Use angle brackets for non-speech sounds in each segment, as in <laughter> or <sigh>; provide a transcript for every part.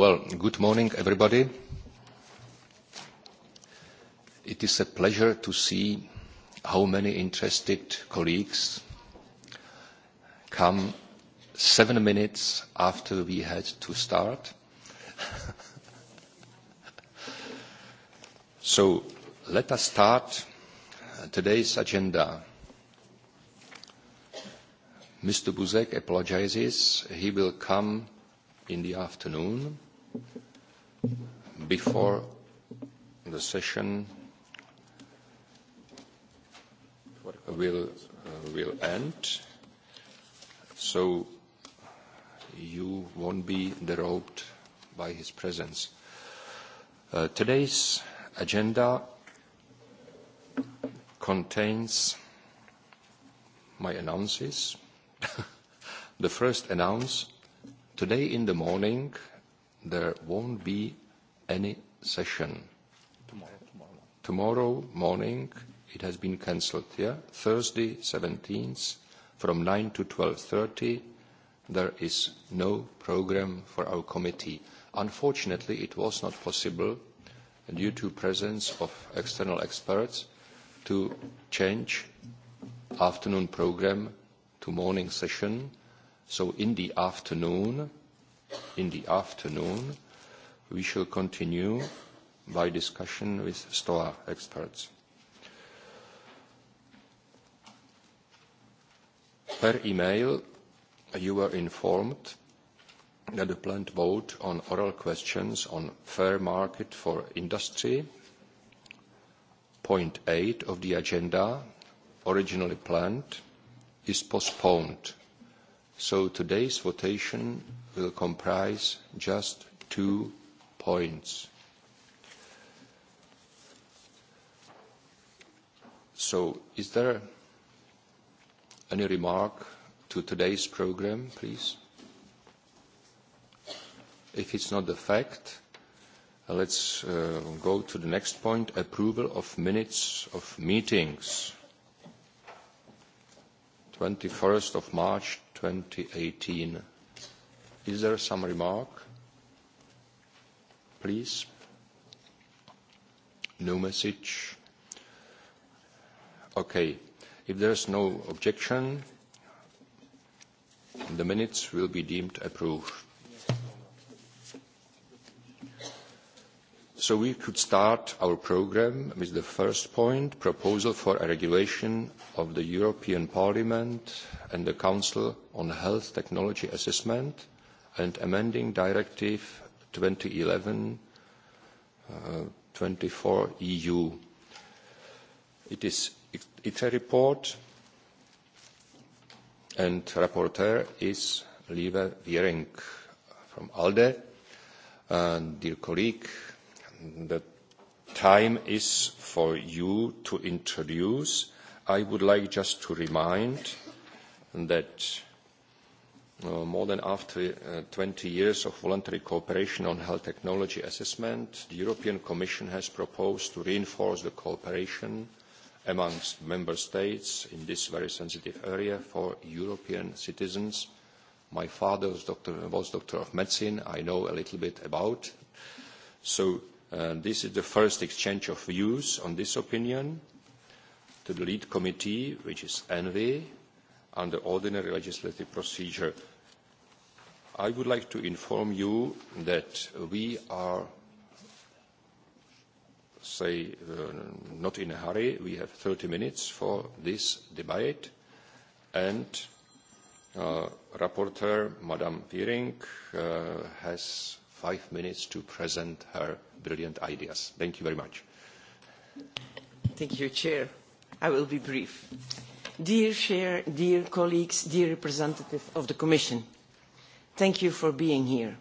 Well, good morning, everybody. It is a pleasure to see how many interested colleagues come seven minutes after we had to start. <laughs> so let us start today's agenda. Mr. Buzek apologizes. He will come in the afternoon before the session will uh, will end so you won't be derobed by his presence uh, today's agenda contains my announces <laughs> the first announce today in the morning there won't be any session. Tomorrow, tomorrow. tomorrow morning, it has been cancelled, yeah? Thursday, 17th, from 9 to 12.30, there is no program for our committee. Unfortunately, it was not possible, due to presence of external experts, to change afternoon program to morning session. So in the afternoon, in the afternoon, we shall continue by discussion with STOA experts. Per email, you were informed that the planned vote on oral questions on fair market for industry, point 8 of the agenda, originally planned, is postponed So today's votation will comprise just two points. So is there any remark to today's program, please? If it's not the fact, let's uh, go to the next point, approval of minutes of meetings. 21st of March 2018. Is there some remark? Please. No message. Okay. If there is no objection, the minutes will be deemed approved. So we could start our program with the first point, proposal for a regulation of the European Parliament and the Council on Health Technology Assessment and amending Directive 2011 uh, 24 EU. It is it's a report and rapporteur is Lieve Viering from ALDE. Uh, dear colleague, the time is for you to introduce. I would like just to remind that uh, more than after uh, 20 years of voluntary cooperation on health technology assessment, the European Commission has proposed to reinforce the cooperation amongst member states in this very sensitive area for European citizens. My father was doctor, was doctor of medicine. I know a little bit about. So Uh, this is the first exchange of views on this opinion to the lead committee, which is ENVI, under ordinary legislative procedure. I would like to inform you that we are, say, uh, not in a hurry. We have 30 minutes for this debate, and uh, rapporteur, Madame Piering, uh, has five minutes to present her brilliant ideas. Thank you very much. Thank you, Chair. I will be brief. Dear Chair, dear colleagues, dear representative of the Commission, thank you for being here.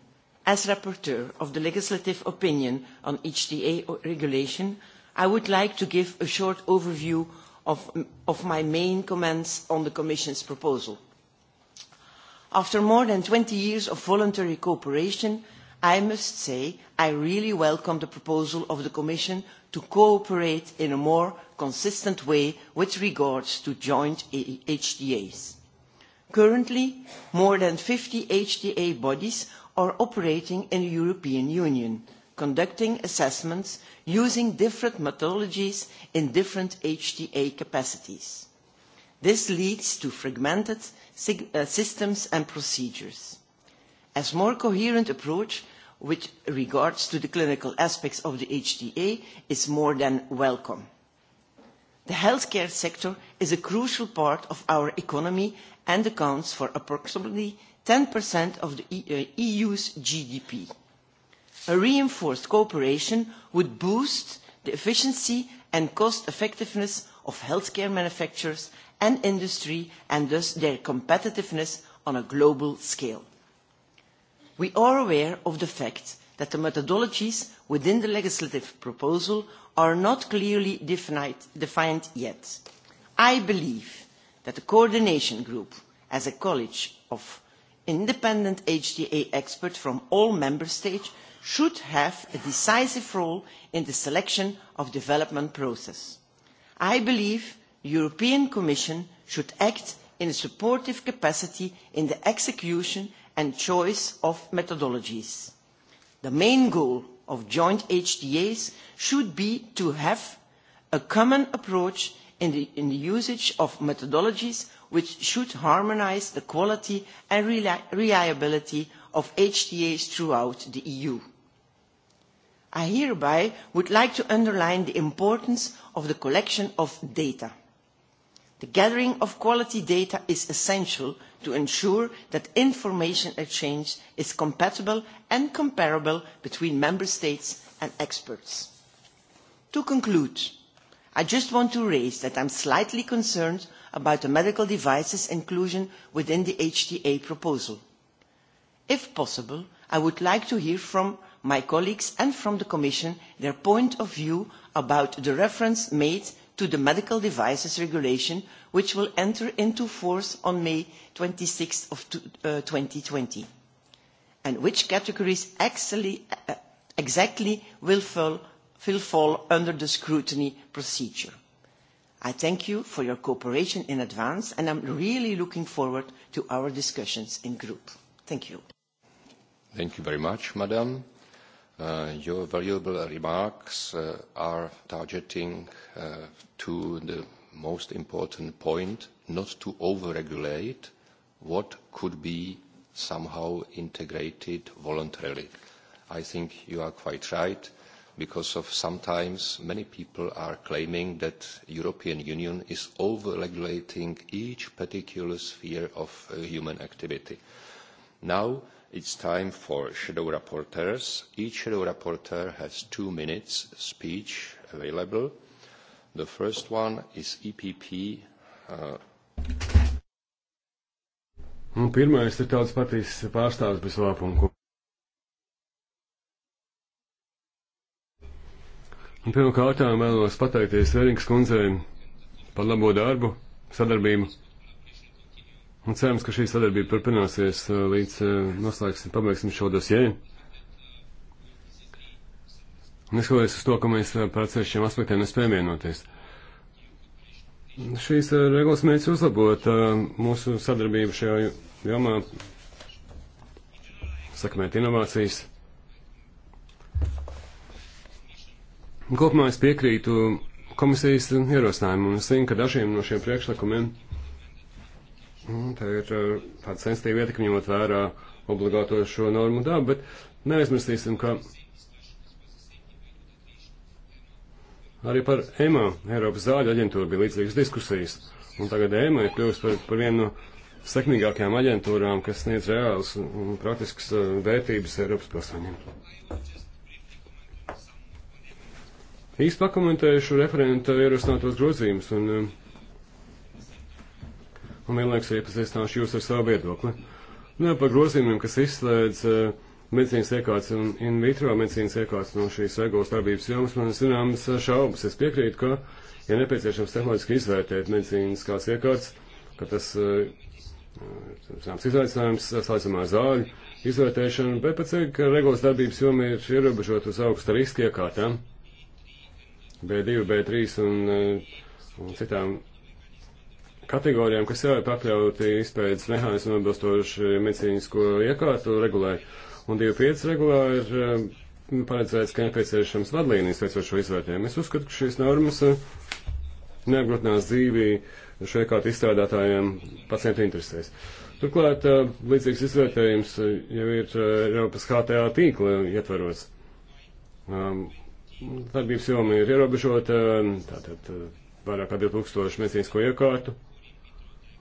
As rapporteur of the legislative opinion on HTA regulation, I would like to give a short overview of, of my main comments on the Commission's proposal. After more than 20 years of voluntary cooperation, I must say I really welcome the proposal of the Commission to cooperate in a more consistent way with regards to joint HTAs. Currently, more than 50 HTA bodies are operating in the European Union, conducting assessments using different methodologies in different HTA capacities. This leads to fragmented uh, systems and procedures. As more coherent approach with regards to the clinical aspects of the HTA is more than welcome. The healthcare sector is a crucial part of our economy and accounts for approximately 10% of the EU's uh, e GDP. A reinforced cooperation would boost the efficiency and cost effectiveness of healthcare manufacturers and industry and thus their competitiveness on a global scale. We are aware of the fact that the methodologies within the legislative proposal are not clearly definite, defined yet. I believe that the coordination group, as a college of independent HTA experts from all member states, should have a decisive role in the selection of development process. I believe the European Commission should act in a supportive capacity in the execution and choice of methodologies. The main goal of joint HTAs should be to have a common approach in the, in the usage of methodologies which should harmonise the quality and reliability of HTAs throughout the EU. I hereby would like to underline the importance of the collection of data – The gathering of quality data is essential to ensure that information exchange is compatible and comparable between member states and experts. To conclude, I just want to raise that I'm slightly concerned about the medical devices inclusion within the HTA proposal. If possible, I would like to hear from my colleagues and from the Commission their point of view about the reference made to the Medical Devices Regulation, which will enter into force on May 26th of two, uh, 2020, and which categories actually, uh, exactly will fall, will fall under the scrutiny procedure. I thank you for your cooperation in advance, and I'm really looking forward to our discussions in group. Thank you. Thank you very much, Madam. Uh, your valuable remarks uh, are targeting uh, to the most important point, not to overregulate what could be somehow integrated voluntarily. I think you are quite right because of sometimes many people are claiming that European Union is overregulating each particular sphere of uh, human activity. Now, uh, It's time for shadow rapporteurs. Each shadow rapporteur has two minutes speech available. The first one is EPP. Uh... Un pirmais ir tāds patīs pārstāvis bez vāpunku. Un pirmkārtām vēlos pateikties Vērings kundzei par labo darbu, sadarbību. Un cerams, ka šī sadarbība turpināsies eh, līdz eh, noslēgsim, pabeigsim šo dosieju. Neskatoties uz to, ka mēs eh, par atsevišķiem aspektiem nespējam vienoties. Šīs regulas mērķis uzlabot mūsu sadarbību šajā jomā, sakmēt inovācijas. Kopumā es piekrītu komisijas ierosinājumam un es zinu, ka dažiem no šiem priekšlikumiem Tā ir tāda sensitīva ietekme, ņemot vērā obligāto šo normu dabu, bet neaizmirsīsim, ka arī par EMA, Eiropas zāļu aģentūru, bija līdzīgas diskusijas. Un tagad EMA ir kļuvusi par, par vienu no sekmīgākajām aģentūrām, kas sniedz reāls un praktisks vērtības Eiropas pilsoņiem. Īsti pakomentējušu referenta ierosinātos grozījumus un uh, un vienlaiks iepazīstināšu jūs ar savu viedokli. Nu, par grozījumiem, kas izslēdz uh, medicīnas iekārtas un in vitro medicīnas iekārtas no šīs regulas darbības jomas, man zināmas eh, šaubas. Es piekrītu, ka ja nepieciešams tehnoloģiski izvērtēt medicīnas kāds iekārtas, ka tas, eh, zināms, izaicinājums saistībā ar zāļu izvērtēšanu, bet pēc cik regulas darbības joma ir ierobežot uz augsta riska iekārtām. B2, B3 un, un citām kategorijām, kas jau ir pakļauti izpējas mehānismu atbilstoši medicīnisko iekārtu regulē. Un 2.5 regulā ir eh, paredzēts, ka nepieciešams vadlīnijas veicot šo izvērtējumu. Es uzskatu, ka šīs normas eh, neapgrūtinās dzīvi šo iekārtu izstrādātājiem pacientu interesēs. Turklāt eh, līdzīgs izvērtējums jau ir Eiropas HTA tīkla ietveros. Um, darbības joma ir ierobežota, tātad vairāk kā 2000 medicīnisko iekārtu.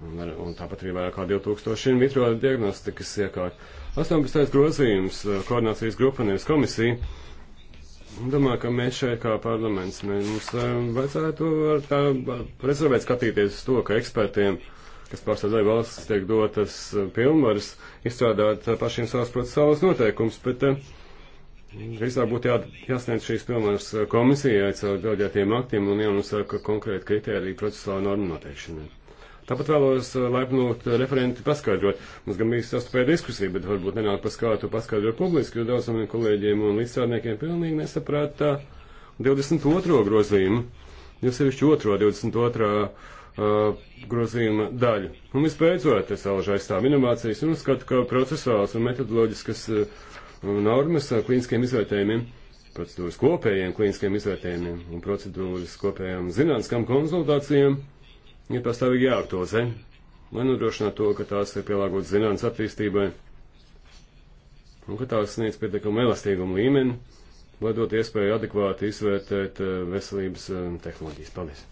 Un, un tāpat arī vairāk kā 2000 vitro diagnostikas iekārt. 18. grozījums eh, koordinācijas grupa nevis komisija. Domāju, ka mēs šeit kā parlaments, mēs, mums eh, vajadzētu ar tā rezervēt skatīties uz to, ka ekspertiem, kas pārstāvēja valsts, tiek dotas eh, pilnvaras izstrādāt pašiem savus procesālus noteikumus, bet drīzāk būtu jā, jāsniedz šīs pilnvaras komisijai caur daudzētiem aktiem un jānosaka konkrēti kriteriji procesālu normu noteikšanai. Tāpat vēlos eh, laipnot eh, referenti paskaidrot. Mums gan bija sastopēja diskusija, bet varbūt nenāk paskaidrot, paskaidrot publiski, jo daudz maniem kolēģiem un līdzstrādniekiem pilnīgi nesaprāta 22. grozījumu, jo sevišķi 2. 22. Uh, grozījuma daļu. Un visbeidzot, es vēlreiz aizstāvu inovācijas un uzskatu, ka procesuāls un metodoloģiskas uh, normas uh, klīniskiem izvērtējumiem procedūras kopējiem klīniskiem izvērtējumiem un procedūras kopējām zinātniskām konsultācijām ir pastāvīgi jāaktualizē, lai nodrošinātu to, ka tās ir pielāgotas zinātnes attīstībai un ka tās sniedz pietiekamu elastīgumu līmeni, lai dot iespēju adekvāti izvērtēt eh, veselības eh, tehnoloģijas. Paldies!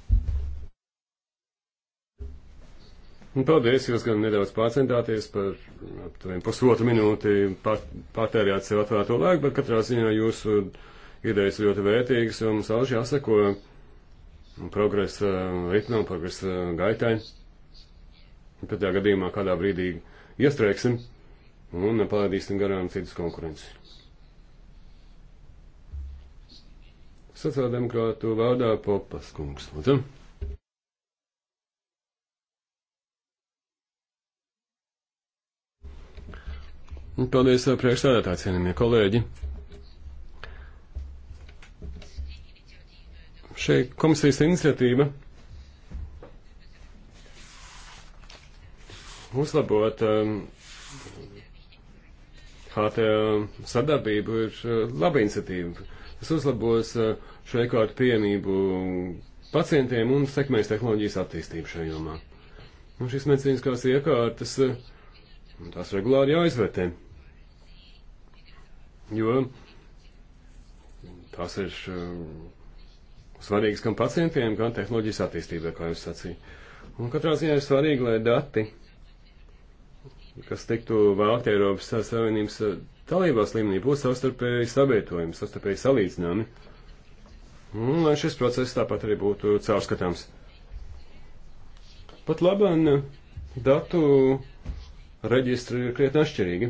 Un paldies, jūs gan nedaudz pārcentāties par aptuveni pusotru minūti patērjāt sev atvērto laiku, bet katrā ziņā jūsu idejas ļoti vērtīgas, jo mums alži jāsako progresa um, ritmam, progresa um, gaitai. Pretējā gadījumā kādā brīdī iestrēgsim un palaidīsim garām citas konkurences. Sociāldemokrātu vārdā Popas kungs. Lūdzu. Paldies, priekšstādātāji, cienījamie kolēģi. šī komisijas iniciatīva uzlabot um, HTA um, sadarbību ir uh, laba iniciatīva. Tas uzlabos uh, šo ekārtu pieejamību pacientiem un sekmēs tehnoloģijas attīstību šajā jomā. Un šīs medicīniskās iekārtas, uh, tās regulāri jāizvērtē. Jo tās ir uh, svarīgas gan pacientiem, gan tehnoloģijas attīstībai, kā jūs sacījāt. Un katrā ziņā ir svarīgi, lai dati, kas tiktu vākti Eiropas Savienības eh, dalībās līmenī, būtu savstarpēji savietojami, savstarpēji salīdzināmi. Un lai šis process tāpat arī būtu caurskatāms. Pat labāk datu reģistri ir krietni atšķirīgi.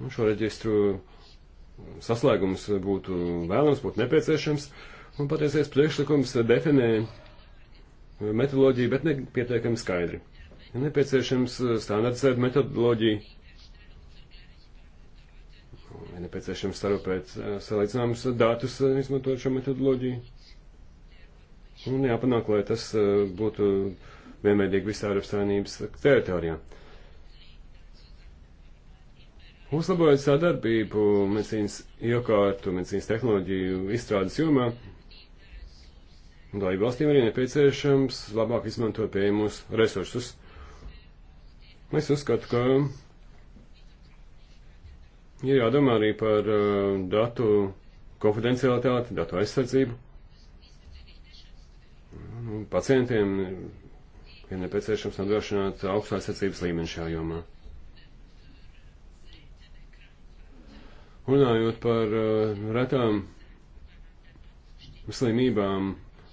Nu, šo reģistru saslēgums būtu vēlams, būtu nepieciešams, un patiesais priekšlikums definē metodoloģiju, bet nepietiekami skaidri. Ir nepieciešams standartizēt metodoloģiju, ir nepieciešams sarūpēt eh, salīdzināmus datus, eh, izmantojot šo metodoloģiju, un jāpanāk, lai tas eh, būtu vienmērīgi visā Eiropas Savienības teritorijā. Uzlabojot sadarbību medicīnas iekārtu, medicīnas tehnoloģiju izstrādes jomā, dalību valstīm arī nepieciešams labāk izmantot pieejamus resursus. Es uzskatu, ka ir jādomā arī par uh, datu konfidencialitāti, datu aizsardzību. Nu, pacientiem ir nepieciešams nodrošināt augstu aizsardzības līmeni šajā jomā. Runājot par uh, retām slimībām,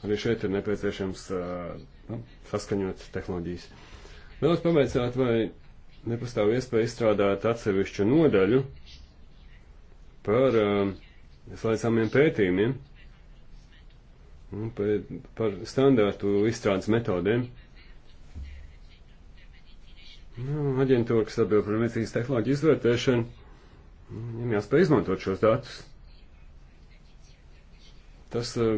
arī šeit ir nepieciešams uh, nu, saskaņot tehnoloģijas. Vēlos pavaicāt, vai nepastāv iespēja izstrādāt atsevišķu nodaļu par uh, slēdzamiem pētījumiem, nu, par, par standārtu izstrādes metodēm. Nu, aģentūra, kas atbild par medicīnas tehnoloģiju izvērtēšanu Viņam jāspēj izmantot šos datus. Tas uh,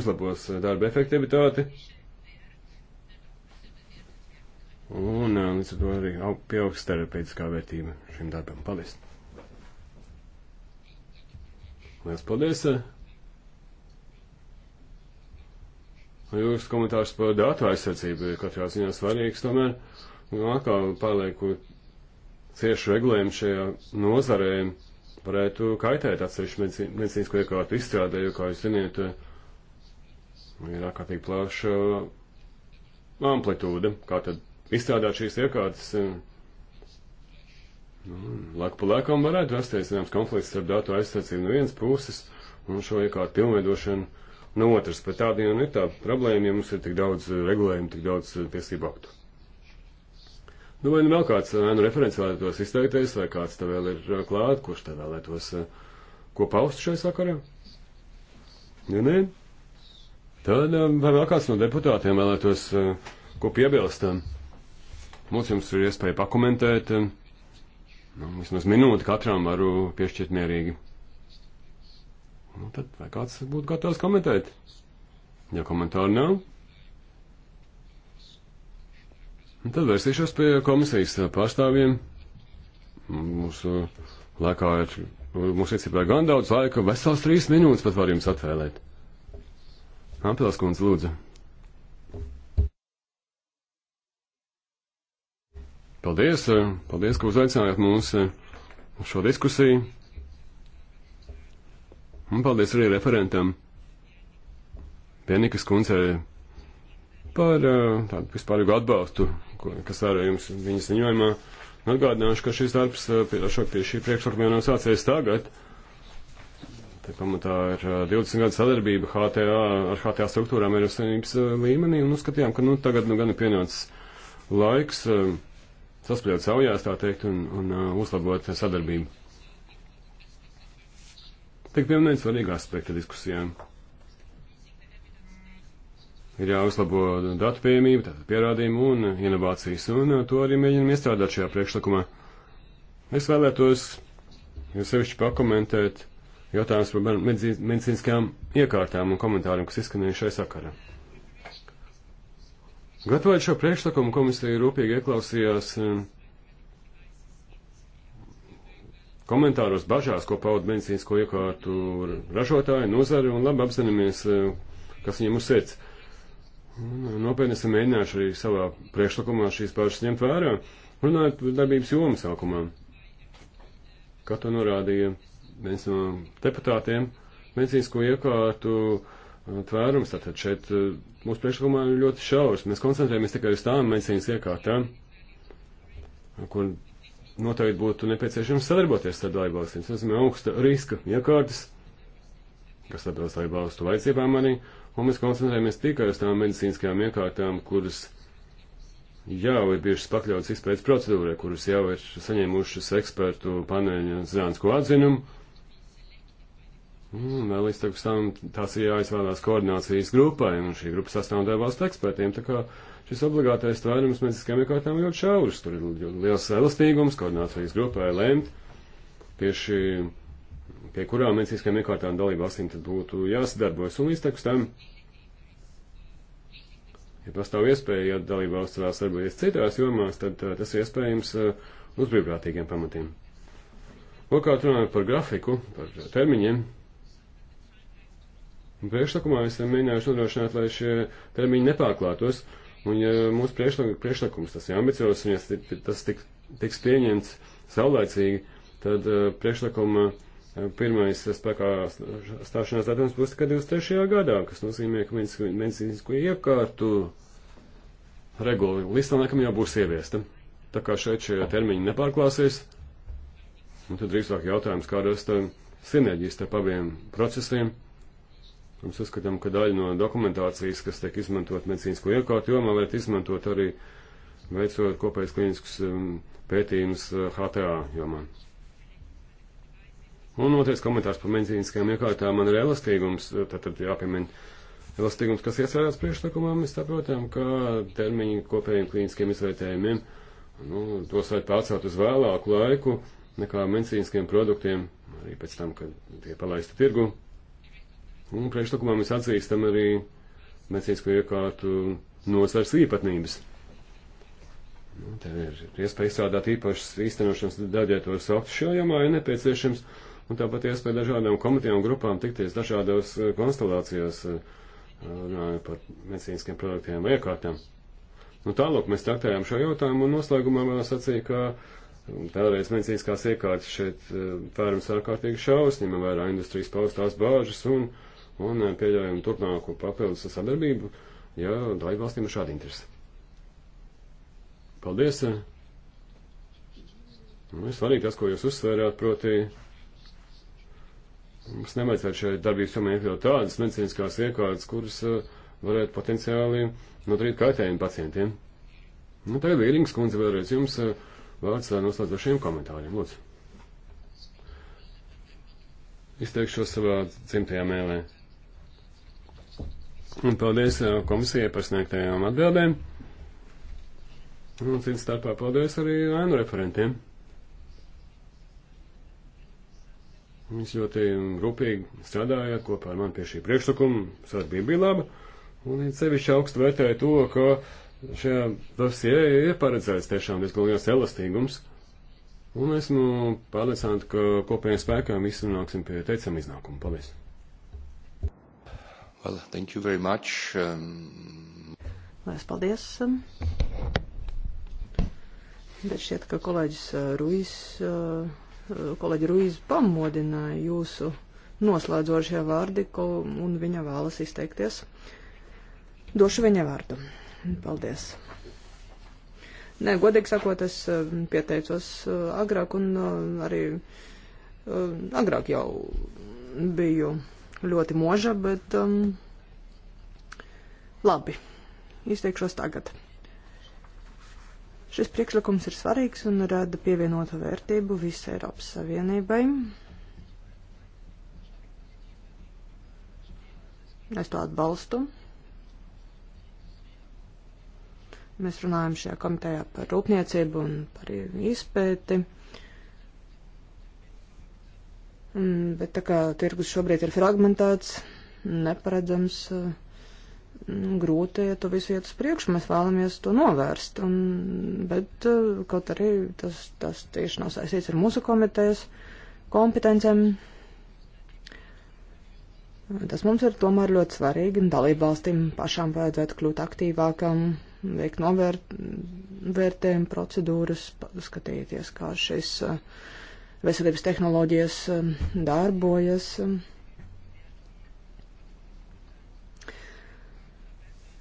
uzlabos eh, darba efektivitāti. Un uh, līdz ar to arī pieaugs terapeitiskā vērtība šim darbam. Paldies! Lielas paldies! Uh. Jūsu komentārs par datu aizsardzību ir katrā ziņā svarīgs, tomēr, nu, atkal palieku cieši regulējumi šajā nozarē varētu kaitēt atsevišķu medicīnisko iekārtu izstrādē, jo, kā jūs ziniet, ir ārkārtīgi plaša amplitūda, kā tad izstrādāt šīs iekārtas. Nu, Laiku pa laikam varētu rasties zināms konflikts starp datu aizsardzību no vienas puses un šo iekārtu pilnveidošanu no otras, bet tāda jau ir tā problēma, ja mums ir tik daudz regulējumu, tik daudz tiesību aktu. Nu, vai nu vēl kāds ēnu referents vēlētos izteikties, vai kāds te vēl ir uh, klāt, kurš te vēlētos uh, ko paust šai sakarā? Ja nē, tad um, vai vēl kāds no deputātiem vēlētos uh, ko piebilst? Um, mums jums ir iespēja pakomentēt. Um, nu, vismaz minūti katram varu piešķirt mierīgi. Nu, tad vai kāds būtu gatavs komentēt? Ja komentāru nav, Un tad vērsīšos pie komisijas pārstāvjiem. Mūsu laikā ir, mūsu iecībā gan daudz laika, vesels trīs minūtes pat var jums atvēlēt. Ampelās kundze, lūdzu. Paldies, paldies, ka uzaicinājāt mūs uz šo diskusiju. Un paldies arī referentam. Pienikas kundze Par tādu vispārīgu atbalstu, kas arī jums viņa ziņojumā atgādināšu, ka šis darbs pie, šo, pie šī priekšlikuma nav sācies tagad. Te pamatā ir 20 gadu sadarbība HTA, ar HTA struktūrām Eiropas Savienības līmenī un uzskatījām, ka nu, tagad nu, gan ir pienācis laiks saspļaut savjās, tā teikt, un, un uzlabot sadarbību. Tik pieminēt svarīgi aspekti diskusijām ir jāuzlabo datu pieejamība, tātad pierādījumi un inovācijas, un to arī mēģinam iestrādāt šajā priekšlikumā. Es vēlētos jo sevišķi pakomentēt jautājums par medicīniskajām iekārtām un komentāriem, kas izskanēja šai sakarā. Gatavojot šo priekšlikumu, komisija rūpīgi ieklausījās um, komentāros bažās, ko pauda medicīnisko iekārtu ražotāji, nozari un labi apzināmies, um, kas viņiem uz sirds. Nu, nopietni esam mēģinājuši arī savā priekšlikumā šīs pašas ņemt vērā, runājot par darbības jomu sākumā. Kā to norādīja viens no deputātiem, medicīnisko iekārtu uh, tvērums, tātad šeit uh, mūsu priekšlikumā ir ļoti šaurs. Mēs koncentrējamies tikai uz tām medicīnas iekārtām, kur noteikti būtu nepieciešams sadarboties ar dalībvalstīm. Tas nozīmē augsta riska iekārtas, kas atbilst dalībvalstu vajadzībām arī, Un mēs koncentrējamies tikai uz tām medicīniskajām iekārtām, kuras jau ir bijušas pakļautas izpētes procedūrai, kuras jau ir saņēmušas ekspertu paneļa zinātnisko atzinumu. Un vēl līdz tam tās ir jāizvēlās koordinācijas grupai, un šī grupa sastāvdaļa valsts ekspertiem. Tā kā šis obligātais tvērums medicīniskajām iekārtām ļoti šauris, tur ir liels elastīgums, koordinācijas grupai lemt. Tieši pie kurām medicīniskajām iekārtām dalību valstīm tad būtu jāsadarbojas. Un līdztekus tam, ja pastāv iespēja, ja dalību valsts vēlas darboties citās jomās, tad tā, tas ir iespējams uh, uz brīvprātīgiem pamatiem. Otrkārt runājot par grafiku, par termiņiem. Priekšlikumā esam mēģinājuši nodrošināt, lai šie termiņi nepārklātos, un ja mūsu priekšlikums tas ir ambiciozs, un ja tas tik, tiks pieņemts saulēcīgi, tad uh, priekšlikuma uh, Pirmais spēkā stāšanās datums būs tikai 23. gadā, kas nozīmē, ka medicīnisko iekārtu regula līdz tam laikam jau būs ieviesta. Tā kā šeit šie termiņi nepārklāsies, un tad drīzāk jautājums, kādas sinerģijas starp abiem procesiem. Mēs uzskatām, ka daļa no dokumentācijas, kas tiek izmantot medicīnisko iekārtu jomā, varētu izmantot arī veicot kopējas klīniskus um, pētījumus HTA uh, jomā. Man. Un otrais komentārs par medicīniskajām iekārtām man ir elastīgums, eh, tātad jāpiemina elastīgums, kas iestrādāts priekšlikumā, mēs saprotam, ka termiņi kopējiem klīniskiem izvērtējumiem, nu, tos vajag pārcelt uz vēlāku laiku nekā medicīniskiem produktiem, arī pēc tam, kad tie palaista tirgu. Un priekšlikumā mēs atzīstam arī medicīnisko iekārtu nozars īpatnības. Nu, te ir iespēja izstrādāt īpašas īstenošanas daļētos aktus šajā jomā, ja nepieciešams. Ja un tāpat iespēja dažādām komitejām un grupām tikties dažādās eh, konstelācijās, eh, runājot par medicīniskiem produktiem vai iekārtām. Nu, tālāk mēs traktējām šo jautājumu, un noslēgumā vēl sacīja, ka tālreiz um, medicīniskās iekārtas šeit eh, vērums ārkārtīgi šaus, ņemam vērā industrijas paustās bāžas un, un pieļaujam turpmāku papildus sadarbību, ja dalībvalstīm ir šādi interesi. Paldies! Nu, ir svarīgi tas, ko jūs uzsvērāt, proti Mums nevajadzētu šai darbības jomai iekļaut tādas medicīniskās iekārtas, kuras eh, varētu potenciāli nodarīt kaitējumu pacientiem. Nu, tagad Vīrings kundze vēlreiz jums eh, vārds noslēdzošiem komentāriem. Lūdzu. Izteikšos savā dzimtajā mēlē. Un paldies eh, komisijai par sniegtajām atbildēm. Un cits starpā paldies arī ēnu referentiem. Viņš ļoti rūpīgi strādāja kopā ar mani pie šī priekšlikuma, sadarbība bija laba, un viņš sevišķi augstu vērtēja to, ka šajā dosie ir paredzēts tiešām diezgan liels elastīgums, un esmu nu, pārliecināta, ka kopējiem spēkiem visi nonāksim pie teicam iznākumu. Paldies! Well, thank you very much. Um... Lēs, paldies. Um. Bet šķiet, ka kolēģis uh, Ruijs. Uh kolēģi Ruiz pamodināja jūsu noslēdzošie vārdi, ko, un viņa vēlas izteikties. Došu viņa vārdu. Paldies. Nē, godīgi sakot, es eh, pieteicos eh, agrāk, un eh, arī agrāk jau biju ļoti moža, bet um, labi, izteikšos tagad. Šis priekšlikums ir svarīgs un rada pievienoto vērtību visai Eiropas Savienībai. Es to atbalstu. Mēs runājam šajā komitejā par rūpniecību un par izpēti. Mm, bet tā kā tirgus šobrīd ir fragmentēts, neparedzams. Uh, Nu, grūti ja to visu iet uz priekšu, mēs vēlamies to novērst. Un, bet eh, kaut arī tas, tas tieši nav saistīts ar mūsu komitejas kompetencēm. Tas mums ir tomēr ļoti svarīgi, un dalībvalstīm pašām vajadzētu kļūt aktīvākam, veikt novērtējumu procedūras, skatīties, kā šis eh, veselības tehnoloģijas eh, darbojas. Uh,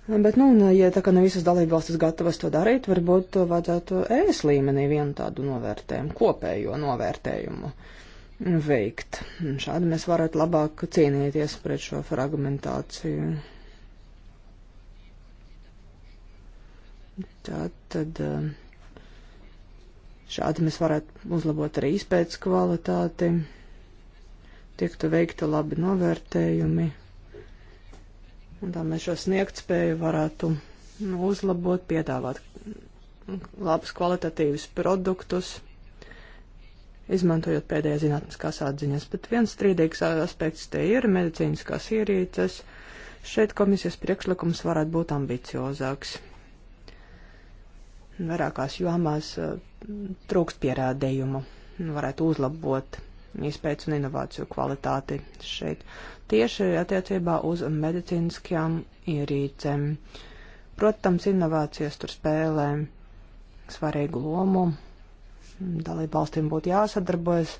Bet, nu, un, ja tā kā ne visas dalībvalstis gatavas to darīt, varbūt vajadzētu ES līmenī vienu tādu novērtējumu, kopējo novērtējumu veikt. Un šādi mēs varētu labāk cīnīties pret šo fragmentāciju. Tā tad eh, šādi mēs varētu uzlabot arī izpētes kvalitāti, tiektu veikta labi novērtējumi. Un tā mēs šo sniegtspēju varētu nu, uzlabot, piedāvāt labus kvalitatīvus produktus, izmantojot pēdējās zinātniskās atziņas. Bet viens strīdīgs aspekts te ir medicīniskās ierīces. Šeit komisijas priekšlikums varētu būt ambiciozāks. Vairākās jomās eh, trūkst pierādījumu, varētu uzlabot izpētes un inovāciju kvalitāti šeit tieši attiecībā uz medicīniskajām ierīcēm. Protams, inovācijas tur spēlē svarīgu lomu. Dalību valstīm būtu jāsadarbojas,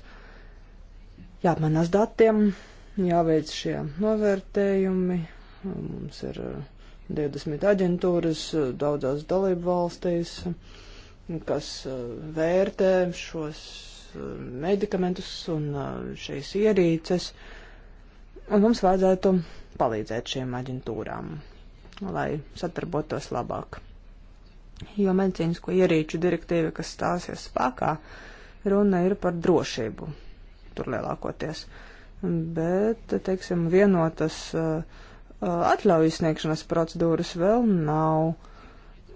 jāapmanās datiem, jāveic šie novērtējumi. Mums ir 20 uh, aģentūras uh, daudzās dalību valstīs, kas uh, vērtē šos medikamentus un šīs ierīces. Uh, Un mums vajadzētu palīdzēt šiem aģentūrām, lai sadarbotos labāk. Jo medicīnisko ierīču direktīva, kas stāsies spēkā, runa ir par drošību tur lielākoties. Bet, teiksim, vienotas uh, uh atļaujas sniegšanas procedūras vēl nav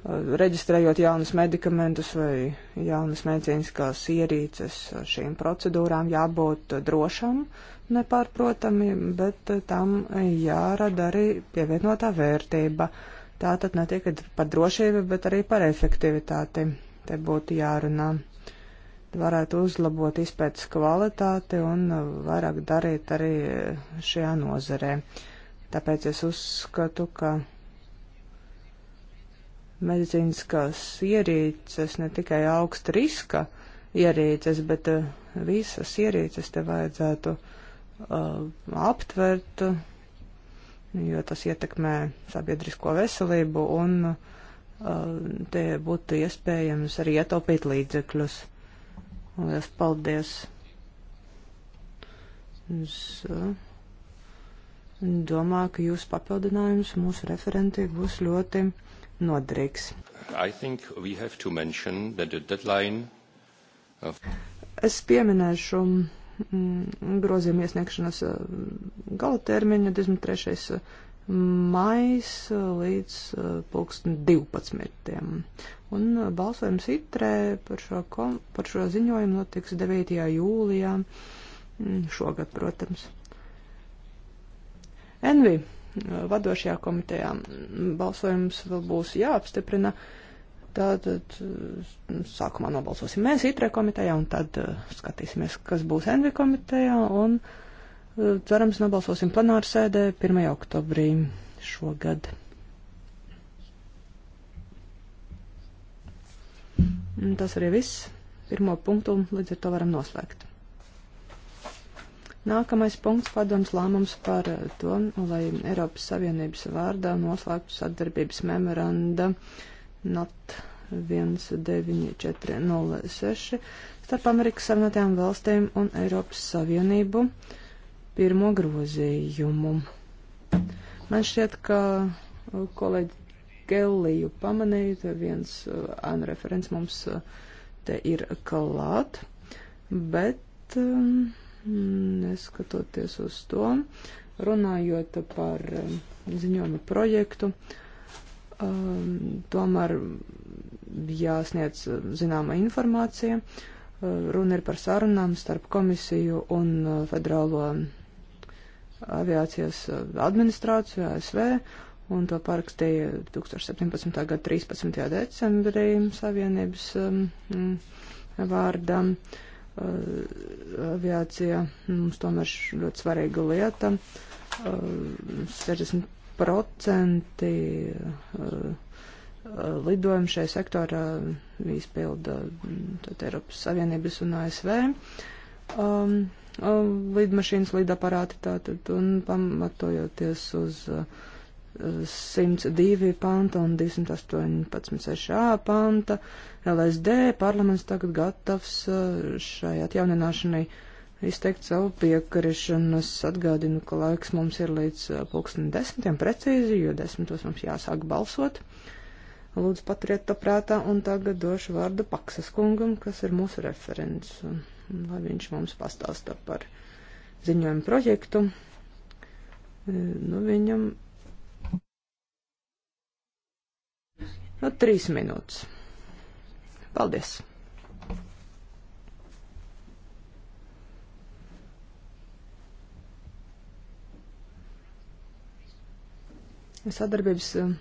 reģistrējot jaunus medikamentus vai jaunas medicīniskās ierīces, šīm procedūrām jābūt drošam, nepārprotami, bet tam jārada arī pievienotā vērtība. Tā tad ne tikai par drošību, bet arī par efektivitāti. Te būtu jārunā. Varētu uzlabot izpētes kvalitāti un vairāk darīt arī šajā nozarē. Tāpēc es uzskatu, ka medicīniskās ierīces, ne tikai augsta riska ierīces, bet uh, visas ierīces te vajadzētu uh, aptvert, jo tas ietekmē sabiedrisko veselību un uh, te būtu iespējams arī ietaupīt līdzekļus. Lielas paldies! Es, uh, Domāju, ka jūsu papildinājums mūsu referentiem būs ļoti noderīgs. Of... Es pieminēšu mm, grozījuma iesniegšanas mm, gala termiņu 23. Mm, mais līdz pulksten 12. Un balsojums itrē par šo, kom, par šo ziņojumu notiks 9. jūlijā šogad, protams. Envi, vadošajā komitejā. Balsojums vēl būs jāapstiprina. Tātad mm, sākumā nobalsosim mēs ITRE komitejā un tad eh, skatīsimies, kas būs ENVI komitejā un eh, cerams nobalsosim plenāru sēdē 1. oktobrī šogad. Mm, tas arī viss. Pirmo punktu līdz ar to varam noslēgt. Nākamais punkts - padoms lēmums par eh, to, lai Eiropas Savienības vārdā noslēgtu sadarbības memoranda NAT 19406 starp Amerikas Savienotajām valstīm un Eiropas Savienību pirmo grozījumu. Man šķiet, ka eh, kolēģi Gelliju pamanīja, viens ANU eh, referents mums te ir klāt, bet. Um, neskatoties uz to, runājot par um, ziņojumu projektu, um, tomēr jāsniedz um, zināma informācija. Uh, runa ir par sarunām starp komisiju un uh, federālo aviācijas uh, administrāciju ASV, un to parakstīja 2017. gada 13. decembrī Savienības um, mm, vārdam. Um, Eh, aviācija mums tomēr ļoti svarīga lieta. 60% eh, eh, lidojumu šajā sektorā izpilda mm, Eiropas Savienības un ASV. Um, um, lidmašīnas, lidaparāti tātad, un pamatojoties uz uh, 102 panta un 218.6a panta LSD parlaments tagad gatavs šai atjaunināšanai izteikt savu piekrišanu. Es atgādinu, ka laiks mums ir līdz pulksten desmitiem precīzi, jo desmitos mums jāsāk balsot. Lūdzu, paturiet to prātā, un tagad došu vārdu Paksas kungam, kas ir mūsu referents, un, lai viņš mums pastāsta par ziņojumu projektu. Nu, viņam Nu, trīs minūtes. Paldies! Sadarbības um,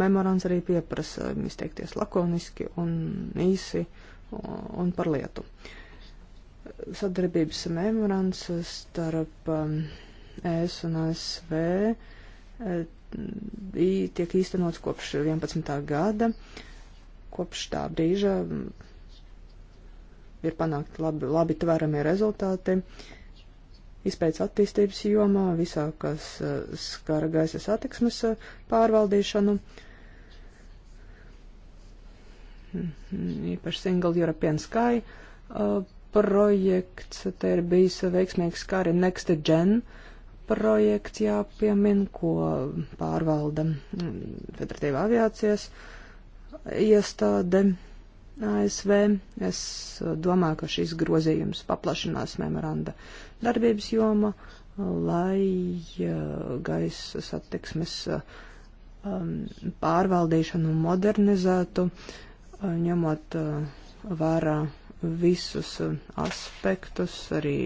memorands arī pieprasa um, izteikties lakoniski un īsi un par lietu. Sadarbības memorands um, starp ES un ASV tiek īstenots kopš 11. gada. Kopš tā brīža mm, ir panākti labi, labi tveramie rezultāti. Izpēc attīstības jomā visā, kas eh, skara gaisa satiksmes eh, pārvaldīšanu, mm-hmm, īpaši Single European Sky eh, projekts, te ir bijis veiksmīgs kā arī Next Gen uh, projekts jāpiemin, ko pārvalda Federatīva aviācijas iestāde ASV. Es domāju, ka šis grozījums paplašinās memoranda darbības joma, lai uh, gaisa satiksmes uh, um, pārvaldīšanu modernizētu, uh, ņemot vērā visus aspektus, arī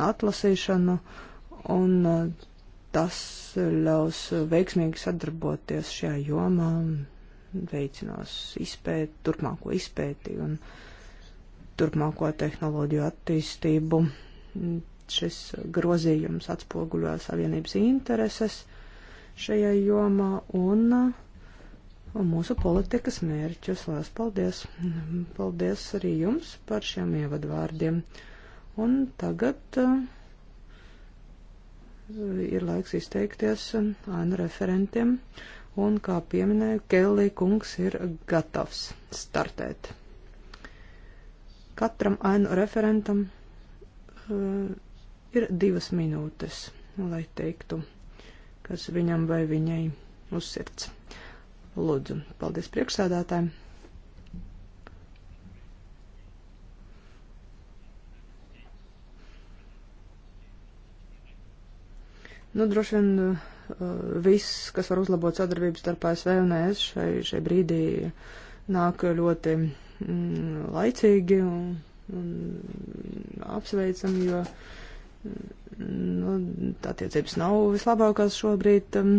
atlasīšanu, un eh, tas ļaus veiksmīgi sadarboties šajā jomā, veicinās izpēt, turpmāko izpēti un turpmāko tehnoloģiju attīstību. Šis grozījums atspoguļo Savienības intereses šajā jomā un un eh, mūsu politikas mērķus. Lielas paldies! Paldies arī jums par šiem ievadvārdiem. Un tagad eh, ir laiks izteikties ANU eh, referentiem. Un, kā pieminēju, Kellī kungs ir gatavs startēt. Katram ANU referentam uh, ir divas minūtes, lai teiktu, kas viņam vai viņai uz sirds. Lūdzu, paldies priekšsēdētājiem! Nu, droši vien uh, viss, kas var uzlabot sadarbību starp ASV un ES šai, šai brīdī, nāk ļoti mm, laicīgi un, un apsveicam, jo mm, nu, attiecības nav vislabākās šobrīd. Um,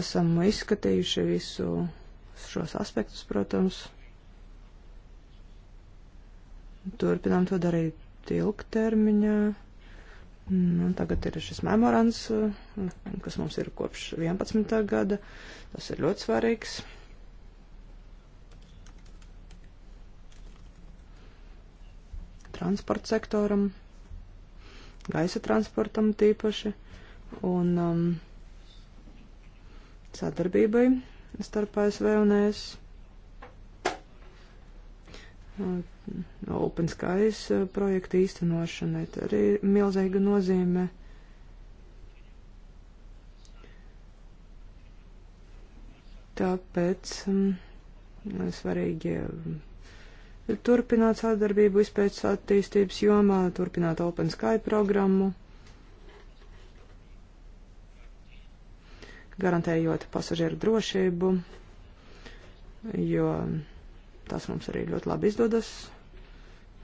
esam izskatījuši visu šos aspektus, protams. Turpinām to darīt ilgtermiņā. Nu, tagad ir šis memorands, kas mums ir kopš 11. gada. Tas ir ļoti svarīgs. Transporta sektoram, gaisa transportam tīpaši un um, sadarbībai starp ASV un ES. Uh, open Skies uh, projekta īstenošanai. Tā arī ir milzīga nozīme. Tāpēc um, svarīgi um, turpināt sadarbību izpētes attīstības jomā, turpināt Open Sky programmu, garantējot pasažieru drošību, jo Tas mums arī ļoti labi izdodas.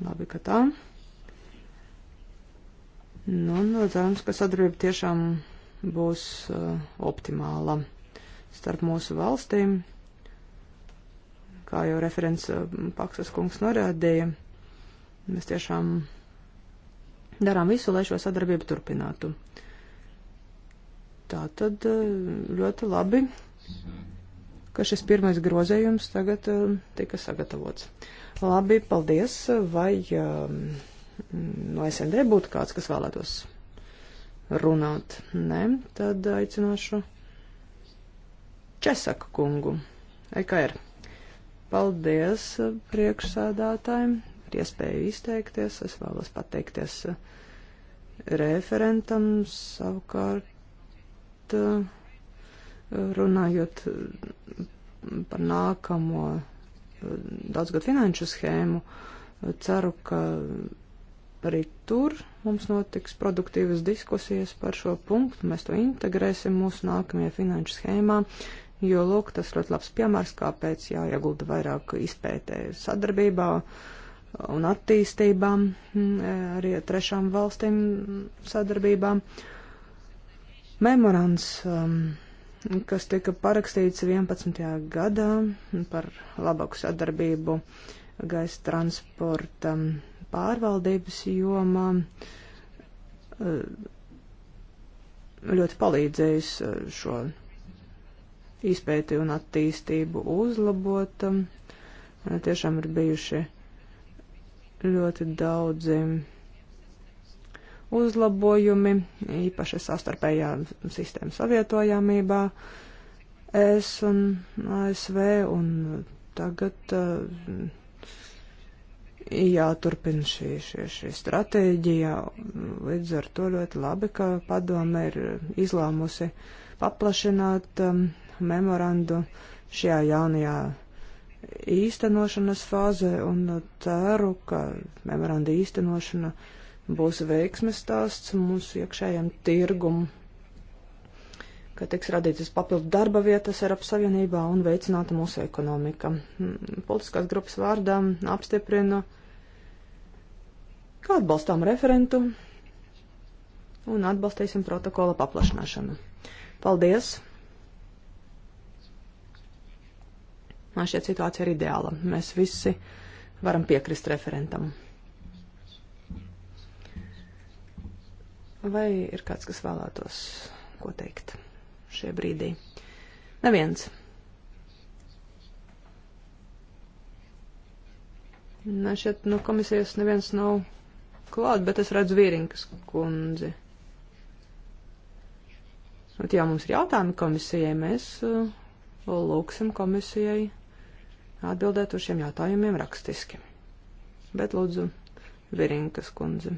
Labi, ka tā. Nu, no cerams, ka sadarbība tiešām būs uh, optimāla starp mūsu valstīm. Kā jau referents uh, Paksas kungs norādīja, mēs tiešām darām visu, lai šo sadarbību turpinātu. Tā tad uh, ļoti labi. Mhm ka šis pirmais grozējums tagad uh, tika sagatavots. Labi, paldies. Vai uh, no SND būtu kāds, kas vēlētos runāt? Nē, tad aicināšu Česaku kungu. EKR. Paldies priekšsādātājiem par iespēju izteikties. Es vēlos pateikties referentam savukārt. Uh, runājot mm, par nākamo mm, daudzgad finanšu schēmu, ceru, ka arī tur mums notiks produktīvas diskusijas par šo punktu. Mēs to integrēsim mūsu nākamajā finanšu schēmā, jo, lūk, tas ļoti labs piemērs, kāpēc jāiegulda vairāk izpētē sadarbībā un attīstībām, mm, arī trešām valstīm sadarbībām. Memorands um, kas tika parakstīts 11. gadā par labāku sadarbību gaisa transporta pārvaldības jomā, eh, ļoti palīdzējis eh, šo izpēti un attīstību uzlabot. Eh, tiešām ir bijuši ļoti daudzi uzlabojumi, īpaši sastarpējā sistēma savietojamībā. Es un ASV un tagad uh, jāturpina šī, šī, šī stratēģija. Līdz ar to ļoti labi, ka padome ir izlēmusi paplašināt um, memorandu šajā jaunajā īstenošanas fāzē un ceru, ka memoranda īstenošana uh, būs veiksmes stāsts mūsu iekšējiem tirgum, ka tiks radītas papildu darba vietas Eiropas Savienībā un veicināta mūsu ekonomika. Mm, politiskās grupas vārdā apstiprina, ka atbalstām referentu un atbalstīsim protokola paplašināšanu. Paldies! Man šķiet situācija ir ideāla. Mēs visi varam piekrist referentam. Vai ir kāds, kas vēlētos ko teikt šie brīdī? Neviens. Ne, šeit no nu, komisijas neviens nav klāt, bet es redzu vīrinkas kundzi. Bet, ja mums ir jautājumi komisijai, mēs uh, lūksim komisijai atbildēt uz šiem jautājumiem rakstiski. Bet lūdzu, Virinkas kundze.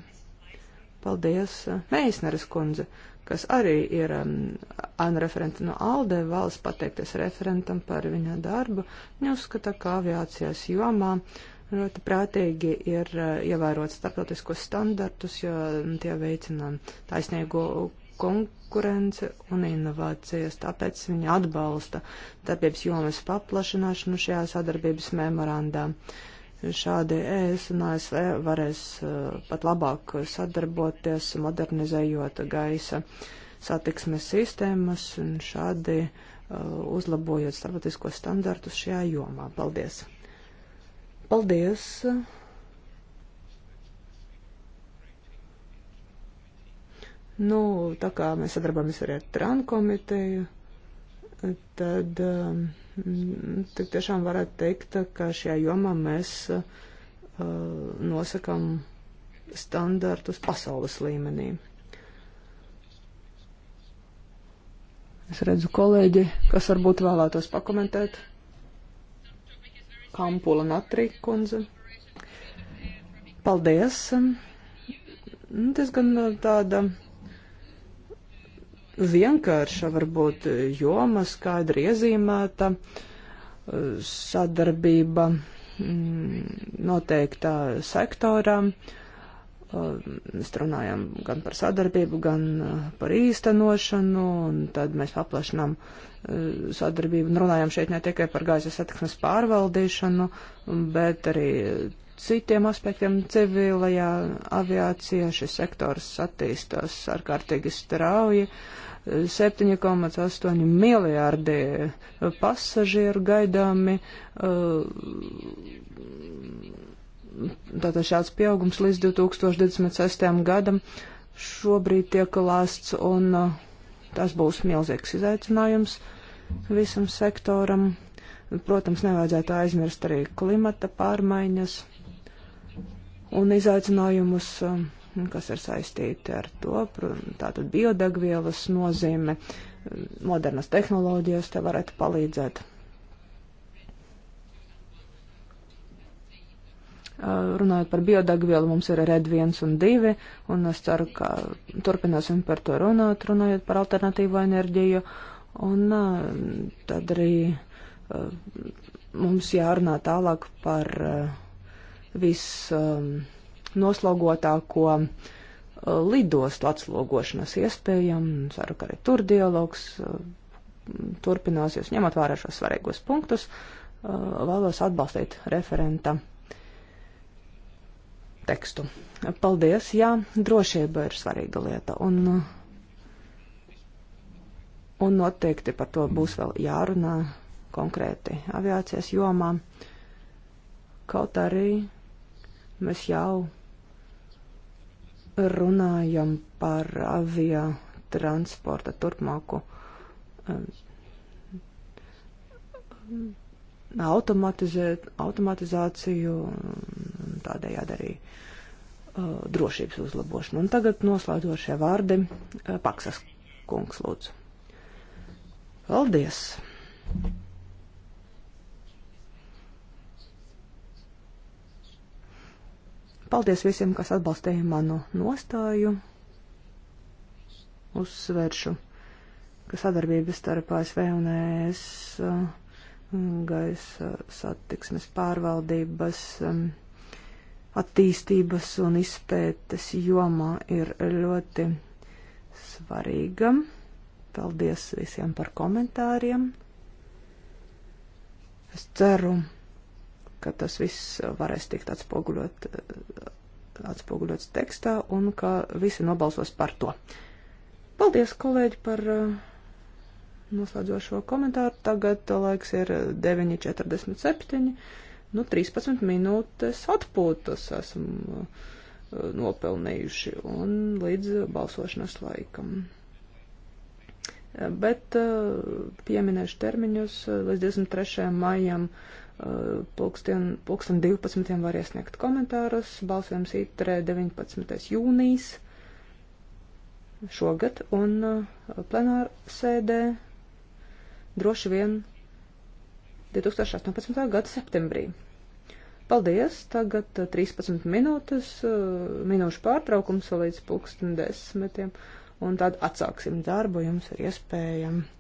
Paldies eh, Meisneres kundze, kas arī ir um, anreferenta no Alde, vēlas pateikties referentam par viņa darbu. Viņa uzskata, ka aviācijas jomā ļoti prātīgi ir uh, ievērot starptautiskos standartus, jo tie veicina taisnīgu konkurence un inovācijas, tāpēc viņa atbalsta darbības jomas paplašināšanu šajā sadarbības memorandā. Uh, Šādi ES un ASV varēs eh, pat labāk sadarboties, modernizējot gaisa satiksmes sistēmas un šādi eh, uzlabojot starptautiskos standartus šajā jomā. Paldies! Paldies! Nu, tā kā mēs sadarbojamies arī ar Trānu komiteju, tad um, tik tiešām varētu teikt, ka šajā jomā mēs uh, nosakam standartus pasaules līmenī. Es redzu kolēģi, kas varbūt vēlētos pakomentēt. Kampula Natrī kundze. Paldies! Nu, tas gan uh, tāda vienkārša, varbūt joma skaidri iezīmēta, eh, sadarbība mm, noteiktā sektorā. Eh, mēs runājam gan par sadarbību, gan eh, par īstenošanu, un tad mēs paplašinām sadarbību un runājam šeit ne tikai par gaisa satiksmes pārvaldīšanu, bet arī citiem aspektiem civilajā aviācijā šis sektors attīstās ārkārtīgi strauji. 7,8 miljārdi pasažieru gaidāmi. Uh, tātad šāds pieaugums līdz 2026. gadam šobrīd tiek lāsts un uh, tas būs milzīgs izaicinājums visam sektoram. Protams, nevajadzētu aizmirst arī klimata pārmaiņas un izaicinājumus, um, kas ir saistīti ar to, tātad biodegvielas nozīme, um, modernas tehnoloģijas te varētu palīdzēt. Uh, runājot par biodegvielu, mums ir RED 1 un 2, un es ceru, ka turpināsim par to runāt, runājot par alternatīvo enerģiju. Un um, tad arī uh, mums jārunā tālāk par uh, visnoslogotāko um, lidostu atslogošanas iespējām. Ceru, ka arī tur dialogs uh, turpināsies, ņemot vērā šos svarīgos punktus. Uh, vēlos atbalstīt referenta tekstu. Paldies, jā, drošība ir svarīga lieta, un, uh, un noteikti par to būs vēl jārunā konkrēti aviācijas jomā. Kaut arī Mēs jau runājam par avio transporta turpmāku um, automatizāciju un tādējādi arī uh, drošības uzlabošanu. Un tagad noslēdošie vārdi uh, Paksas kungs lūdzu. Paldies! Paldies visiem, kas atbalstīja manu nostāju. Uzsveršu, ka sadarbības starp ASV un ES uh, gaisa satiksmes pārvaldības um, attīstības un izpētes jomā ir ļoti svarīga. Paldies visiem par komentāriem. Es ceru, ka tas viss varēs tikt atspoguļot, atspoguļots tekstā un ka visi nobalsos par to. Paldies, kolēģi, par uh, noslēdzošo komentāru. Tagad laiks ir 9.47. Nu, 13 minūtes atpūtas esam uh, nopelnījuši un līdz balsošanas laikam uh, bet pieminēšu termiņus līdz 23. maijam Pulksten, pulksten 12. var iesniegt komentārus. Balsojums itrē 19. jūnijas šogad un uh, plenārsēdē droši vien 2018. gada septembrī. Paldies! Tagad 13 uh, minūtes, uh, minūšu pārtraukums līdz pulksten desmitiem, un tad atsāksim darbu, jums ir iespējams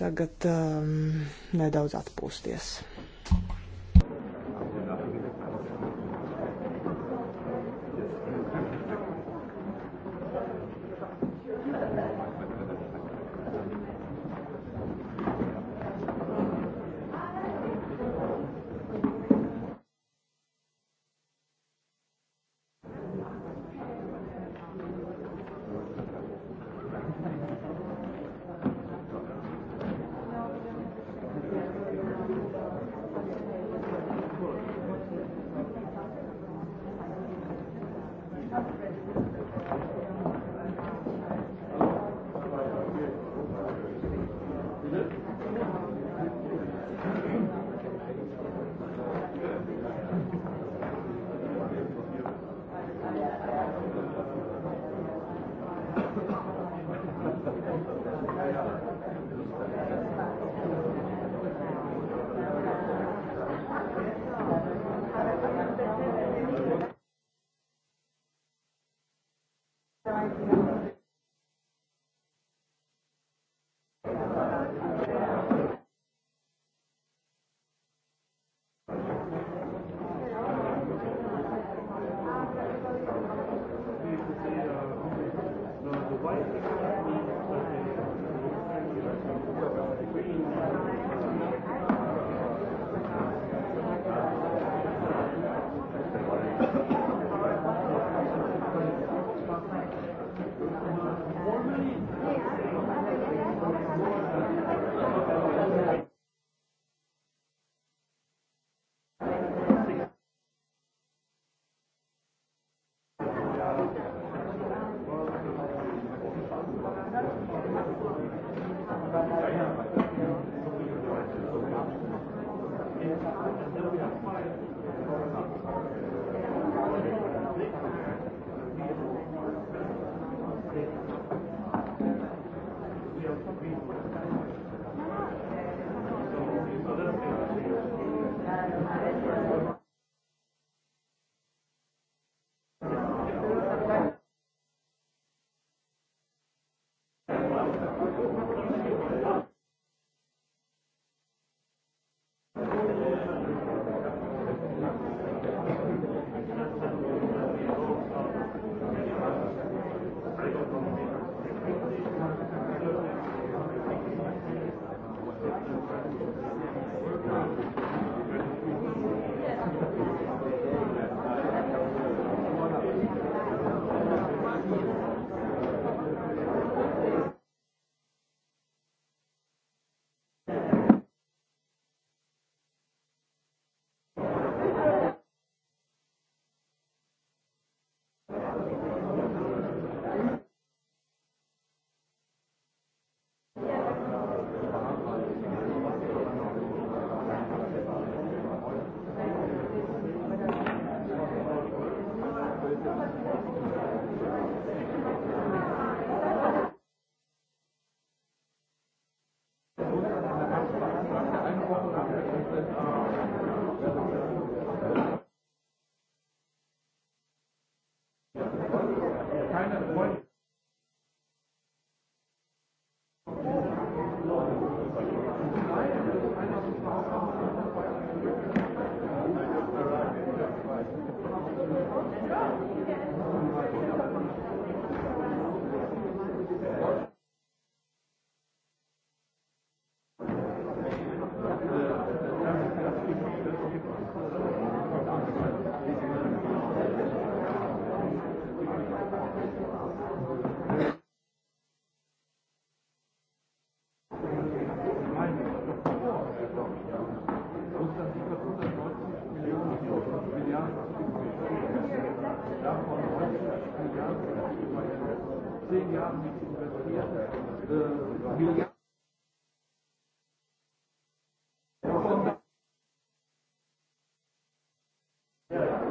tagad um, nedaudz atpūsties.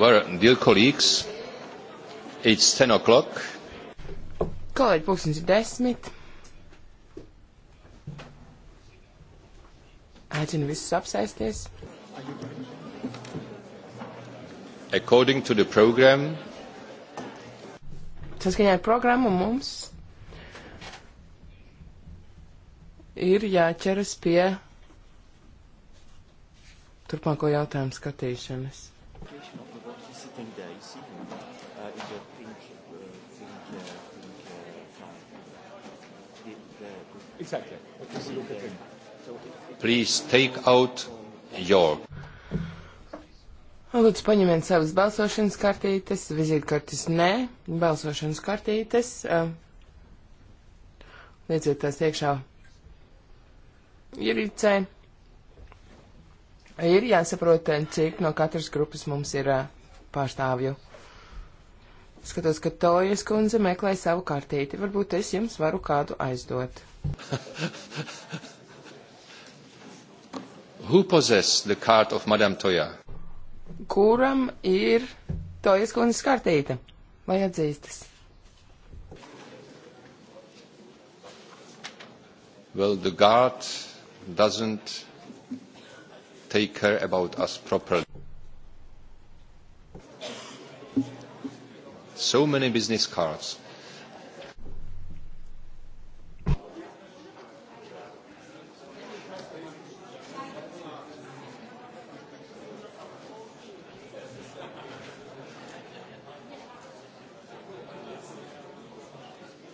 Well, dear colleagues, it's 10 o'clock. Kolēģi, pulkstens ir desmit. Aicinu visus apsēsties. According to the program. Saskaņā ar programmu mums ir jāķeras pie turpmāko jautājumu skatīšanas seen it uh, in the pink, uh, pink, uh, pink uh, flag. The, the, exactly. Okay, we look at them. So it, it Please take out your. Lūdzu, paņemiet savas balsošanas kartītes, vizītkartes nē, balsošanas kartītes. Uh, Lieciet tās iekšā ierīcē. Ir jāsaprot, cik no katras grupas mums ir uh, pārstāvju. Skatos, ka Tojas kundze meklē savu kartīti. Varbūt es jums varu kādu aizdot. Who possess the card of Madame Toja? Kuram ir Tojas kundzes kartīte? Lai atzīstas. Well, the guard doesn't take care about us properly. So many business cards.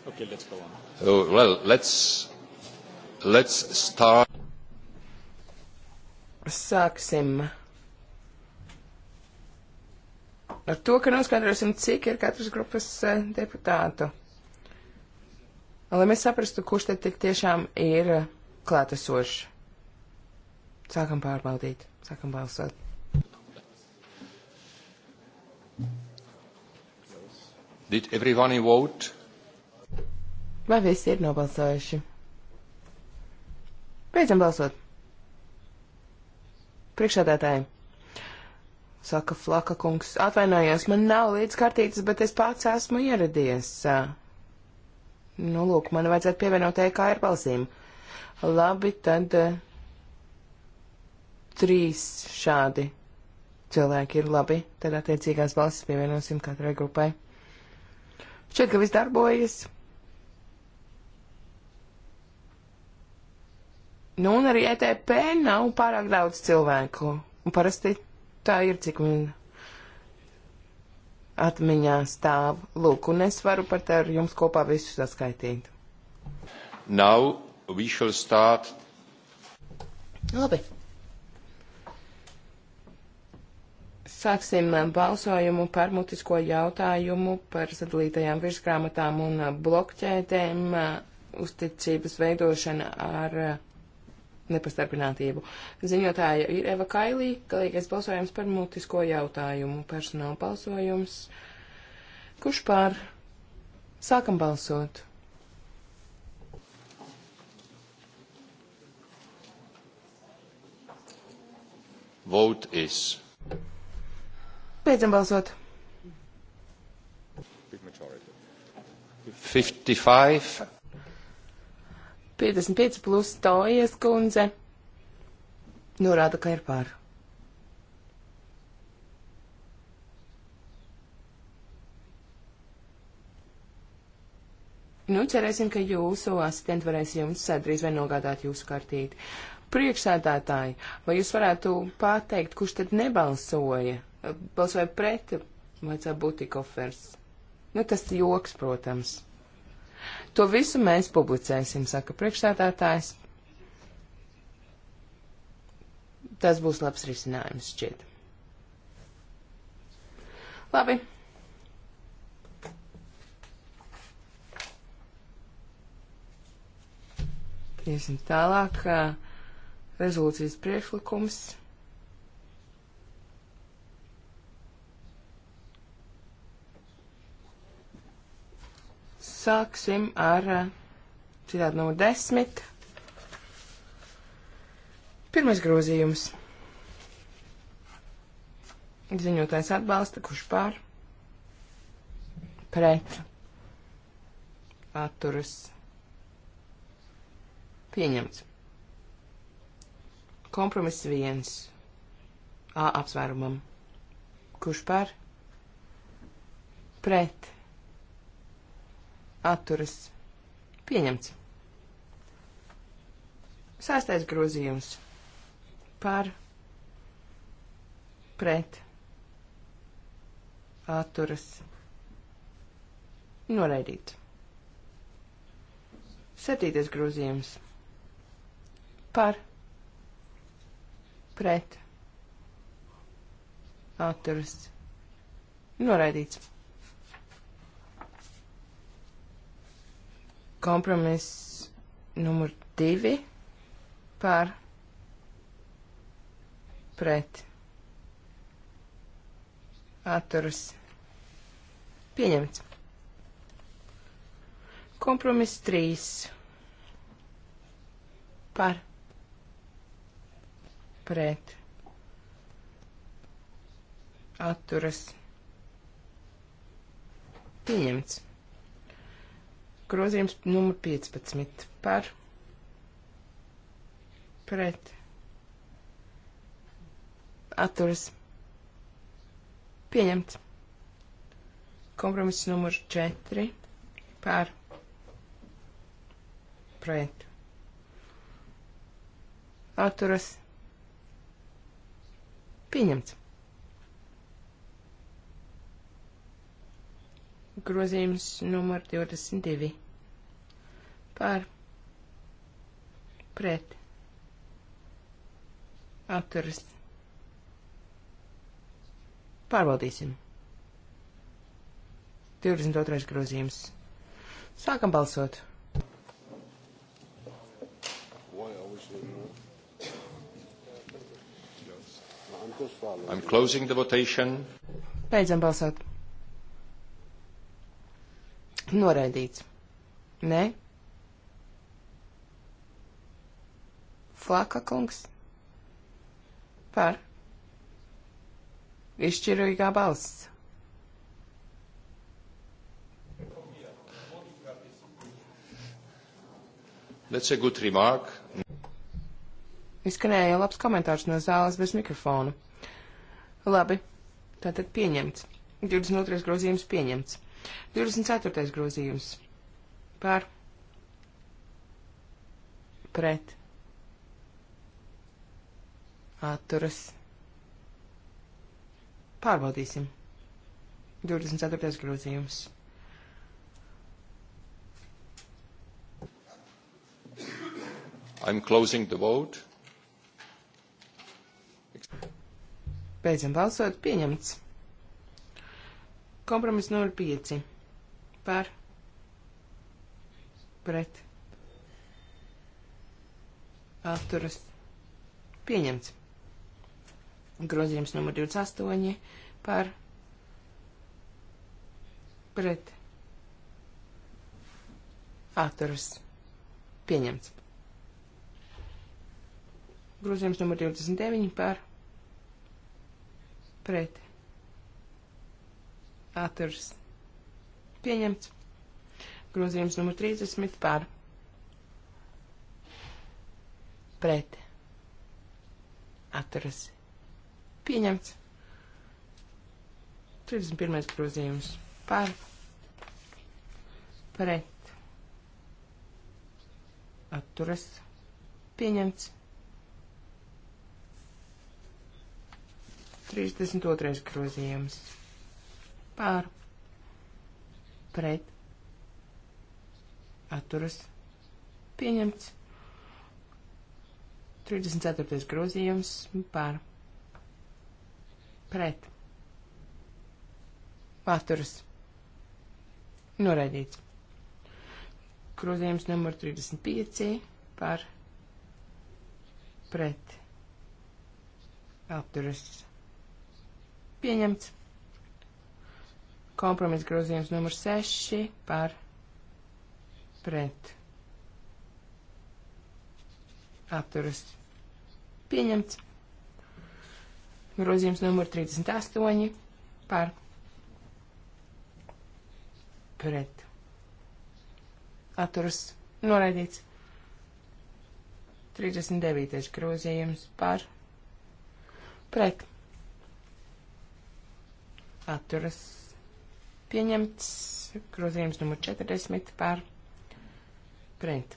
Okay, let's go on. Oh, well, let's, let's start. Sāksim Ar to, ka noskaidrosim, cik ir katras grupas eh, deputātu. Lai mēs saprastu, kurš te tik tiešām ir eh, klātesošs. Sākam pārbaudīt, sākam balsot. Did everyone vote? Vai visi ir nobalsojuši? Beidzam balsot. Priekšādātājiem saka Flaka kungs. Atvainojos, man nav līdz kartītes, bet es pats esmu ieradies. Nu, lūk, man vajadzētu pievienot EKR balsīm. Labi, tad eh, trīs šādi cilvēki ir labi, tad attiecīgās balsis pievienosim katrai grupai. Šķiet, ka viss darbojas. Nu, un arī ETP nav pārāk daudz cilvēku. Un parasti tā ir, cik man atmiņā stāv. Lūk, un es varu par te ar jums kopā visu saskaitīt. Now we shall start. Labi. Sāksim uh, balsojumu par mutisko jautājumu par sadalītajām virsgrāmatām un uh, blokķētēm uh, uzticības veidošana ar nepastarpinātību. Ziņotāja ir Eva Kailī, galīgais balsojums par mutisko jautājumu, personāla balsojums. Kurš pār? Sākam balsot. Vote is. Beidzam balsot. 55 55 plus Tojas kundze norāda, ka ir pār. Nu, cerēsim, ka jūsu asistenti varēs jums drīz vai nogādāt jūsu kartīti. Priekšsēdētāji, vai jūs varētu pateikt, kurš tad nebalsoja? Balsoja pret, vai cēl būtīgi ofers? Nu, tas joks, protams. To visu mēs publicēsim, saka priekšstādātājs. Tas būs labs risinājums, šķiet. Labi. Iesim tālāk. Rezolūcijas priekšlikums. Sāksim ar eh, citādi numur desmit. Pirmais grozījums. Ziņotājs atbalsta, kurš pār pret atturas pieņemts. Kompromiss viens A apsvērumam. Kurš par pret atturas pieņemts. Sastais grozījums par pret atturas noraidīt. Septītais grozījums par pret atturas noraidīts. Kompromiss numur divi par pret atturas pieņemts. Kompromiss trīs par pret atturas pieņemts. Grozījums numur 15 par pret atturas pieņemts. Kompromiss numur 4 par pret atturas pieņemts. grozījums numur 22 par pret atturas. Pārbaudīsim. 22. grozījums. Sākam balsot. I'm closing the votation. Beidzam balsot. Noraidīts. Nē. Flaka kungs. Par. Izšķirīgā balss. That's a good remark. Izskanēja labs komentārs no zāles bez mikrofona. Labi, tātad pieņemts. 22. grozījums pieņemts. 24. grozījums par pret atturas. Pārbaudīsim. 24. grozījums. I'm closing the vote. Beidzam balsot. Pieņemts. Kompromiss 05 par pret atturas pieņemts. Grozījums numur 28 par pret atturas pieņemts. Grozījums numur 29 par pret Atturs. Pieņemts. Grozījums numur 30 par. Pret. Atturs. Pieņemts. 31. grozījums par. Pret. Atturas. Pieņemts. 32. grozījums pār pret atturas pieņemts. 34. grozījums pār pret atturas noraidīts. Grozījums numur 35 par pret apturas pieņemts. Kompromis grozījums numur 6 par pret. Apturas pieņemts. Grozījums numur 38 par pret. Atturas noraidīts. 39. grozījums par pret. Atturas Pieņemts grozījums numur 40 par pret.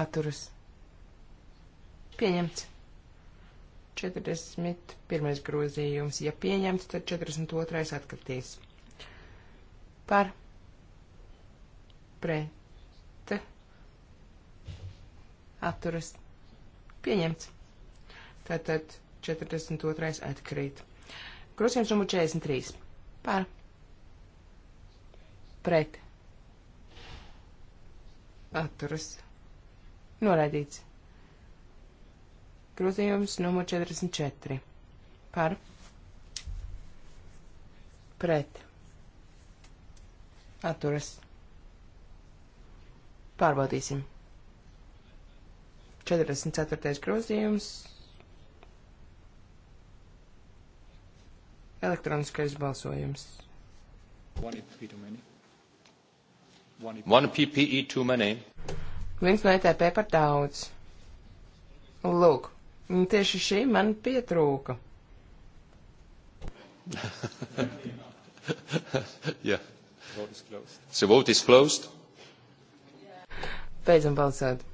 Atturas. Pieņemts. 41. grozījums. Ja pieņemts, tad 42. atkritīs. Par pret. Atturas. Pieņemts. Tātad 42. atkrīt. Grozījums numur 43 Par. Pret. Atturas. Noraidīts. Grozījums numur 44. Par. Pret. Atturas. Pārbaudīsim. 44. grozījums. Elektroniskais balsojums. One EPP too many. One PPE e too many. Viens no ETP par daudz. Lūk, tieši šī man pietrūka. <laughs> yeah. Vote is closed. So vote is closed. Beidzam balsot.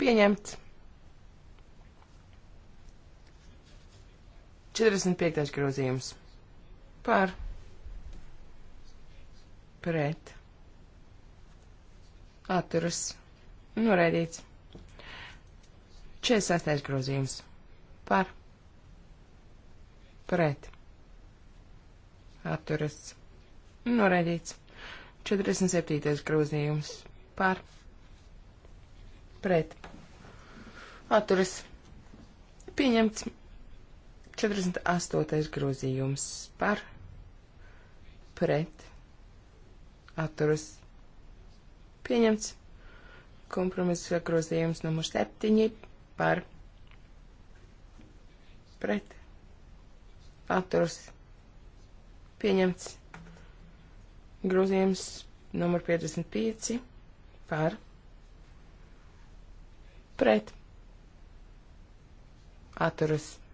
Pieņemts. 45. grozījums par pret atturas noraidīts. 46. grozījums par pret atturas noraidīts. 47. grozījums par pret atturas pieņemts. 48. grozījums par pret atturas pieņemts. Kompromisa grozījums numur 7 par pret atturas pieņemts. Grozījums numur 55 par pret atturas pieņemts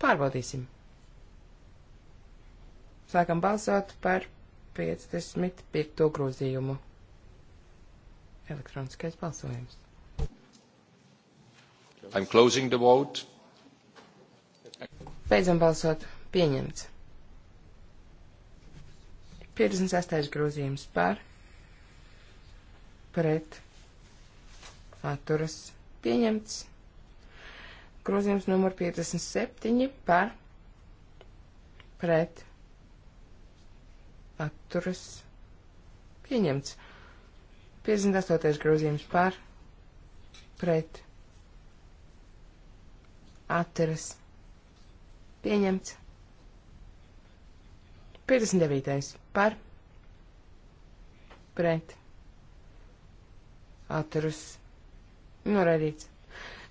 Pārbaudīsim. Sākam balsot par 55. grozījumu. Elektroniskais balsojums. I'm closing the vote. Beidzam balsot. Pieņemts. 56. grozījums par, pret, atturas, pieņemts. Grozījums numur 57 par pret atturas pieņemts. 58. grozījums par pret atturas pieņemts. 59. par pret atturas noraidīts.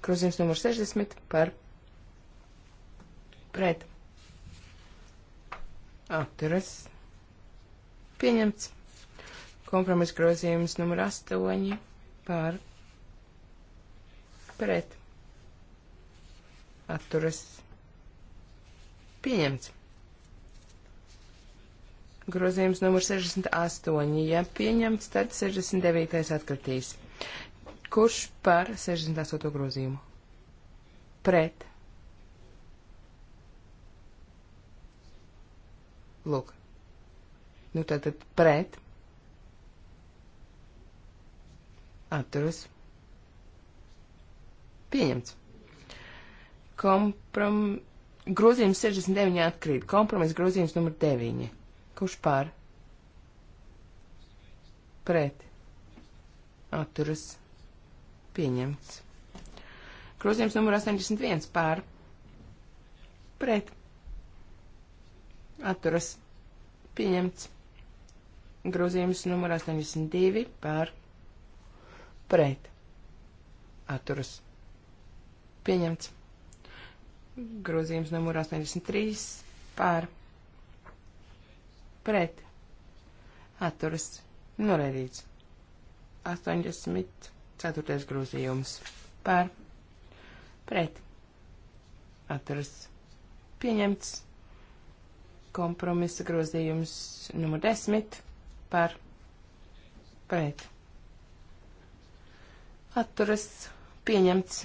Grozījums numur 60 par pret. Atturas. Pieņemts. Kompromis grozījums numur 8 par pret. Atturas. Pieņemts. Grozījums numur 68. Ja pieņemts, tad 69. atkritīs. Kurš par 68. grozījumu? Pret. Lūk. Nu tātad pret. Atturas. Pieņemts. Komprom... Grozījums 69 atkrīt. Kompromiss grozījums numur 9. Kurš par? Pret. Atturas. Pieņemts. Grozījums numur 81 pār. Pret. Atturas. Pieņemts. Grozījums numur 82 pār. Pret. Atturas. Pieņemts. Grozījums numur 83 pār. Pret. Atturas. Noraidīts. 80. Ceturtais grozījums par pret atturas pieņemts. Kompromisa grozījums numur desmit par pret atturas pieņemts.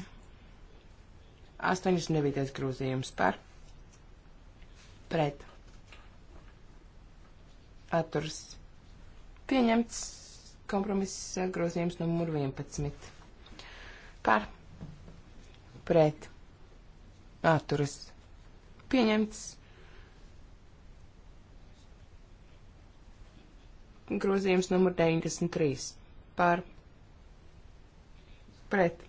89. grozījums par pret atturas pieņemts. Kompromiss grozījums numur 11. Par. Pret. Atturas. Pieņemts. grozījums numur 93 par pret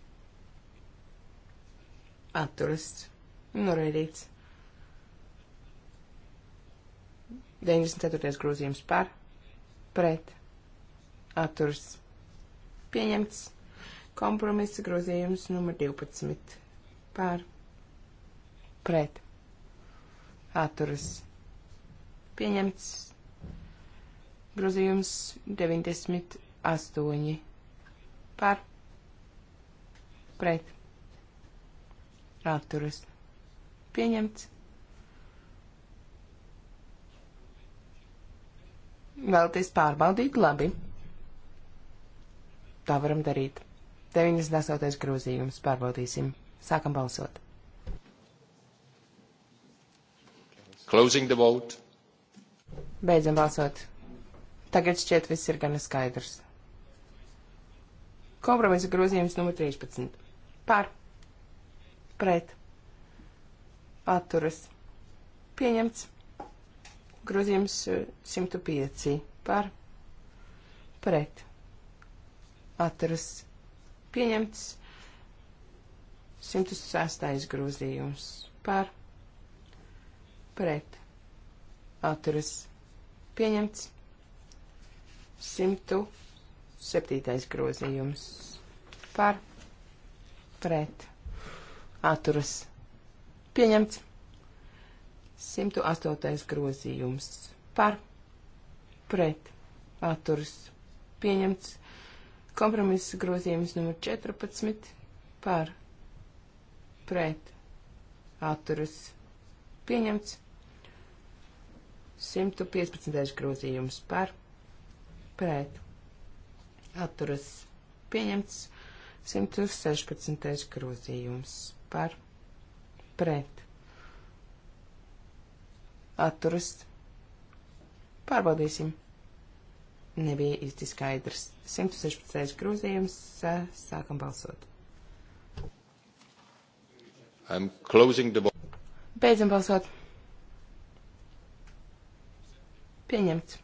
atturists noraidīts. 94. grozījums par pret atturs pieņemts. Kompromisa grozījums numur 12 pār pret atturas pieņemts. Grozījums 98 pār pret atturas pieņemts. Vēlties pārbaudīt labi. Tā varam darīt. 98. grozījums pārbaudīsim. Sākam balsot. Closing the vote. Beidzam balsot. Tagad šķiet viss ir gana skaidrs. Kompromisa grozījums numur 13. Par. Pret. Atturas. Pieņemts. Grozījums 105. Eh, Par. Pret atturas pieņemts. 106. grozījums par pret atturas pieņemts. 107. grozījums par pret atturas pieņemts. 108. grozījums par pret atturas pieņemts. Kompromisa grozījums numur 14 par pret atturas pieņemts. 115. grozījums par pret atturas pieņemts. 116. grozījums par pret atturas pārbaudīsim nebija īsti skaidrs. 116. grozījums, sākam balsot. The... Beidzam balsot. Pieņemts.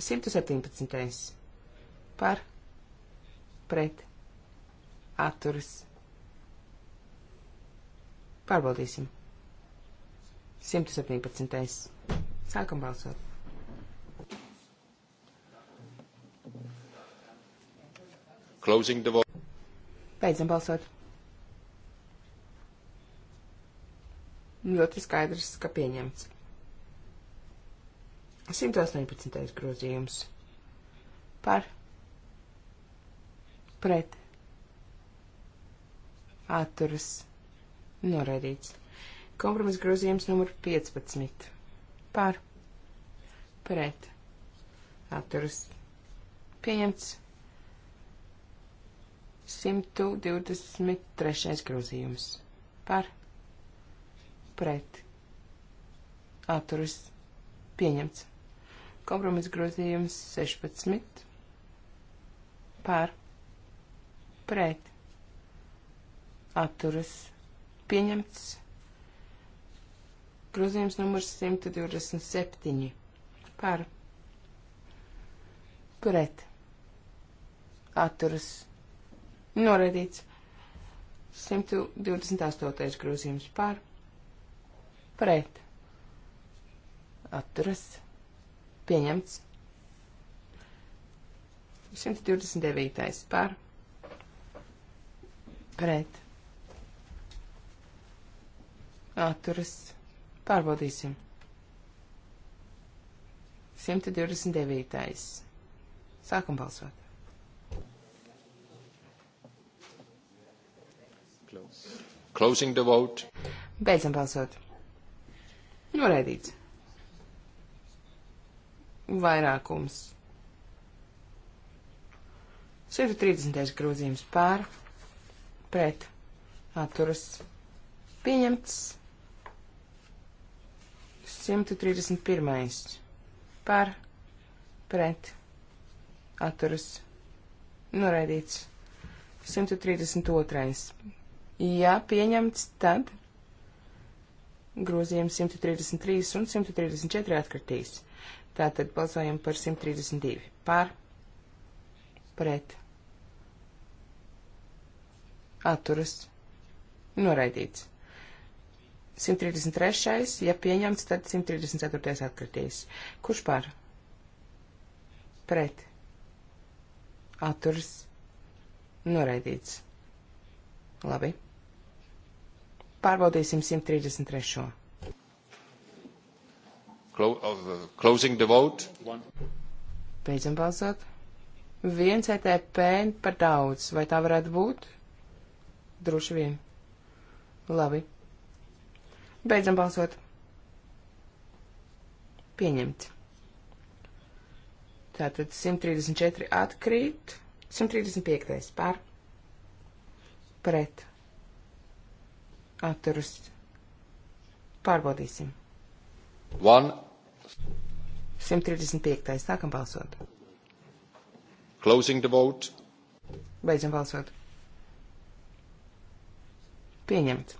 117. par pret atturas. Pārbaudīsim. 117. Sākam balsot. Closing the vote. Beidzam balsot. Ļoti skaidrs, ka pieņemts. 118. grozījums par pret atturas noraidīts. Kompromis grozījums numur 15 par pret atturas pieņemts. 123. grozījums par pret atturas pieņemts. Kompromis grozījums 16 par pret atturas pieņemts. Grozījums numurs 127 par pret atturas pieņemts Noraidīts. 128. grozījums par, pret, atturas, pieņemts. 129. par, pret, atturas, pārbaudīsim. 129. Sākam balsot. Closing the vote. Beidzam balsot. Noraidīts. Vairākums. 130. grozījums pār, pret, atturas, pieņemts. 131. par, pret, atturas, noraidīts. 132. Ja pieņemts, tad grozījums 133 un 134 atkritīs. Tātad balsojam par 132. Par, pret, atturas, noraidīts. 133. Ja pieņemts, tad 134. atkritīs. Kurš par? Pret. Atturs. Noraidīts. Labi. Pārbaudīsim 133. Uh, closing the vote. Beidzam balsot. Viens ETP par daudz. Vai tā varētu būt? Droši vien. Labi. Beidzam balsot. Pieņemt. Tātad 134 atkrīt, 135 pār, pret, atturas. Pārbaudīsim. One. 135. Sākam balsot. Closing the vote. Beidzam balsot. Pieņemts.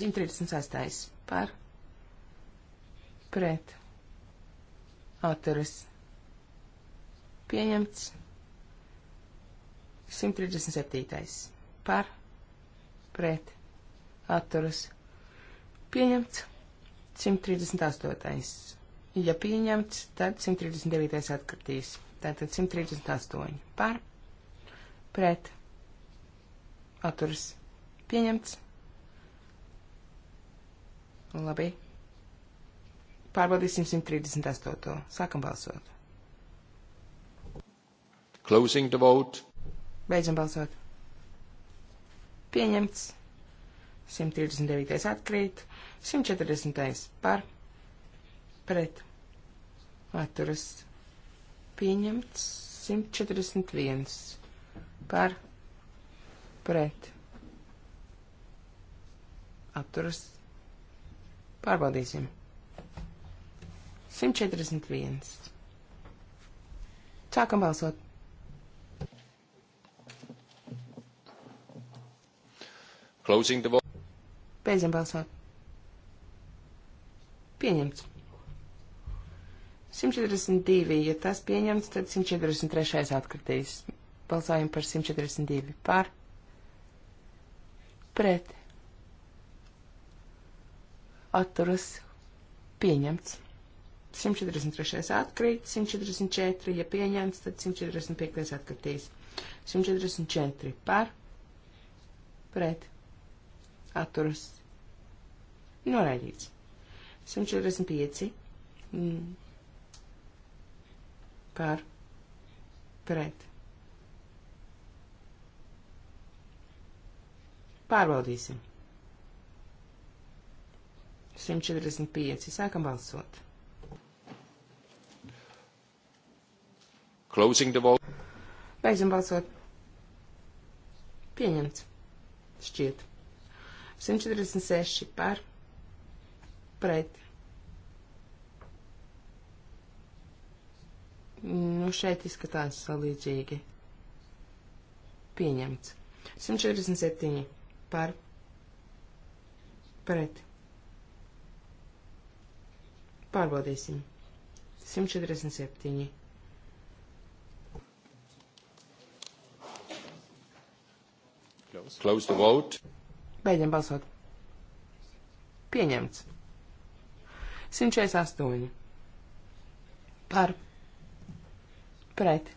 136. Par. Pret. Atturas. Pieņemts. 137. Par pret atturas pieņemts 138. Ja pieņemts, tad 139. atkritīs. Tātad 138 par pret atturas pieņemts. Labi. Pārbaudīsim 138. Sākam balsot. Closing the vote. Beidzam balsot pieņemts, 139. atkrīt, 140. par, pret, atturas, pieņemts, 141. par, pret, atturas, pārbaudīsim, 141. Sākam balsot! Closing the vote. Beidzam balsot. Pieņemts. 142. Ja tas pieņemts, tad 143. atkritīs. Balsājam par 142. Par. Pret. Atturas. Pieņemts. 143. atkrīt, 144. Ja pieņemts, tad 145. atkritīs. 144. Par. Pret atturas noraidīts. 145 mm, par pret. Pārbaudīsim. 145. Sākam balsot. Closing the vote. Beidzam balsot. Pieņemts. Šķiet. 146 par pret. Nu, šeit izskatās salīdzīgi. Pieņemts. 147 par pret. Pārbaudīsim. 147. Close the vote. Beidzam balsot. Pieņemts. 148. Par. Pret.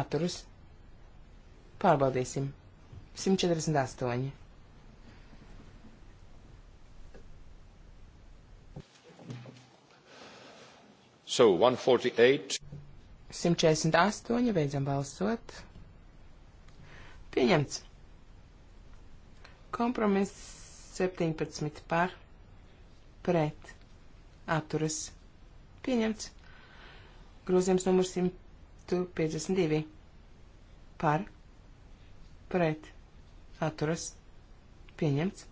Atturas. Pārbaudīsim. 148. So 148. 148. Beidzam balsot. Pieņemts. Kompromiss 17 par pret atturas. Pieņemts. Grozījums numurs 152 par pret atturas. Pieņemts.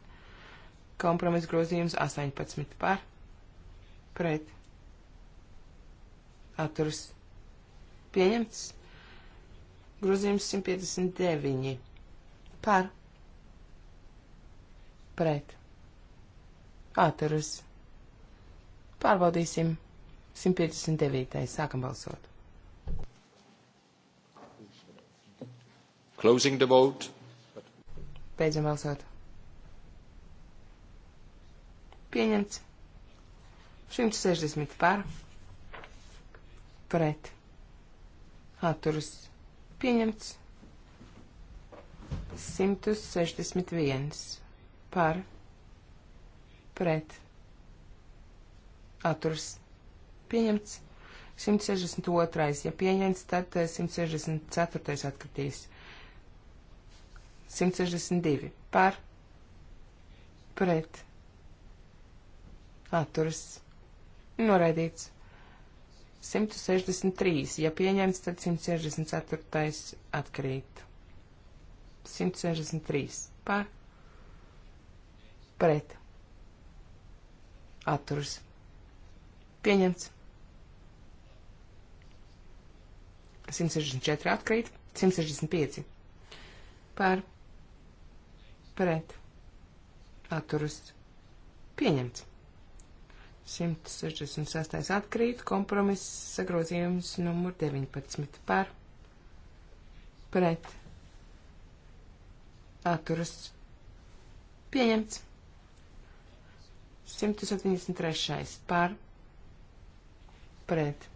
Kompromiss grozījums 18 par pret atturas. Pieņemts. Grozījums 159. Par. Pret. Atturas. Pārbaudīsim. 159. Sākam balsot. Closing the vote. Beidzam balsot. Pieņemts. 160 par. Pret. Atturas Pieņemts. 161 par pret atturs. Pieņemts. 162. Ja pieņemts, tad 164. Eh, atkritīs. 162 par pret atturas noraidīts. 163. Ja pieņemts, tad 164. atkrīt. 163. Par. Pret. Atturs. Pieņemts. 164 atkrīt, 165 par pret atturus pieņemts. 166. atkrīt, kompromiss sagrozījums numur 19 par pret atturas pieņemts. 173. par pret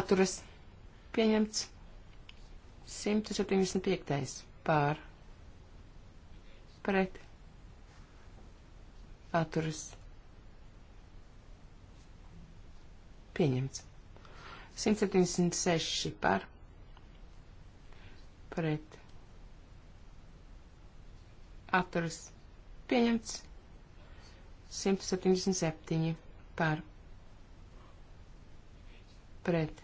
atturas pieņemts. 175. par pret atturas pieņemts Pieņemts. 176 par pret atturas pieņemts 177 par pret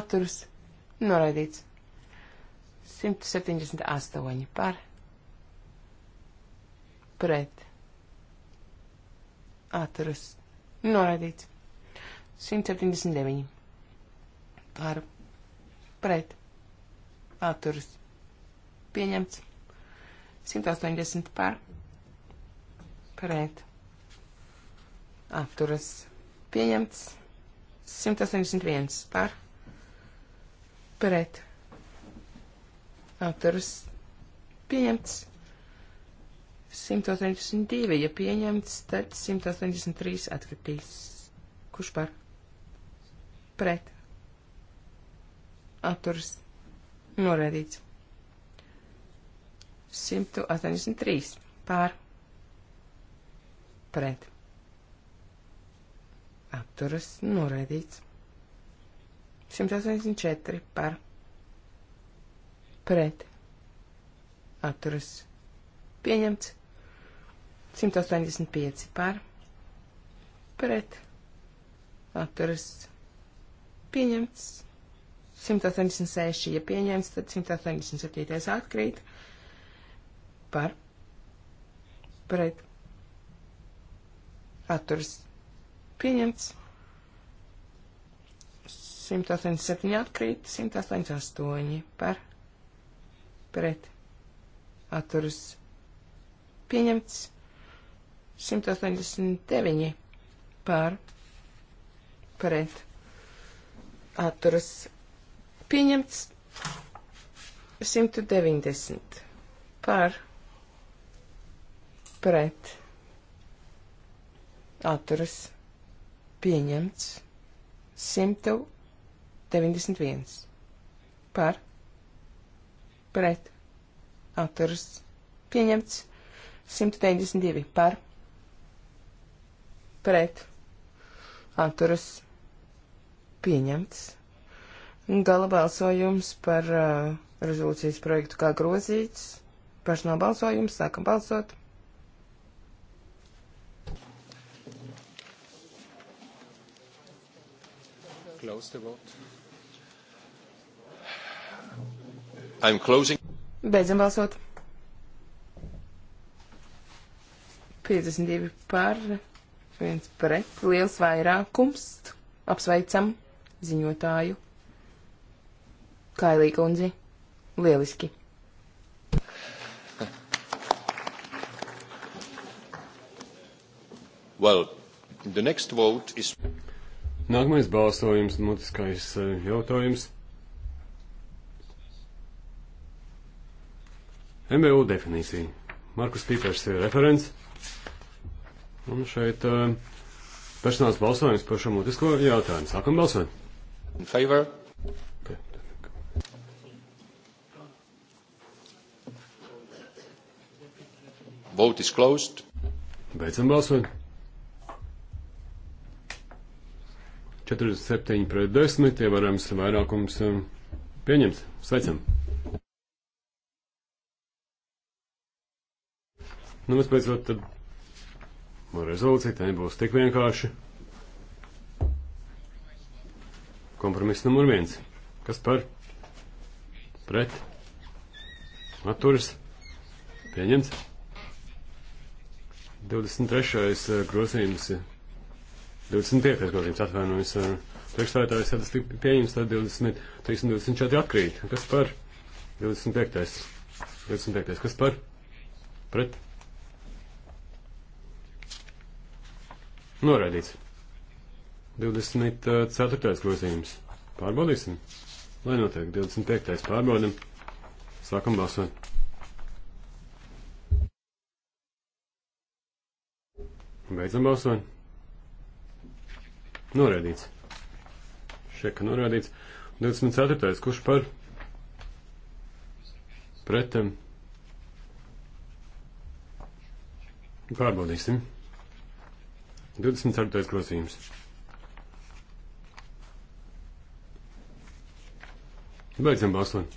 atturas noraidīts 178 par pret atturas noraidīts 179 par pret atturas pieņemts 180 par pret atturas pieņemts 181 par pret atturas pieņemts 182, ja pieņemts, tad 183 atkritīs. Kurš par? pret atturas norēdīts. 183 pār pret atturas norēdīts. 184 par pret atturas pieņemts. 185 par pret atturas norēdīts Pieņemts. 186, ja pieņemts, tad 187 atkrīt par pret atturs pieņemts. 187 atkrīt, 188 par pret atturs pieņemts. 189 par pret atturas pieņemts 190 par pret atturas pieņemts 191 par pret atturas pieņemts 192 par pret atturas pieņemts pieņemts. Gala balsojums par uh, rezolūcijas projektu kā grozīts. Personāla balsojums, sākam balsot. Close the vote. I'm closing. Beidzam balsot. 52 par, 1 pret, liels vairākums. Apsveicam! ziņotāju. Kailī kundzi, lieliski! Well, the next vote is... Nākamais balsojums, mutiskais eh, jautājums. MBU definīcija. Markus Pīpers ir referents. Un šeit uh, Personāls balsojums par šo mutisko jautājumu. Sākam balsot. In favor. Okay. Vote is closed. Beidzam balsot. 47 pret 10, ievērojams vairākums um, pieņemts. Sveicam! Nu, mēs beidzot tad Man rezolūcija tā nebūs tik vienkārši. Kompromiss numur viens. Kas par? Pret. Atturis. Pieņemts. 23. Eh, grozījums. 25. grozījums atvainojas ar eh, priekšstādātājs, ja tas tika pieņems, tad 20, 324 atkrīt. Kas par? 25. 25. Kas par? Pret. Noraidīts. 24. Eh, grozījums. Pārbaudīsim. Lai notiek 25. pārbaudam. Sākam balsot. Beidzam balsot. Noraidīts. Šeka noraidīts. 24. kurš par pretam. Pārbaudīsim. 24. grozījums. Beidzam balsot.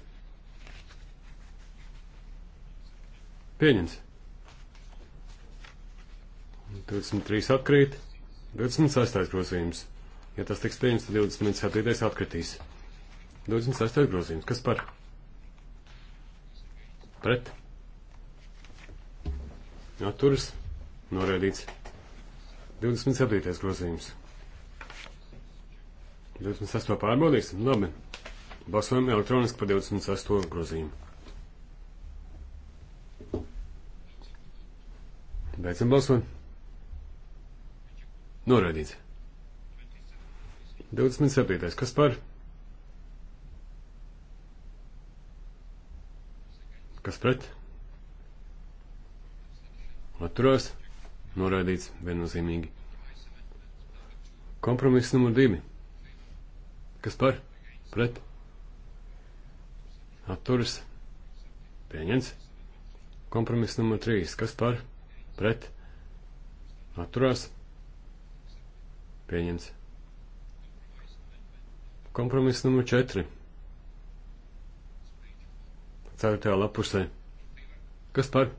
Pieņems. 23 atkrīt, 26. grozījums. Ja tas tiks pieņems, tad 27. atkritīs. 26. grozījums. Kas par? Pret. Atturas. Norēdīts. 27. grozījums. 28. pārbaudīsim. Labi. Balsojam elektroniski par 28. grozījumu. Beidzam balsot. Noraidīts. 27. Kas par? Kas pret? Atturās. Noraidīts viennozīmīgi. Kompromiss numur divi. Kas par? Pret? Atturas? Pieņems. Kompromiss numur trīs. Kas par? Pret? Atturās? Pieņems. Kompromiss numur četri. Ceturtajā lapusē. Kas par?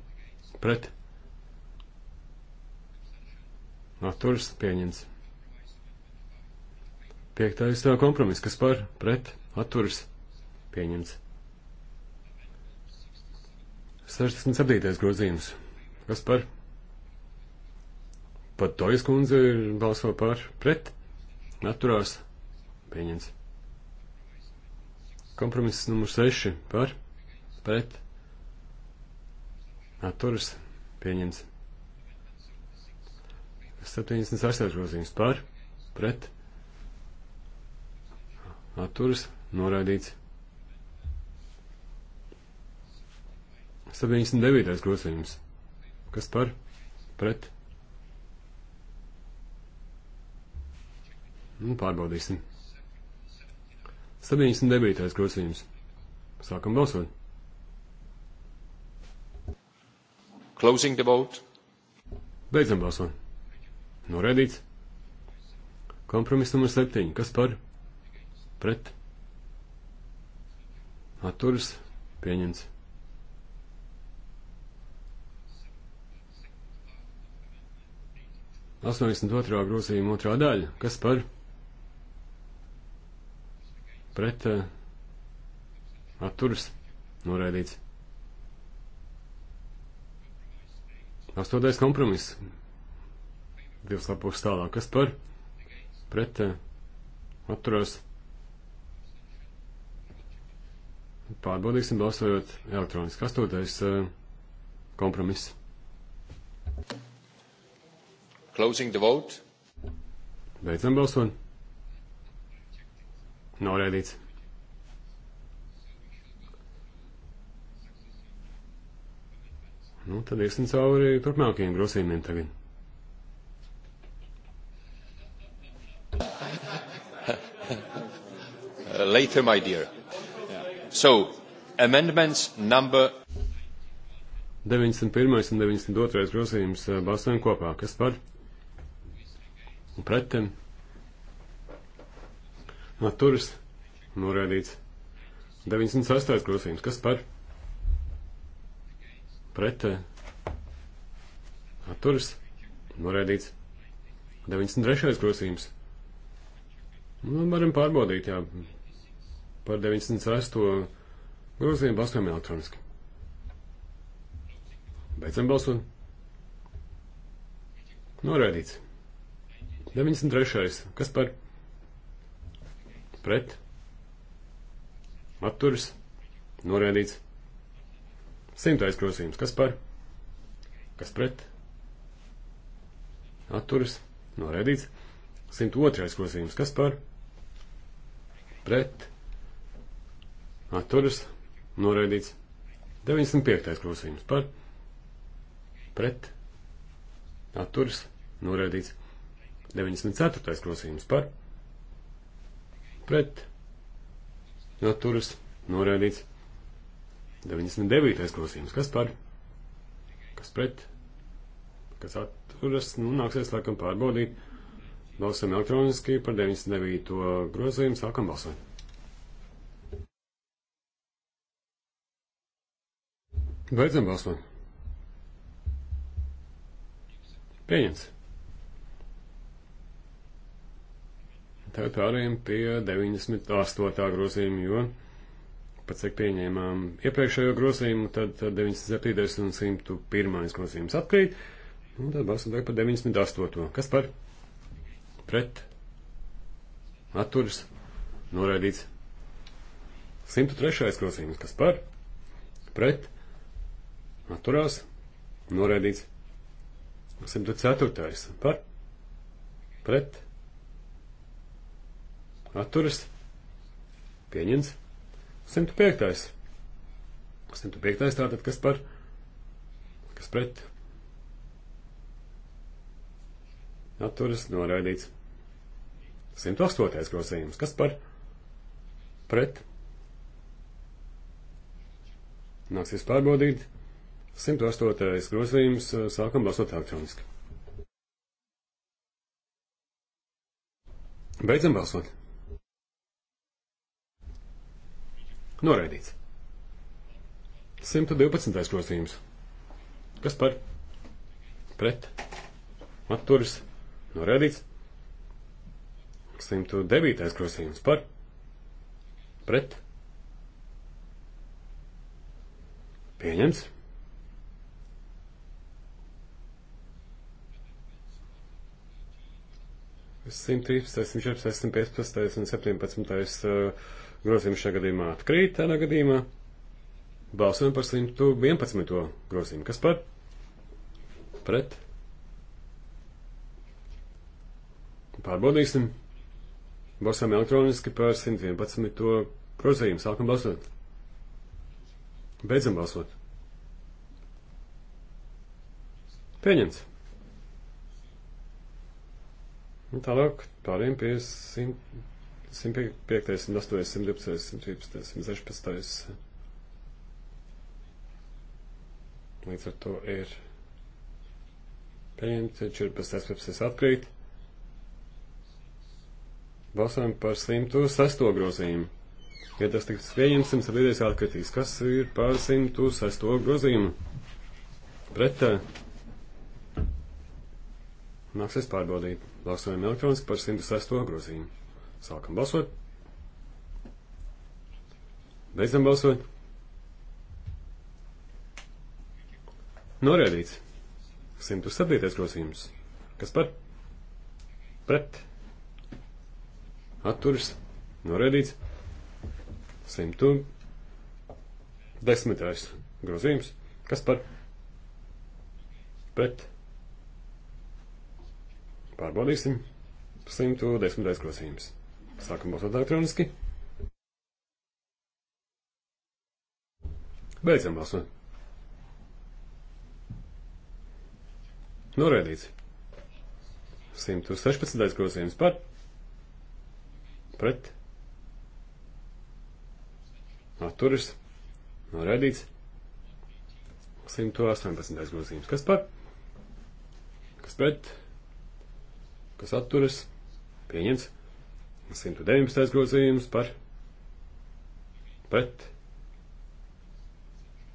Pret? atturs pieņemts. Piektais kompromiss, kas par pret atturs pieņemts. 67. grozījums, kas par pat tojas kundze ir balso par pret atturās pieņemts. Kompromiss numur 6 par pret atturas pieņemts. 76. grozījums par, pret, atturas, noraidīts. 79. grozījums. Kas par, pret? Nu, pārbaudīsim. 79. grozījums. Sākam balsot. Closing the vote. Beidzam balsot. Noraidīts. Kompromiss numur 7. Kas par? Pret. Atturas. Pieņemts. Astoņdesmit otrā grozījuma otrā daļa. Kas par? Pret. Eh, atturas. Noraidīts. Astotais kompromiss divas lapus tālāk. Kas par? Pret eh, atturās. Pārbaudīsim balsojot elektroniski. Astotais eh, kompromiss. Closing the vote. Beidzam balsot. Norēdīts. Nu, tad iesim cauri turpmākajiem grozījumiem tagad. Uh, later, my dear. Yeah. So, amendments number. 91. un 92. grozījums uh, balsojam kopā. Kas par? Un pret? Naturas norādīts. 96. grozījums. Kas par? Pret? Naturas norādīts. 93. grozījums. Nu, varam pārbaudīt, jā, par 96. grozījumu balsojam elektroniski. Beidzam balsot. Noraidīts. 93. Kas par? Pret. Atturis. Noraidīts. 100. grozījums. Kas par? Kas pret? Atturis. Noraidīts. 102. grozījums. Kas par? Pret atturas noraidīts. 95. grozījums par pret atturas noraidīts. 94. grozījums par pret atturas noraidīts. 99. grozījums kas par kas pret kas atturas nu nāksies laikam pārbaudīt. Balsam elektroniski par 99. grozījumu sākam balsot. Beidzam balsot. Pieņems. Tagad pārējiem pie 98. grozījuma, jo pat cik pieņēmām iepriekšējo grozījumu, tad, tad 97. un 101. grozījums atkrīt, un tad balsot tagad par 98. Kas par? Pret? Atturis? Noraidīts? 103. grozījums. Kas par? Pret? atturās, noraidīts. 104. par, pret, atturas, pieņems. 105. 105. tātad, kas par, kas pret, atturas, noraidīts. 108. grozījums, kas par, pret, nāksies pārbaudīt. 108. grozījums sākam balsot elektroniski. Beidzam balsot. Noraidīts. 112. grozījums. Kas par? Pret. Atturis. Noraidīts. 109. grozījums. Par. Pret. Pieņemts. 113, 114, 115 un 17. grozījums šajā gadījumā atkrīt. Tādā gadījumā balsojam par 111. grozījumu. Kas par? Pret? Pārbaudīsim. Balsojam elektroniski par 111. grozījumu. Sākam balsot. Beidzam balsot. Pieņemts. Un tālāk pāriem pie 105, 108, 112, 113, 116. Līdz ar to ir pieņemts, 14, 15 atkrīt. Balsojam par 106 grozījumu. Ja tas tiks pieņemts, 107 atkritīs. Kas ir par 106 grozījumu? Pretā. Uh, Nāksies pārbaudīt. Balsojam elektroniski par 106. grozījumu. Sākam balsot. Beidzam balsot. Norēdīts. 107. grozījums. Kas par? Pret. Atturis. Norēdīts. 110. grozījums. Kas par? Pret Pārbaudīsim. 110. grozījums. Sākam balsot elektroniski. Beidzam balsot. Norēdīts. 116. grozījums par. Pret. Atturis. Norēdīts. 118. grozījums. Kas par? Kas pret? kas atturas, pieņems. 119. grozījums par pret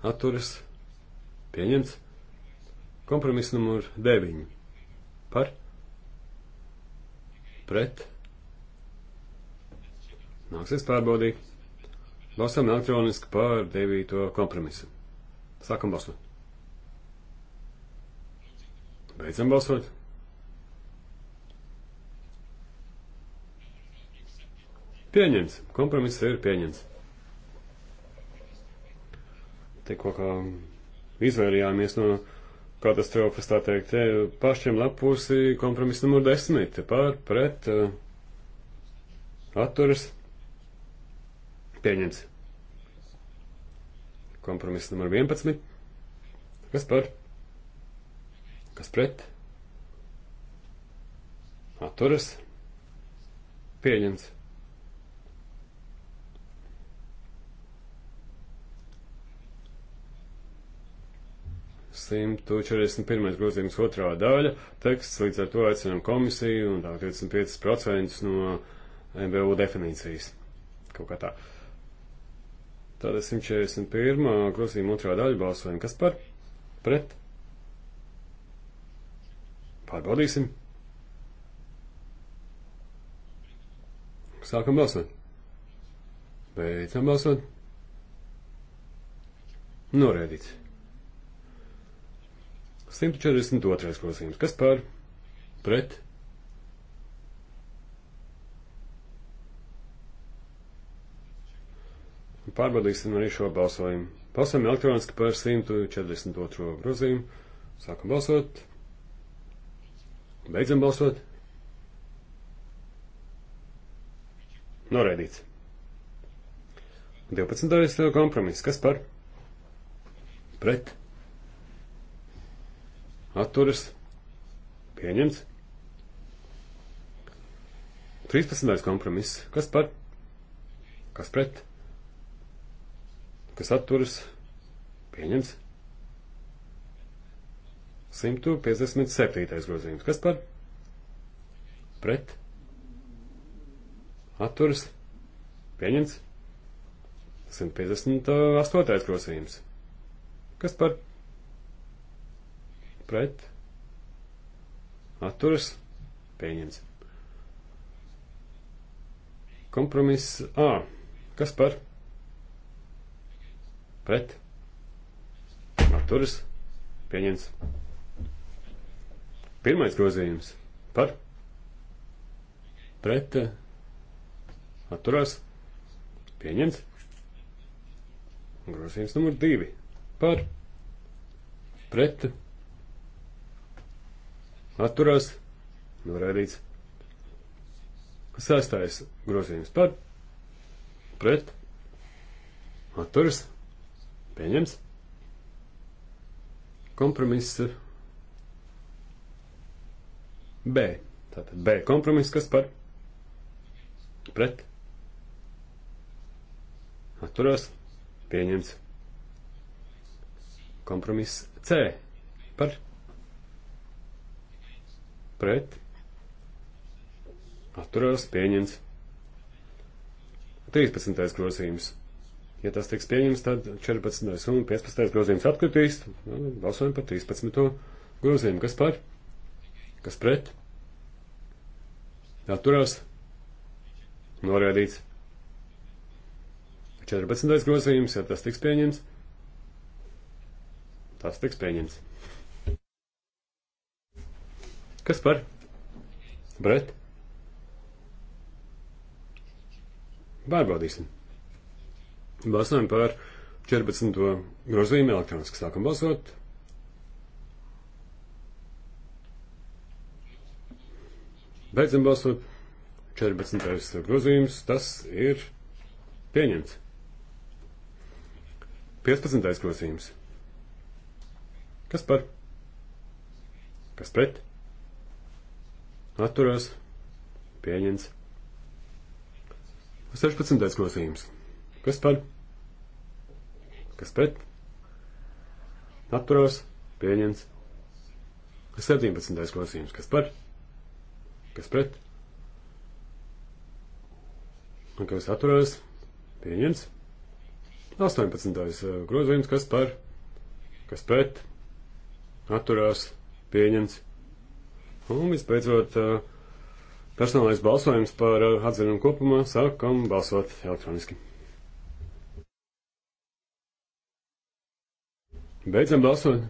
atturas pieņemts. Kompromiss numur 9 par pret nāksies pārbaudīt. Balsam elektroniski par 9. kompromisu. Sākam balsot. Beidzam balsot. Pieņemts. Kompromiss ir pieņemts. Tikko kā izvairījāmies no katastrofas, tā teikt, pašiem lapusi kompromiss numur desmit par pret eh, atturas. Pieņemts. Kompromiss numur 11. Kas par? Kas pret? Atturas. Pieņemts. 141. grozījums otrā daļa teksts, līdz ar to aicinām komisiju un tā 35% no MBU definīcijas. Kaut kā tā. Tāda 141. grozījuma otrā daļa balsojam. Kas par? Pret? Pārbaudīsim. Sākam balsot. Beidzam balsot. Norēdīts. 142. grozījums. Kas par? Pret? Pārbaudīsim arī šo balsojumu. Balsojam elektroniski par 142. grozījumu. Sākam balsot. Beidzam balsot. Noraidīts. 12. kompromiss. Kas par? Pret? atturas pieņemts. 13. kompromiss. Kas par? Kas pret? Kas atturas? Pieņems. 157. grozījums. Kas par? Pret? Atturas? Pieņems. 158. grozījums. Kas par? pret atturas pieņemts. Kompromiss A. Kas par? Pret atturas pieņemts. Pirmais grozījums par pret atturās pieņemts. Grozījums numur divi par pret atturas atturās, norādīts. Sastais grozījums par, pret, atturas, pieņems. Kompromiss B. Tātad B kompromiss, kas par, pret, atturās, pieņems. Kompromiss C par, pret pret, atturās pieņemts. 13. grozījums. Ja tas tiks pieņemts, tad 14. un 15. grozījums atkritīs. Nu, balsojam par 13. grozījumu. Kas par? Kas pret? Atturās. Norēdīts. 14. grozījums, ja tas tiks pieņemts, tas tiks pieņemts. Kas par? Bret? Pārbaudīsim. Balsojam par 14. grozījumu elektroniski. Sākam balsot. Beidzam balsot. 14. grozījums. Tas ir pieņemts. 15. grozījums. Kas par? Kas pret? atturās, pieņems. 16. grozījums. Kas par? Kas pret? Atturās, pieņems. 17. grozījums. Kas par? Kas pret? Un kas atturās, pieņems. 18. Eh, grozījums. Kas par? Kas pret? Atturās, pieņems. Un visbeidzot, personālais balsojums par atzinumu kopumā sākam balsot elektroniski. Beidzam balsot.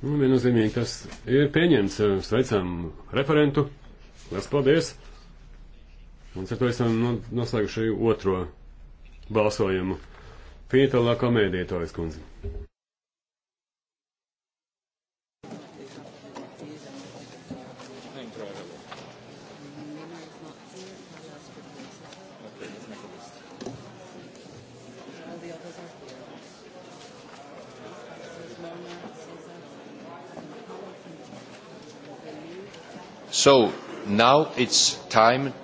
Nu, viennozīmīgi tas ir pieņemts. Sveicam referentu. Lielas paldies. Un ar to esam noslēguši otro balsojumu. Pietalā komēdija, to es kundzi. So, now it's time.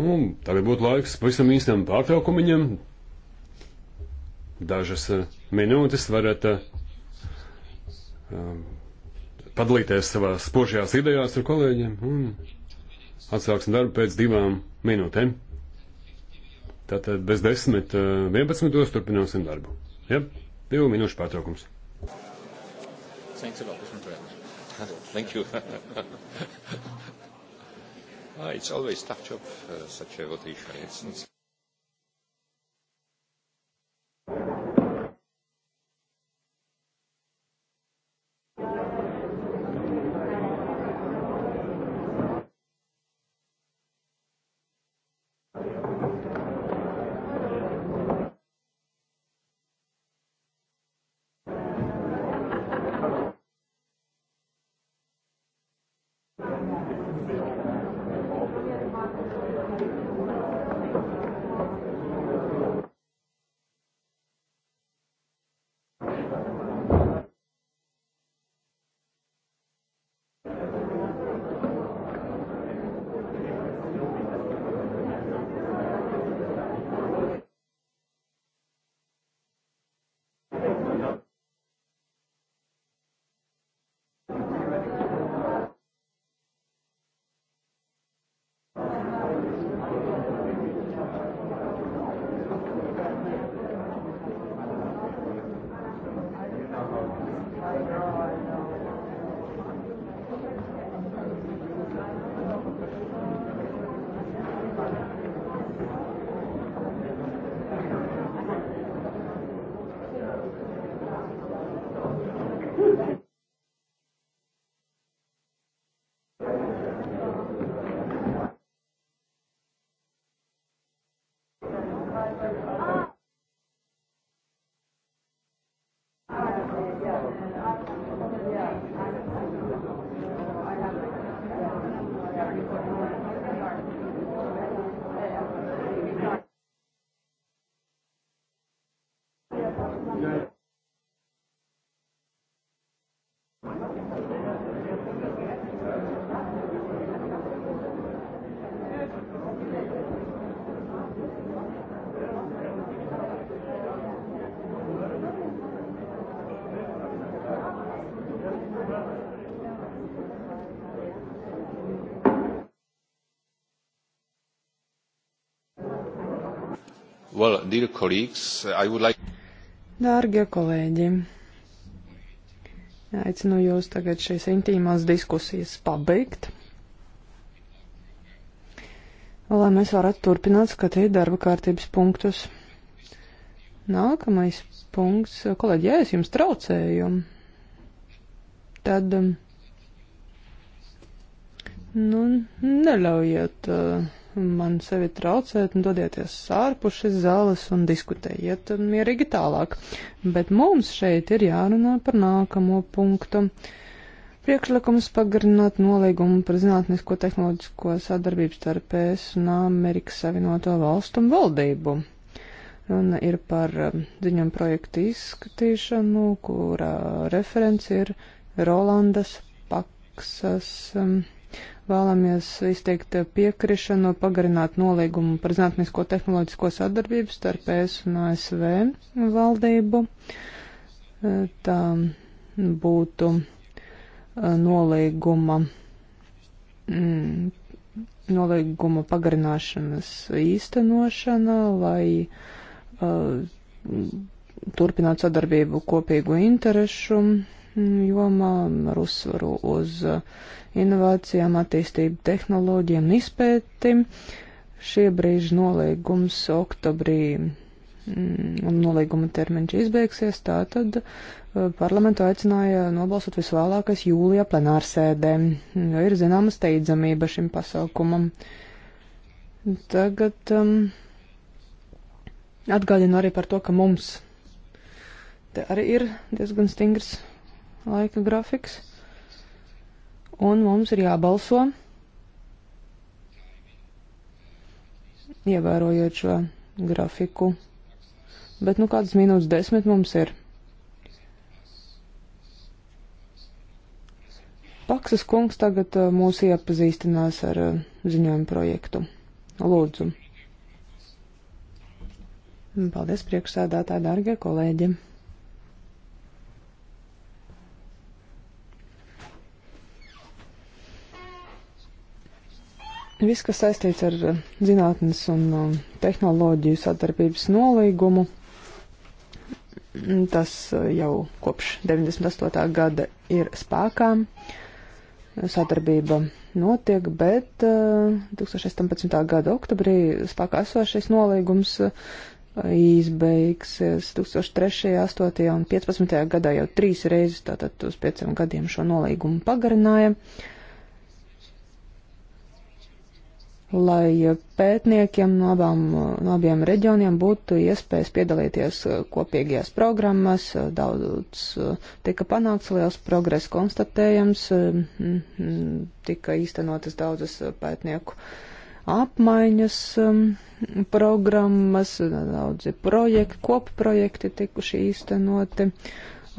Un nu, tagad būtu laiks pavisam īstam pārtraukumiņam. Dažas eh, minūtes varat eh, um, padalīties savās spožajās idejās ar kolēģiem un atsāksim darbu pēc divām minūtēm. Tātad bez desmit, eh, vienpadsmitos turpināsim darbu. Ja? Divu minūšu pārtraukums. Thanks a lot. Thank you. <laughs> ah, it's always tough job, uh, such a rotation. It's, it's Well, dear colleagues, I would like. Dārgie kolēģi, aicinu jūs tagad šīs intīmās diskusijas pabeigt, lai mēs varētu turpināt skatīt darba kārtības punktus. Nākamais punkts, kolēģi, ja es jums traucēju, tad, nu, neļaujiet. Uh, man sevi traucēt un dodieties ārpus šīs zāles un diskutējiet mierīgi tālāk. Bet mums šeit ir jārunā par nākamo punktu. Priekšlikums pagarināt nolīgumu par zinātnisko tehnoloģisko sadarbību starp ES un Amerikas Savienoto valstu un valdību. Runa ir par um, ziņam projektu izskatīšanu, kurā referents ir Rolandas Paksas. Um, vēlamies izteikt piekrišanu pagarināt nolīgumu par zinātnisko tehnoloģisko sadarbību starp ES un ASV valdību. Tā būtu nolīguma, mm, nolīguma pagarināšanas īstenošana, lai turpinātu sadarbību kopīgu interešu mm, jomā ar uzsvaru uz uh, inovācijām, attīstību, tehnoloģiem un izpētim. Šie brīži nolīgums oktobrī mm, un nolīguma termiņš izbeigsies, tātad eh, parlamentu aicināja nobalsot visvēlākais jūlijā plenārsēdē, jo ir zināma steidzamība šim pasaukumam. Tagad um, atgādinu arī par to, ka mums te arī ir diezgan stingrs laika grafiks un mums ir jābalso, ievērojot šo grafiku. Bet nu kādas minūtes desmit mums ir? Paksas kungs tagad uh, mūs iepazīstinās ar uh, ziņojumu projektu. Lūdzu. Paldies priekšsēdētāji, dārgie kolēģi! Viss, kas saistīts ar eh, zinātnes un um, tehnoloģiju sadarbības nolīgumu, tas eh, jau kopš 98. gada ir spēkā. Sadarbība notiek, bet 2018. Eh, gada oktobrī spēkā esošais nolīgums izbeigsies 2003., 2008. un 2015. gadā jau trīs reizes, tātad uz pieciem gadiem šo nolīgumu pagarināja. Uh, lai pētniekiem no, abām, no abiem reģioniem būtu iespējas piedalīties uh, kopīgajās programmas. Uh, daudz uh, tika panākts liels progress konstatējams, tika īstenotas daudzas pētnieku apmaiņas um, programmas, daudzi projekti, kopprojekti tikuši īstenoti.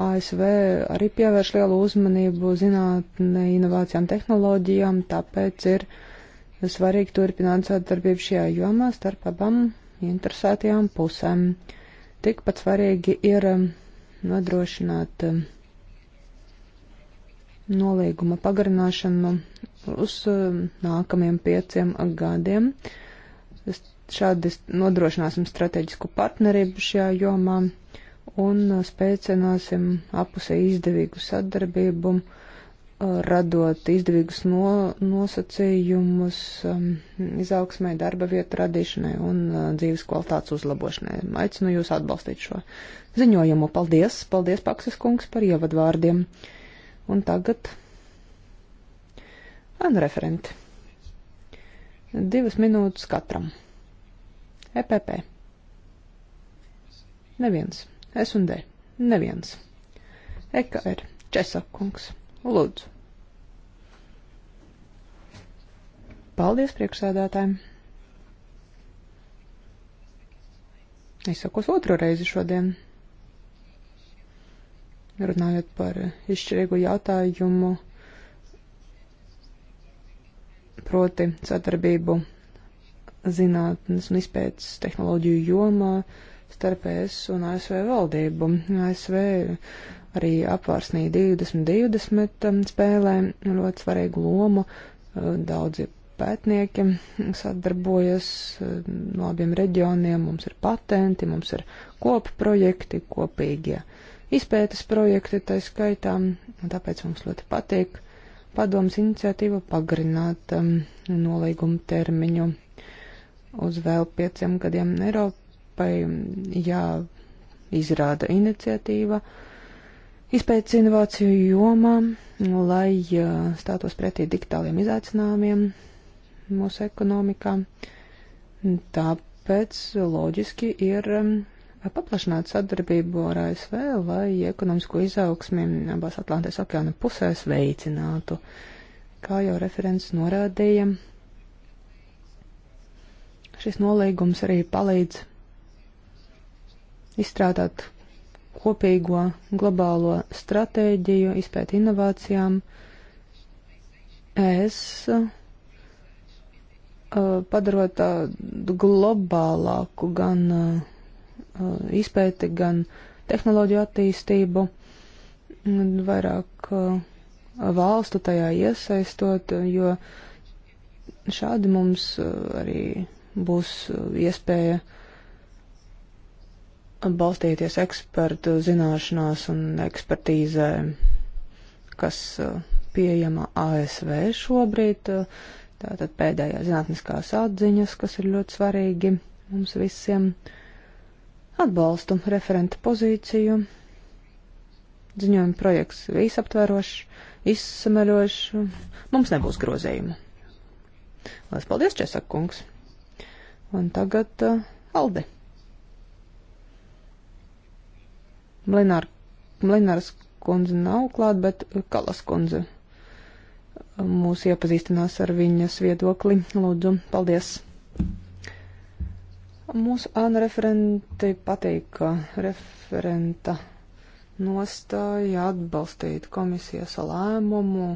ASV arī pievērš lielu uzmanību zinātnē, inovācijām, tehnoloģijām, tāpēc ir uh, svarīgi turpināt sadarbību šajā jomā starp abām interesētajām pusēm. Tikpat svarīgi ir um, nodrošināt um, nolīguma pagarināšanu uz um, nākamiem pieciem gadiem. Šādi nodrošināsim strateģisku partnerību šajā jomā un uh, spēcināsim apusē izdevīgu sadarbību radot izdevīgus no, nosacījumus um, izaugsmai, darba vietu radīšanai un uh, dzīves kvalitātes uzlabošanai. Aicinu jūs atbalstīt šo ziņojumu. Paldies, paldies, Paksas kungs, par ievadvārdiem. Un tagad anreferenti. Divas minūtes katram. EPP. Neviens. S un D. Neviens. EKR. Česakungs. Nu, lūdzu. Paldies priekšsēdētājiem. Izsakos otro reizi šodien. Runājot par izšķirīgu jautājumu, proti sadarbību zinātnes un izpētes tehnoloģiju jomā starp ES un ASV valdību. ASV arī apvārsnī 2020 um, spēlē ļoti svarīgu lomu. Uh, daudzi pētnieki sadarbojas uh, no abiem reģioniem, mums ir patenti, mums ir kopu projekti, kopīgie izpētes projekti tā skaitā, un tāpēc mums ļoti patīk padoms iniciatīva pagarināt um, nolīgumu termiņu uz vēl pieciem gadiem Eiropai um, jāizrāda iniciatīva. Uh, izpētes inovāciju jomā, lai uh, stātos pretī digitāliem izaicinājumiem mūsu ekonomikā. Tāpēc loģiski ir um, paplašināt sadarbību ar ASV, lai ekonomisko izaugsmi abās Atlantijas okeāna pusēs veicinātu. Kā jau referents norādīja, šis nolīgums arī palīdz izstrādāt kopīgo globālo stratēģiju, izpēt inovācijām. Es uh, padarot tādu globālāku gan uh, izpēti, gan tehnoloģiju attīstību, vairāk uh, valstu tajā iesaistot, jo šādi mums arī būs iespēja uh, balstīties ekspertu zināšanās un ekspertīzē, kas uh, pieejama ASV šobrīd. Tātad pēdējā zinātniskās atziņas, kas ir ļoti svarīgi mums visiem. Atbalstu referenta pozīciju. Ziņojuma projekts visaptverošs, izsmeļošs. Mums nebūs grozījumu. Lielas paldies, Česak kungs! Un tagad uh, Aldi! Mlinar, Mlinaras kundze nav klāt, bet Kalas kundze um, mūs iepazīstinās ar viņas viedokli. Lūdzu, paldies! Mūsu āna referenti pateika referenta nostāja atbalstīt komisijas lēmumu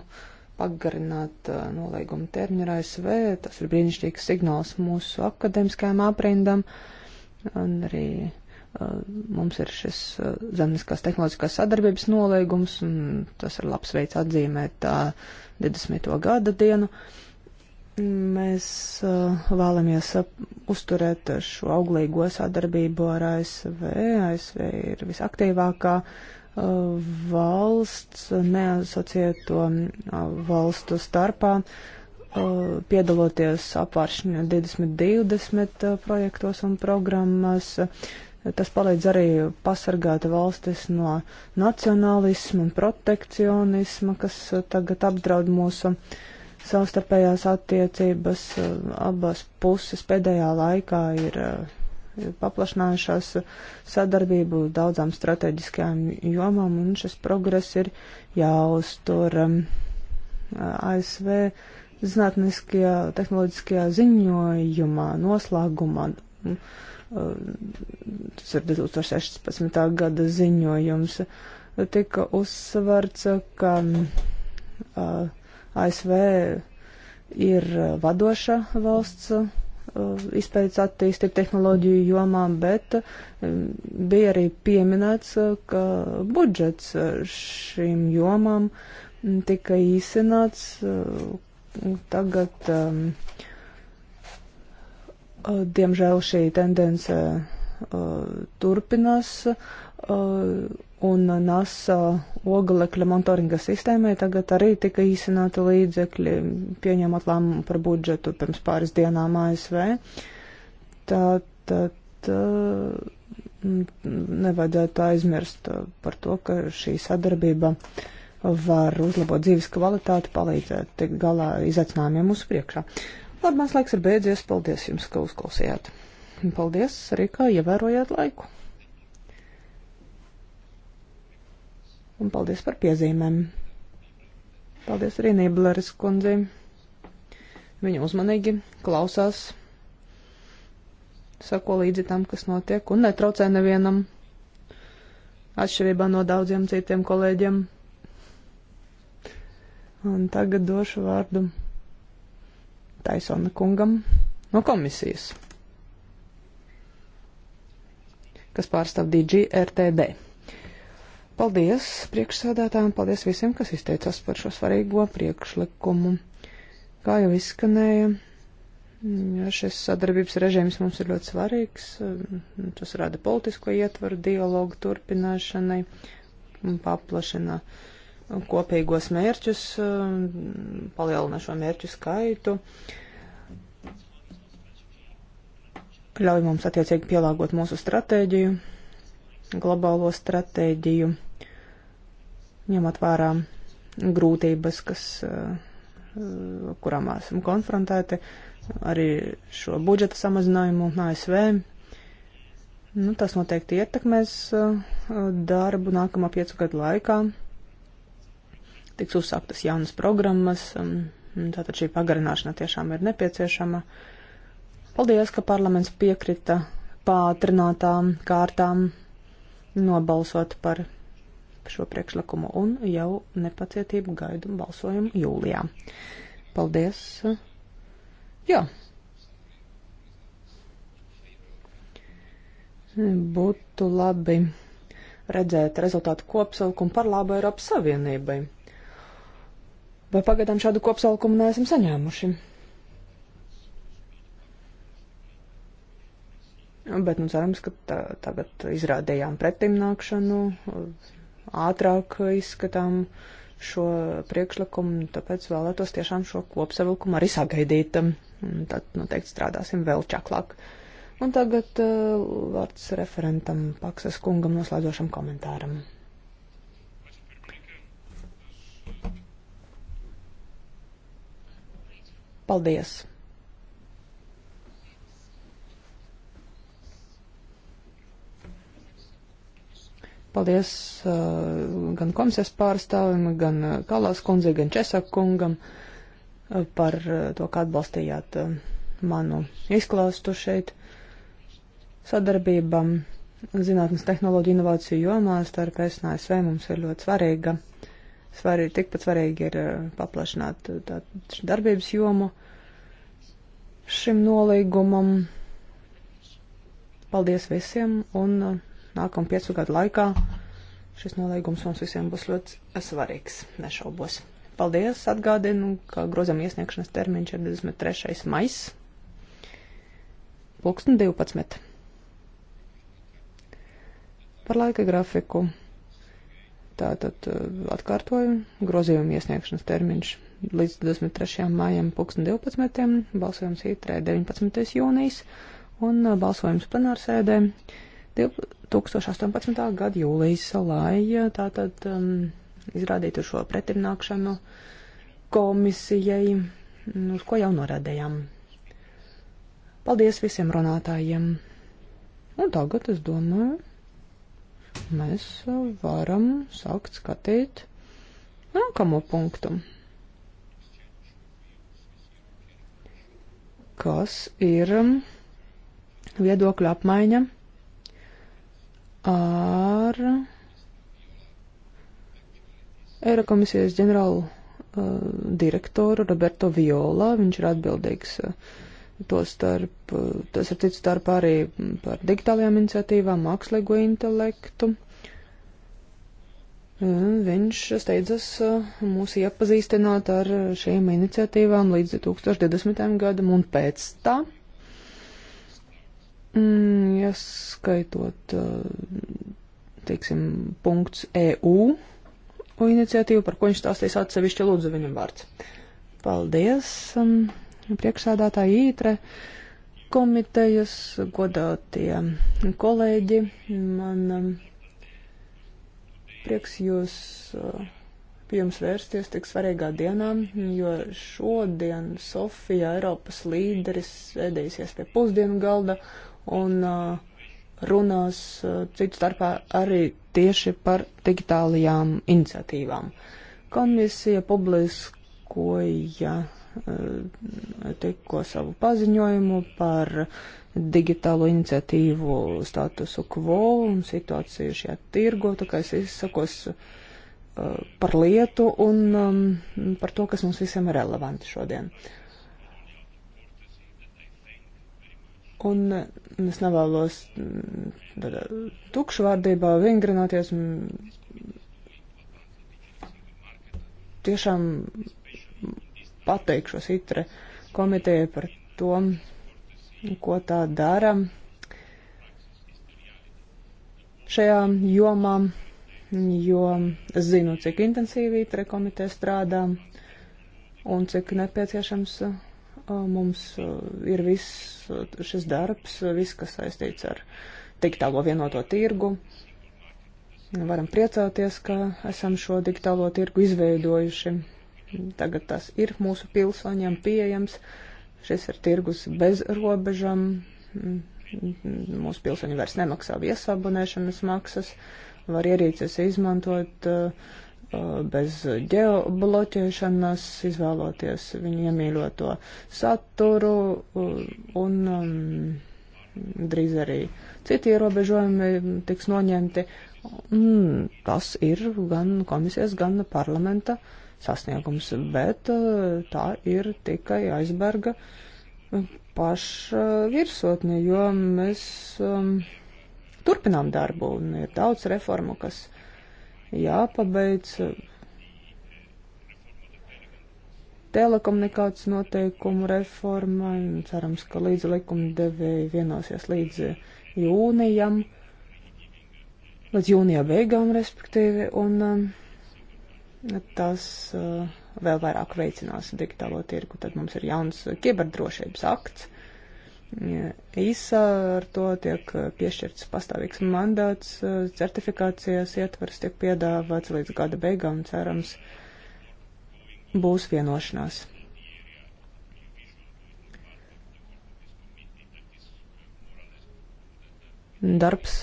pagarināt uh, nolīguma termiņu ar ASV. Tas ir brīnišķīgs signāls mūsu akadēmiskajām aprindām un arī Eh, mums ir šis eh, zemniskās tehnoloģiskās sadarbības nolīgums, un tas ir labs veids atzīmēt 20. Eh, gada dienu. Mēs vēlamies uzturēt šo auglīgo sadarbību ar ASV. ASV ir visaktīvākā valsts, neasociēto valstu starpā piedaloties apvāršņu 2020 projektos un programmas. Tas palīdz arī pasargāt valstis no nacionālisma un protekcionisma, kas uh, tagad apdraud mūsu savstarpējās attiecības. Uh, abas puses pēdējā laikā ir uh, paplašinājušās sadarbību daudzām strateģiskajām jomām, un šis progress ir jāuztur um, ASV zinātniskajā, tehnoloģiskajā ziņojumā, noslēgumā tas ir 2016. gada ziņojums, tika uzsverts, ka ASV ir vadoša valsts izpētes attīstību tehnoloģiju jomā, bet bija arī pieminēts, ka budžets šīm jomām tika īsināts tagad Eh, diemžēl šī tendence eh, turpinās, eh, un NASA oglekļa monitoringa sistēmai tagad arī tika īsināti līdzekļi, pieņemot lēmumu par budžetu pirms pāris dienām ASV. Tātad nevajadzētu aizmirst par to, ka šī sadarbība var uzlabot dzīves kvalitāti, palīdzēt tikt galā izaicinājumiem mūsu priekšā. Uh, Labi, mans laiks ir beidzies. Paldies jums, ka uzklausījāt. Paldies arī, kā ievērojāt laiku. Un paldies par piezīmēm. Paldies arī Nībleres kundzei. Viņa uzmanīgi klausās, sako līdzi tam, kas notiek, un netraucē nevienam, atšķirībā no daudziem citiem kolēģiem. Un tagad došu vārdu Taisona kungam no komisijas, kas pārstāv DGRTD. Paldies priekšsēdētājiem, paldies visiem, kas izteicās par šo svarīgo priekšlikumu. Kā jau izskanēja, ja šis sadarbības režīms mums ir ļoti svarīgs. Tas rada politisko ietvaru dialogu turpināšanai un paplašina uh, kopīgos mērķus, um, palielina šo mērķu skaitu, ļauj mums attiecīgi pielāgot mūsu stratēģiju, globālo stratēģiju, ņemot vērā grūtības, kas, uh, kurām esam konfrontēti, arī šo budžeta samazinājumu ASV. Nu, tas noteikti ietekmēs uh, darbu nākamā piecu gadu laikā tiks uzsāktas jaunas programmas, um, tātad šī pagarināšana tiešām ir nepieciešama. Paldies, ka parlaments piekrita pātrinātām kārtām nobalsot par šo priekšlikumu un jau nepacietību gaidu balsojumu jūlijā. Paldies! Jā. Būtu labi redzēt rezultātu kopsaukumu par labu Eiropas Savienībai vai pagaidām šādu kopsalkumu neesam saņēmuši. Bet, nu, cerams, ka tā, tagad izrādījām pretimnākšanu, ātrāk izskatām šo priekšlikumu, tāpēc vēlētos tiešām šo kopsavilkumu arī sagaidīt. Un tad, noteikti, strādāsim vēl čaklāk. Un tagad uh, vārds referentam Paksas kungam noslēdzošam komentāram. Paldies! Paldies uh, gan komisijas pārstāvim, gan uh, Kalās kundzei, gan Česak kungam uh, par uh, to, kā atbalstījāt uh, manu izklāstu šeit sadarbībam zinātnes tehnoloģiju inovāciju jomā starp ESNSV mums ir ļoti svarīga svarīgi, tikpat svarīgi ir eh, paplašināt eh, tā, darbības jomu šim nolīgumam. Paldies visiem, un eh, nākam piecu gadu laikā šis nolīgums mums visiem būs ļoti svarīgs, nešaubos. Paldies, atgādinu, ka grozam iesniegšanas termiņš ir 23. mais, pulksten 12. Par laika grafiku. Tātad uh, atkārtoju grozījumu iesniegšanas termiņš līdz 23. mājam 2012. Balsojums ītrē 19. jūnijas un uh, balsojums plenārsēdē 2018. gada jūlijas, lai tātad um, izrādītu šo pretimnākšanu komisijai, mm, uz ko jau norādējām. Paldies visiem runātājiem! Un tagad es domāju mēs varam sākt skatīt nākamo punktu. Kas ir viedokļu apmaiņa ar Eirokomisijas ģenerālu uh, direktoru Roberto Viola. Viņš ir atbildīgs uh, Tostarp, tas ir cits starp arī par digitālajām iniciatīvām, mākslīgo intelektu. Viņš steidzas uh, mūs iepazīstināt ar šīm iniciatīvām līdz 2020. gadam un pēc tā, ieskaitot, mm, uh, teiksim, punkts EU iniciatīvu, par ko viņš stāstīs atsevišķi lūdzu viņam vārds. Paldies! Um, priekšsēdētāji ītre komitejas, godātie kolēģi. Man um, prieks jūs uh, pie jums vērsties tik svarīgā dienā, jo šodien Sofija, Eiropas līderis, sēdīsies pie pusdienu galda un uh, runās uh, citu starpā arī tieši par digitālajām iniciatīvām. Komisija publiskoja Eh, tikko savu paziņojumu par digitālo iniciatīvu statusu quo un situāciju šajā tirgo, tā kā es izsakos eh, par lietu un um, par to, kas mums visiem ir relevanti šodien. Un eh, es nevēlos mm, tukšvārdībā vingrināties. Mm, tiešām pateikšos itre komiteja par to, ko tā dara šajā jomā, jo es zinu, cik intensīvi itre komiteja strādā un cik nepieciešams uh, mums uh, ir viss uh, šis darbs, viss, kas saistīts ar digitālo vienoto tirgu. Varam priecāties, ka esam šo digitālo tirgu izveidojuši Tagad tas ir mūsu pilsoņiem pieejams. Šis ir tirgus bez robežam. Mūsu pilsoņi vairs nemaksā viesabonēšanas maksas, var ierīces izmantot uh, bez ģeobloķēšanas, izvēloties viņu iemīļoto saturu uh, un um, drīz arī citi ierobežojumi tiks noņemti. Tas ir gan komisijas, gan parlamenta uh, sasniegums, bet eh, tā ir tikai aizberga eh, paša virsotne, jo mēs um, turpinām darbu un ir daudz reformu, kas jāpabeidz. Telekomunikācijas noteikumu reforma, cerams, ka līdz likumdevēji vienosies līdz jūnijam, līdz jūnija beigām, respektīvi, un um, tas uh, vēl vairāk veicinās digitālo tirgu. Tad mums ir jauns kiberdrošības akts. ISA ar to tiek uh, piešķirts pastāvīgs mandāts, uh, certifikācijas ietvars tiek piedāvāts līdz gada beigām, cerams, būs vienošanās. Darbs,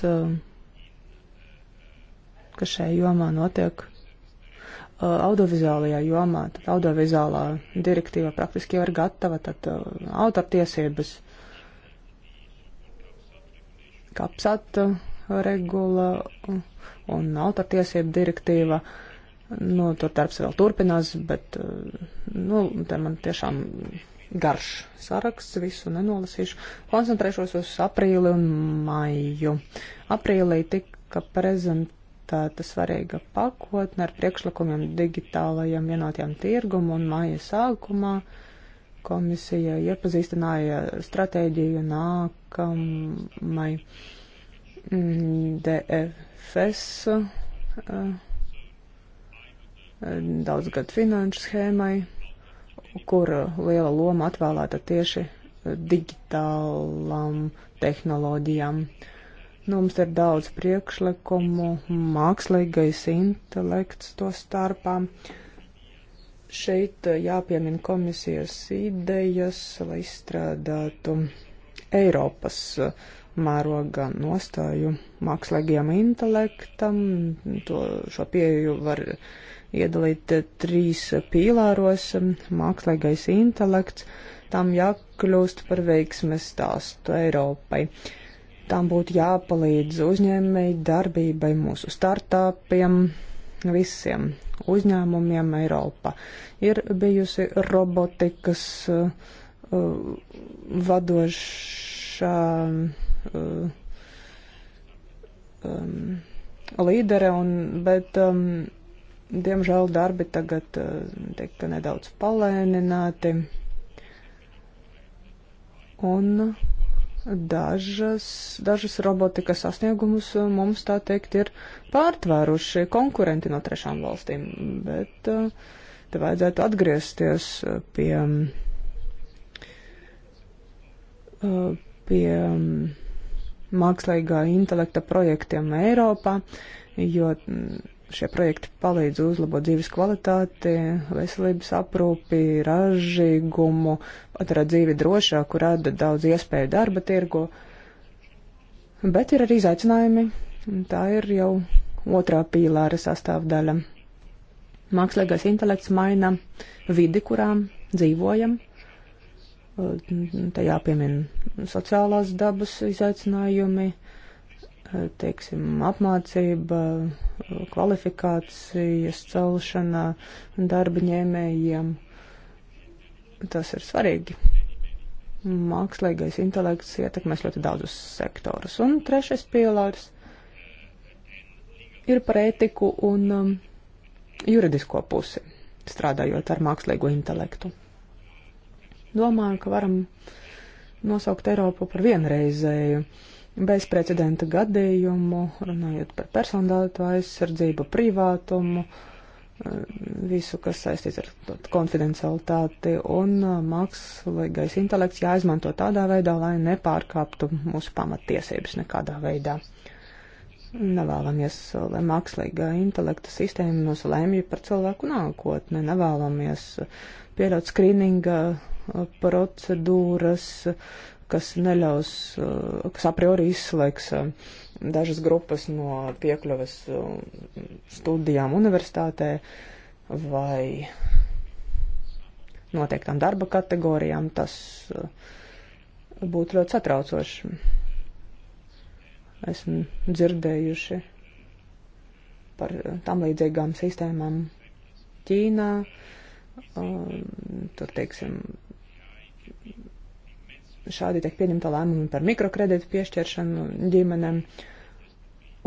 kas šajā jomā notiek, Uh, audiovizuālajā jomā, tad audiovizuālā direktīva praktiski jau ir gatava, tad uh, autortiesības, kapsat uh, regula un autortiesība direktīva. Nu, tur darbs vēl turpinās, bet, nu, te man tiešām garš saraksts, visu nenolasīšu. Koncentrēšos uz aprīli un maiju. Aprīlī tika prezentēta tāda svarīga pakotne ar priekšlikumiem digitālajiem vienotiem tirgumu un māja sākumā komisija iepazīstināja stratēģiju nākamai mm, DFS eh, daudzgad finanšu schēmai, kur liela loma atvēlēta tieši digitālām tehnoloģijām. Uh, Nu, mums ir daudz priekšlikumu, mākslīgais intelekts to starpā. Šeit eh, jāpiemina komisijas idejas, lai izstrādātu Eiropas eh, mēroga nostāju mākslīgajam intelektam. To, šo pieju var iedalīt eh, trīs pīlāros - mākslīgais intelekts, tam jākļūst par veiksmes stāstu Eiropai. Uh, Tām būtu jāpalīdz uzņēmēji darbībai, mūsu startupiem, visiem uzņēmumiem Eiropa. Ir bijusi robotikas uh, uh vadošā uh, um, līdere, un, bet. Um, diemžēl darbi tagad uh, tika nedaudz palēnināti. Un dažas, dažas robotikas sasniegumus mums, tā teikt, ir pārtvēruši konkurenti no trešām valstīm, bet eh, te vajadzētu atgriezties eh, pie, eh, pie mm, mākslīgā intelekta projektiem Eiropā, jo mm, šie projekti palīdz uzlabot dzīves kvalitāti, veselības aprūpi, ražīgumu, padara dzīvi drošāku, rada daudz iespēju darba tirgu, bet ir arī izaicinājumi, un tā ir jau otrā pīlāra sastāvdaļa. Mākslīgais intelekts maina vidi, kurām dzīvojam. Te jāpiemina sociālās dabas izaicinājumi, teiksim, apmācība, kvalifikācijas celšana darba ņēmējiem. Ja Tas ir svarīgi. Mākslīgais intelekts ietekmēs ļoti daudzus sektorus. Un trešais pielārs ir par ētiku un um, juridisko pusi, strādājot ar mākslīgo intelektu. Domāju, ka varam nosaukt Eiropu par vienreizēju bezprecedenta gadījumu, runājot par personālietu aizsardzību, privātumu, uh, visu, kas saistīts ar konfidencialitāti un uh, mākslīgais intelekts jāizmanto tādā veidā, lai nepārkāptu mūsu pamatiesības nekādā veidā. Nevēlamies, uh, lai mākslīgā intelekta sistēma mūs lēmja par cilvēku nākotni, nevēlamies uh, pieļaut skrīninga procedūras, kas neļaus, kas a priori izslēgs uh, dažas grupas no piekļuves um, studijām universitātē vai noteiktām darba kategorijām, tas uh, būtu ļoti satraucoši. Esmu dzirdējuši par uh, tam līdzīgām sistēmām Ķīnā, um, tur, teiksim, šādi tiek pieņemta lēmumi par mikrokredītu piešķiršanu ģimenēm. Uh,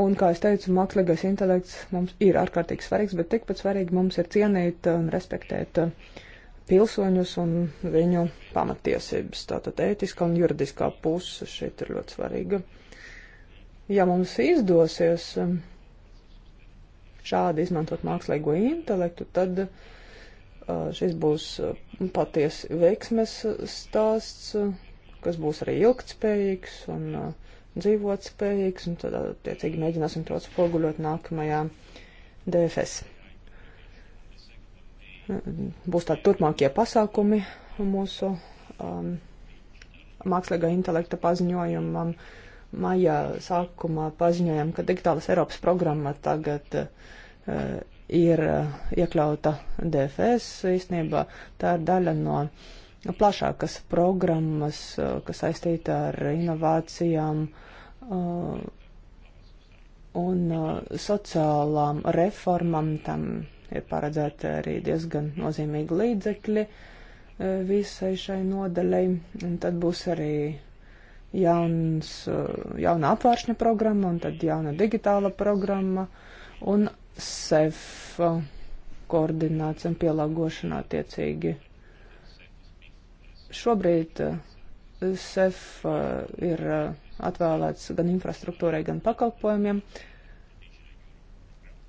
Un, kā es teicu, mākslīgais intelekts mums ir ārkārtīgi svarīgs, bet tikpat svarīgi mums ir cienīt un respektēt uh, pilsoņus un viņu pamatiesības. Tātad ētiskā un juridiskā puse šeit ir ļoti svarīga. Ja mums izdosies um, šādi izmantot mākslīgo intelektu, tad uh, šis būs uh, patiesi veiksmes stāsts, kas būs arī ilgtspējīgs un uh, dzīvot spējīgs, un tad attiecīgi mēģināsim to atspoguļot nākamajā DFS. Būs tādi turpmākie pasākumi mūsu um, mākslīgā intelekta paziņojumam. Maijā sākumā paziņojam, ka digitālas Eiropas programma tagad uh, ir uh, iekļauta DFS. Īstenībā tā ir daļa no plašākas programmas, uh, kas saistīta ar inovācijām, uh, Uh, un uh, sociālām reformām tam ir paredzēti arī diezgan nozīmīgi līdzekļi uh, visai šai nodaļai. Un tad būs arī jauns, jauna apvāršņa programma un tad jauna digitāla programma un SEF koordinācija un pielāgošana attiecīgi. Šobrīd SEF ir atvēlēts gan infrastruktūrai, gan pakalpojumiem.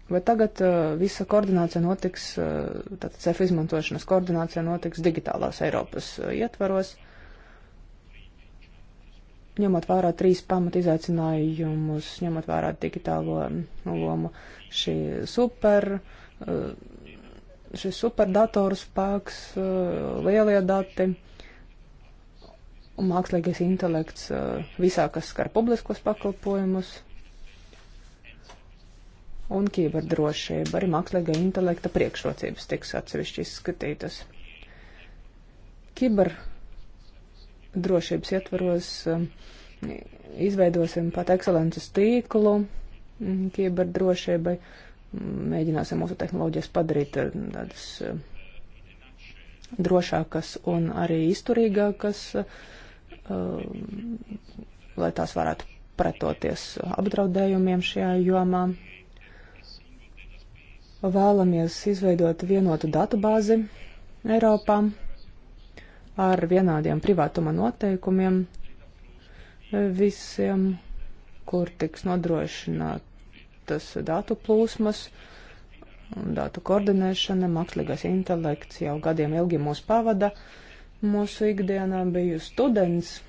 Vai tagad uh, visa koordinācija notiks, uh, tātad CEF izmantošanas koordinācija notiks digitālās Eiropas uh, ietvaros, ņemot vērā trīs pamat izaicinājumus, ņemot vērā digitālo um, lomu, šī super, uh, šis superdatoru spēks, uh, lielie dati. Uh, un mākslīgais intelekts eh, visā, kas skar publiskos pakalpojumus, un kiberdrošība, arī mākslīgā intelekta priekšrocības tiks atsevišķi izskatītas. Kiberdrošības ietvaros eh, izveidosim pat ekscelences tīklu mm, kiberdrošībai, mēģināsim mūsu tehnoloģijas padarīt eh, tādas drošākas un arī izturīgākas. Uh, Um, lai tās varētu pretoties apdraudējumiem šajā jomā. Vēlamies izveidot vienotu datubāzi Eiropā ar vienādiem privātuma noteikumiem visiem, kur tiks nodrošinātas datu plūsmas un datu koordinēšana. Mākslīgais intelekts jau gadiem ilgi mūs pavada. Uh, mūsu ikdienā biju students,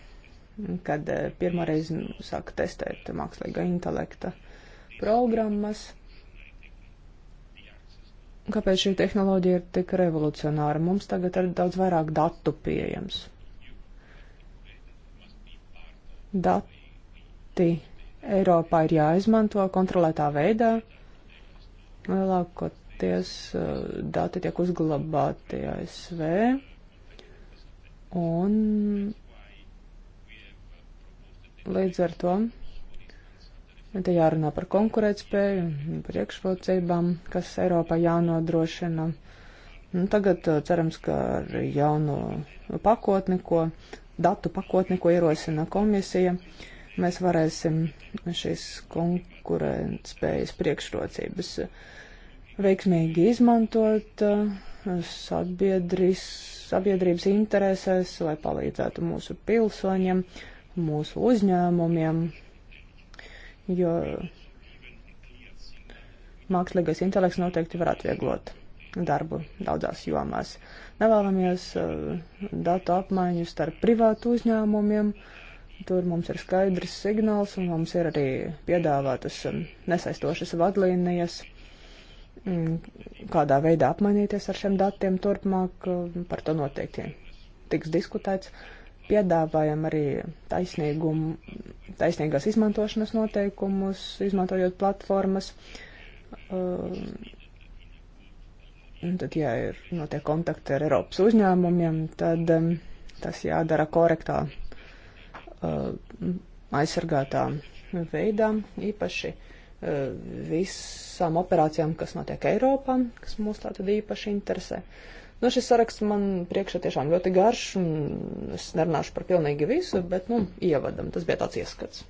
kad eh, pirmoreiz sāku testēt mākslīgā intelekta programmas. Kāpēc šī tehnoloģija ir tik revolucionāra? Mums tagad ir daudz vairāk datu pieejams. Dati Eiropā ir jāizmanto kontrolētā veidā. Lielākoties eh, dati tiek uzglabāti ASV Un līdz ar to te jārunā par konkurētspēju, par iekšrocībām, kas Eiropā jānodrošina. Nu, tagad uh, cerams, ka ar jaunu pakotni, ko, datu pakotni, ko ierosina komisija, mēs varēsim šīs konkurētspējas priekšrocības veiksmīgi izmantot. Uh, sabiedris, sabiedrības interesēs, lai palīdzētu mūsu pilsoņiem, mūsu uzņēmumiem, jo mākslīgais intelekts noteikti var atvieglot darbu daudzās jomās. Nevēlamies uh, datu apmaiņu starp privātu uzņēmumiem. Tur mums ir skaidrs signāls un mums ir arī piedāvātas um, nesaistošas vadlīnijas Mm, kādā veidā apmainīties ar šiem datiem turpmāk, mm, par to noteikti tiks diskutēts. Piedāvājam arī taisnīgās izmantošanas noteikumus, izmantojot platformas. Mm, tad, ja ir notiek kontakti ar Eiropas uzņēmumiem, tad tas jādara korektā, aizsargātā veidā, īpaši uh, E, visām operācijām, kas notiek Eiropā, kas mūs tātad īpaši interesē. Nu, šis saraksts man priekšā tiešām ļoti garš, un es nerunāšu par pilnīgi visu, bet, nu, ievadam, tas bija tāds ieskats.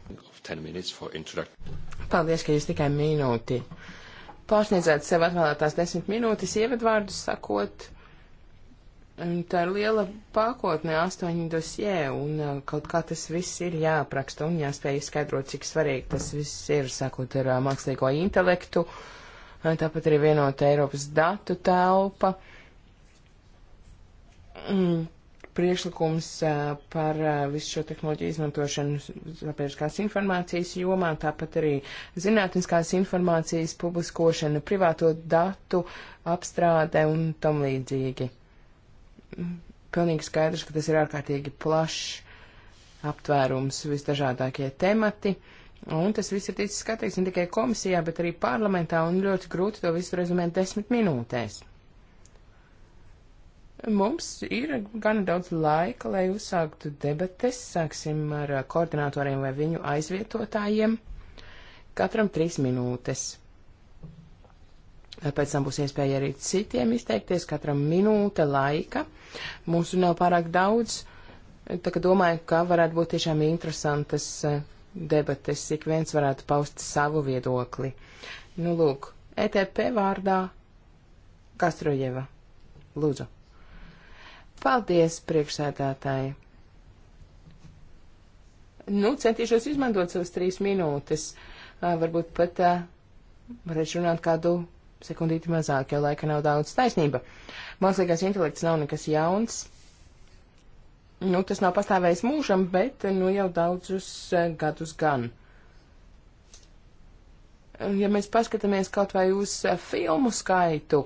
Paldies, ka jūs tikai minūti. Pārsniedzēt sev atvēlētās desmit minūtes ievadvārdus sakot Tā ir liela pakotne, astoņi dosjē, un uh, kaut kā tas viss ir jāapraksta un jāspēj izskaidrot, cik svarīgi tas viss ir, sākot ar uh, mākslīgo intelektu, uh, tāpat arī vienota Eiropas datu telpa. Mm, priekšlikums par visu šo tehnoloģiju izmantošanu sabiedriskās informācijas jomā, tāpat arī zinātniskās informācijas publiskošana, privāto datu apstrāde un tam līdzīgi pilnīgi skaidrs, ka tas ir ārkārtīgi plašs aptvērums, visdažādākie temati, un tas viss ir ticis skatīts ne tikai komisijā, bet arī parlamentā, un ļoti grūti to visu rezumēt desmit minūtēs. Mums ir gana daudz laika, lai uzsāktu debates, sāksim ar uh, koordinatoriem vai viņu aizvietotājiem. Katram trīs minūtes. Pēc tam būs iespēja arī citiem izteikties, katram minūte laika. Mūsu nav pārāk daudz, tā ka domāju, ka varētu būt tiešām interesantas eh, debates, ik viens varētu paust savu viedokli. Nu, lūk, ETP vārdā Kastrojeva. Lūdzu. Paldies, priekšsēdētāji. Nu, centīšos izmantot savas trīs minūtes. Varbūt pat varētu runāt kādu sekundīti mazāk, jo laika nav daudz taisnība. Mākslīgais intelekts nav nekas jauns. Nu, tas nav pastāvējis mūžam, bet nu jau daudzus eh, gadus gan. Ja mēs paskatāmies kaut vai uz eh, filmu skaitu,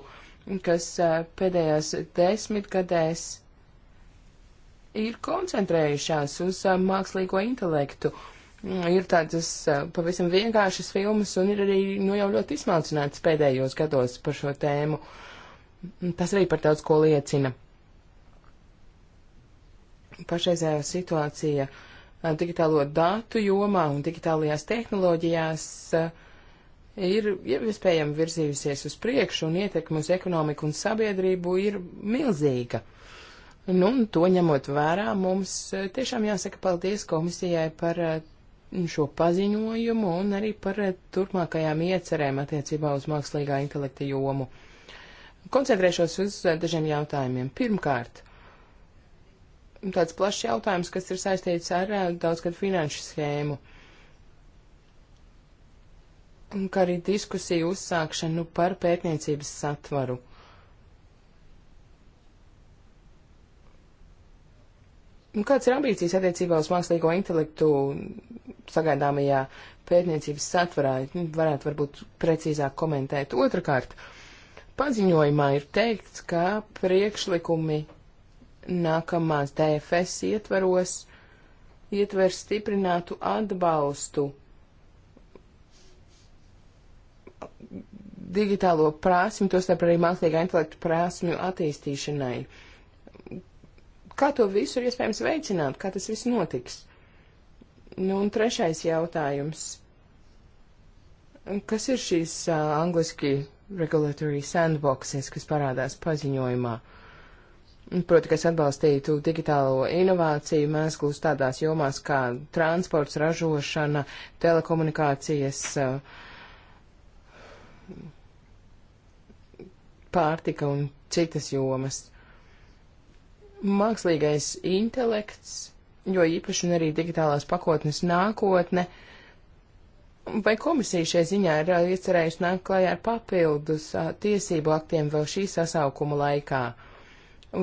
kas eh, pēdējās desmitgadēs ir koncentrējušās uz mākslīgo intelektu, uh, Ir tādas pavisam vienkāršas filmas, un ir arī nu, jau ļoti izsmalcināts pēdējos gados par šo tēmu. Tas arī par daudz ko liecina. Pašreizējā situācija digitālo datu jomā un digitālajās tehnoloģijās ir iespējami virzījusies uz priekšu, un ietekme uz ekonomiku un sabiedrību ir milzīga. Nu, un to ņemot vērā, mums tiešām jāsaka paldies komisijai par šo paziņojumu un arī par eh, turpmākajām iecerēm attiecībā uz mākslīgā intelekta jomu. Koncentrēšos uz eh, dažiem jautājumiem. Pirmkārt, tāds plašs jautājums, kas ir saistīts ar eh, daudzgad finanšu schēmu. Un kā arī diskusiju uzsākšanu par pētniecības satvaru. Nu, Kāds ir ambīcijas attiecībā uz mākslīgo intelektu sagaidāmajā pētniecības satvarā? Nu, varētu varbūt precīzāk komentēt. Otrakārt, paziņojumā ir teikts, ka priekšlikumi nākamās DFS ietvaros ietver stiprinātu atbalstu digitālo prasmi, tostarp arī mākslīgā intelektu prasmju attīstīšanai. Uh, kā to visu ir iespējams veicināt, kā tas viss notiks? Nu, un trešais jautājums. Kas ir šīs uh, angliski regulatory sandboxes, kas parādās paziņojumā? Proti, kas atbalstītu digitālo inovāciju mēslus tādās jomās kā transports, ražošana, telekomunikācijas, uh, pārtika un citas jomas mākslīgais intelekts, jo īpaši un arī digitālās pakotnes nākotne. Vai komisija šai ziņā ir uh, iecerējusi nākt klajā ar papildus uh, tiesību aktiem vēl šī sasaukuma laikā?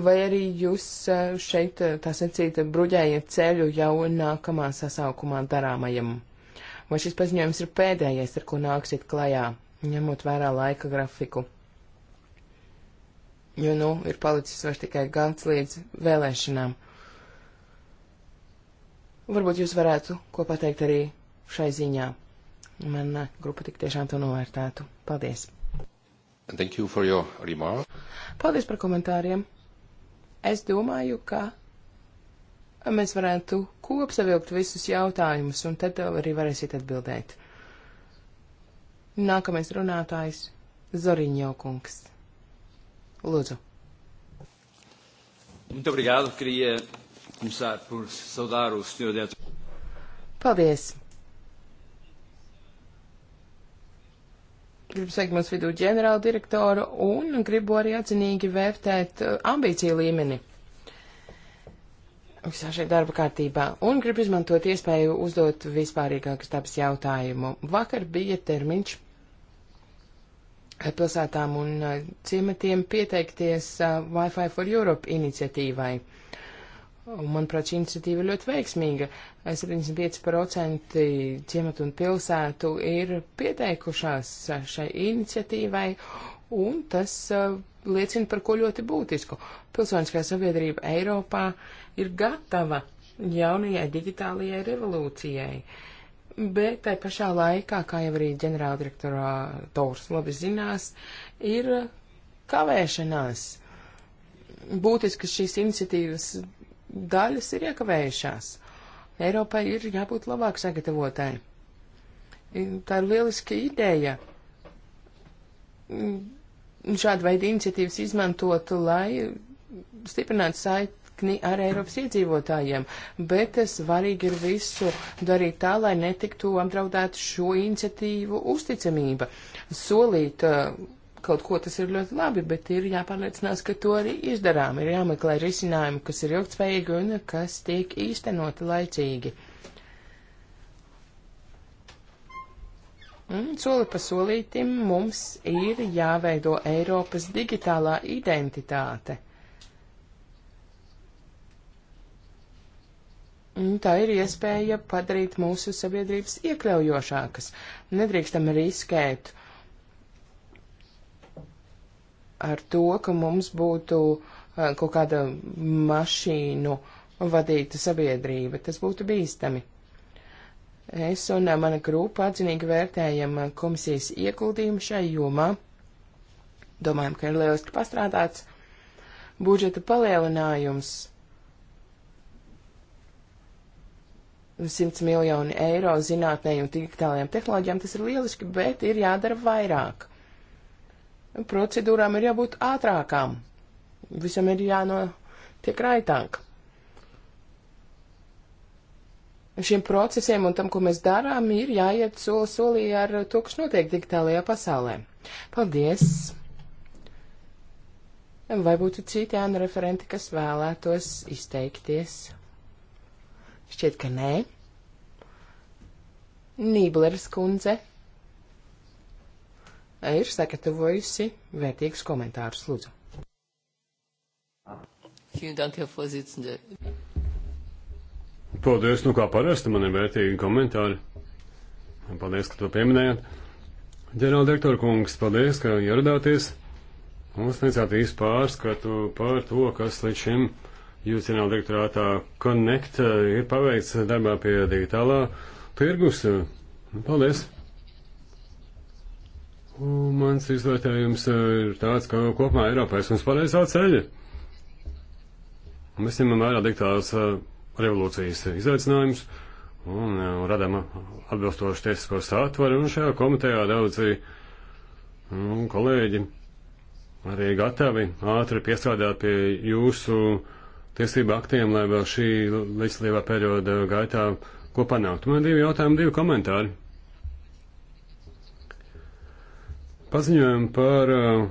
Vai arī jūs uh, šeit, tā sacīt, bruģējat ceļu jau nākamā sasaukumā darāmajam? Vai šis paziņojums ir pēdējais, ar ko nāksiet klajā, ņemot vērā laika grafiku? jo, nu, ir palicis vairs tikai gads līdz vēlēšanām. Varbūt jūs varētu ko pateikt arī šai ziņā. Mana grupa tik tiešām to novērtētu. Paldies! Thank you for your remark. Paldies par komentāriem. Es domāju, ka mēs varētu kopsavilkt visus jautājumus, un tad arī varēsiet atbildēt. Nākamais runātājs - Zoriņo kungs. Lūdzu. Muito obrigado. Queria começar por saudar o senhor Diretor. Paldies. Gribu sveikt mūsu vidū ģenerālu direktoru un gribu arī atzinīgi vērtēt uh, ambīciju līmeni visā šajā darba kārtībā un gribu izmantot iespēju uzdot vispārīgākus tāpēc jautājumu. Vakar bija termiņš pilsētām un uh, ciematiem pieteikties uh, Wi-Fi for Europe iniciatīvai. Manuprāt, šī iniciatīva ir ļoti veiksmīga. 75% eh, ciematu un pilsētu ir pieteikušās eh, šai iniciatīvai, un tas eh, liecina par ko ļoti būtisku. Pilsoniskā sabiedrība Eiropā ir gatava jaunajai digitālajai revolūcijai. Uh, bet tai pašā laikā, kā jau arī ģenerāldirektorā Taurs labi zinās, ir kavēšanās. Būtiski šīs iniciatīvas daļas ir iekavējušās. Eiropai ir jābūt labāk sagatavotai. Tā ir lieliska ideja. Mm, šāda veida iniciatīvas izmantot, lai stiprinātu saiti saikni ar Eiropas iedzīvotājiem, bet svarīgi ir visu darīt tā, lai netiktu apdraudēt šo iniciatīvu uzticamība. Solīt uh, kaut ko tas ir ļoti labi, bet ir jāpārliecinās, ka to arī izdarām. Ir jāmeklē risinājumi, kas ir ilgtspējīgi un kas tiek īstenoti laicīgi. Un soli pa solītim mums ir jāveido Eiropas digitālā identitāte. Tā ir iespēja padarīt mūsu sabiedrības iekļaujošākas. Nedrīkstam riskēt ar to, ka mums būtu eh, kaut kāda mašīnu vadīta sabiedrība. Tas būtu bīstami. Es un mana grupa atzinīgi vērtējam komisijas ieguldījumu šai jomā. Domājam, ka ir lieliski pastrādāts budžeta palielinājums 100 miljoni eiro zinātnē un digitālajām tehnoloģijām, tas ir lieliski, bet ir jādara vairāk. Procedūrām ir jābūt ātrākām. Visam ir jānotiek raitāk. Šiem procesiem un tam, ko mēs darām, ir jāiet soli solī ar to, kas notiek digitālajā pasaulē. Paldies! Vai būtu citi ēnu referenti, kas vēlētos izteikties? Šķiet, ka nē. Nībleres kundze ir sagatavojusi vērtīgus komentārus, lūdzu. Paldies, nu kā parasti man ir vērtīgi komentāri. Paldies, ka to pieminējāt. Ģenerāldirektora kungs, paldies, ka ieradāties un sniedzāt īstu pārskatu par to, kas līdz šim ir Jūs zināt, direktorātā Connect eh, ir paveikts darbā pie digitālā tirgus. Paldies! Un mans izvērtējums eh, ir tāds, ka kopumā Eiropā esmu uz pareizā ceļa. Mēs ņemam vērā digitālās eh, revolūcijas izaicinājumus un radām atbilstošu tiesisko satvaru, un šajā komitejā daudzi nu, kolēģi arī gatavi ātri piestrādāt pie jūsu uh, tiesību aktiem, lai vēl šī leģislatīvā perioda gaitā ko panākt. Man divi jautājumi, divi komentāri. Paziņojumi par uh,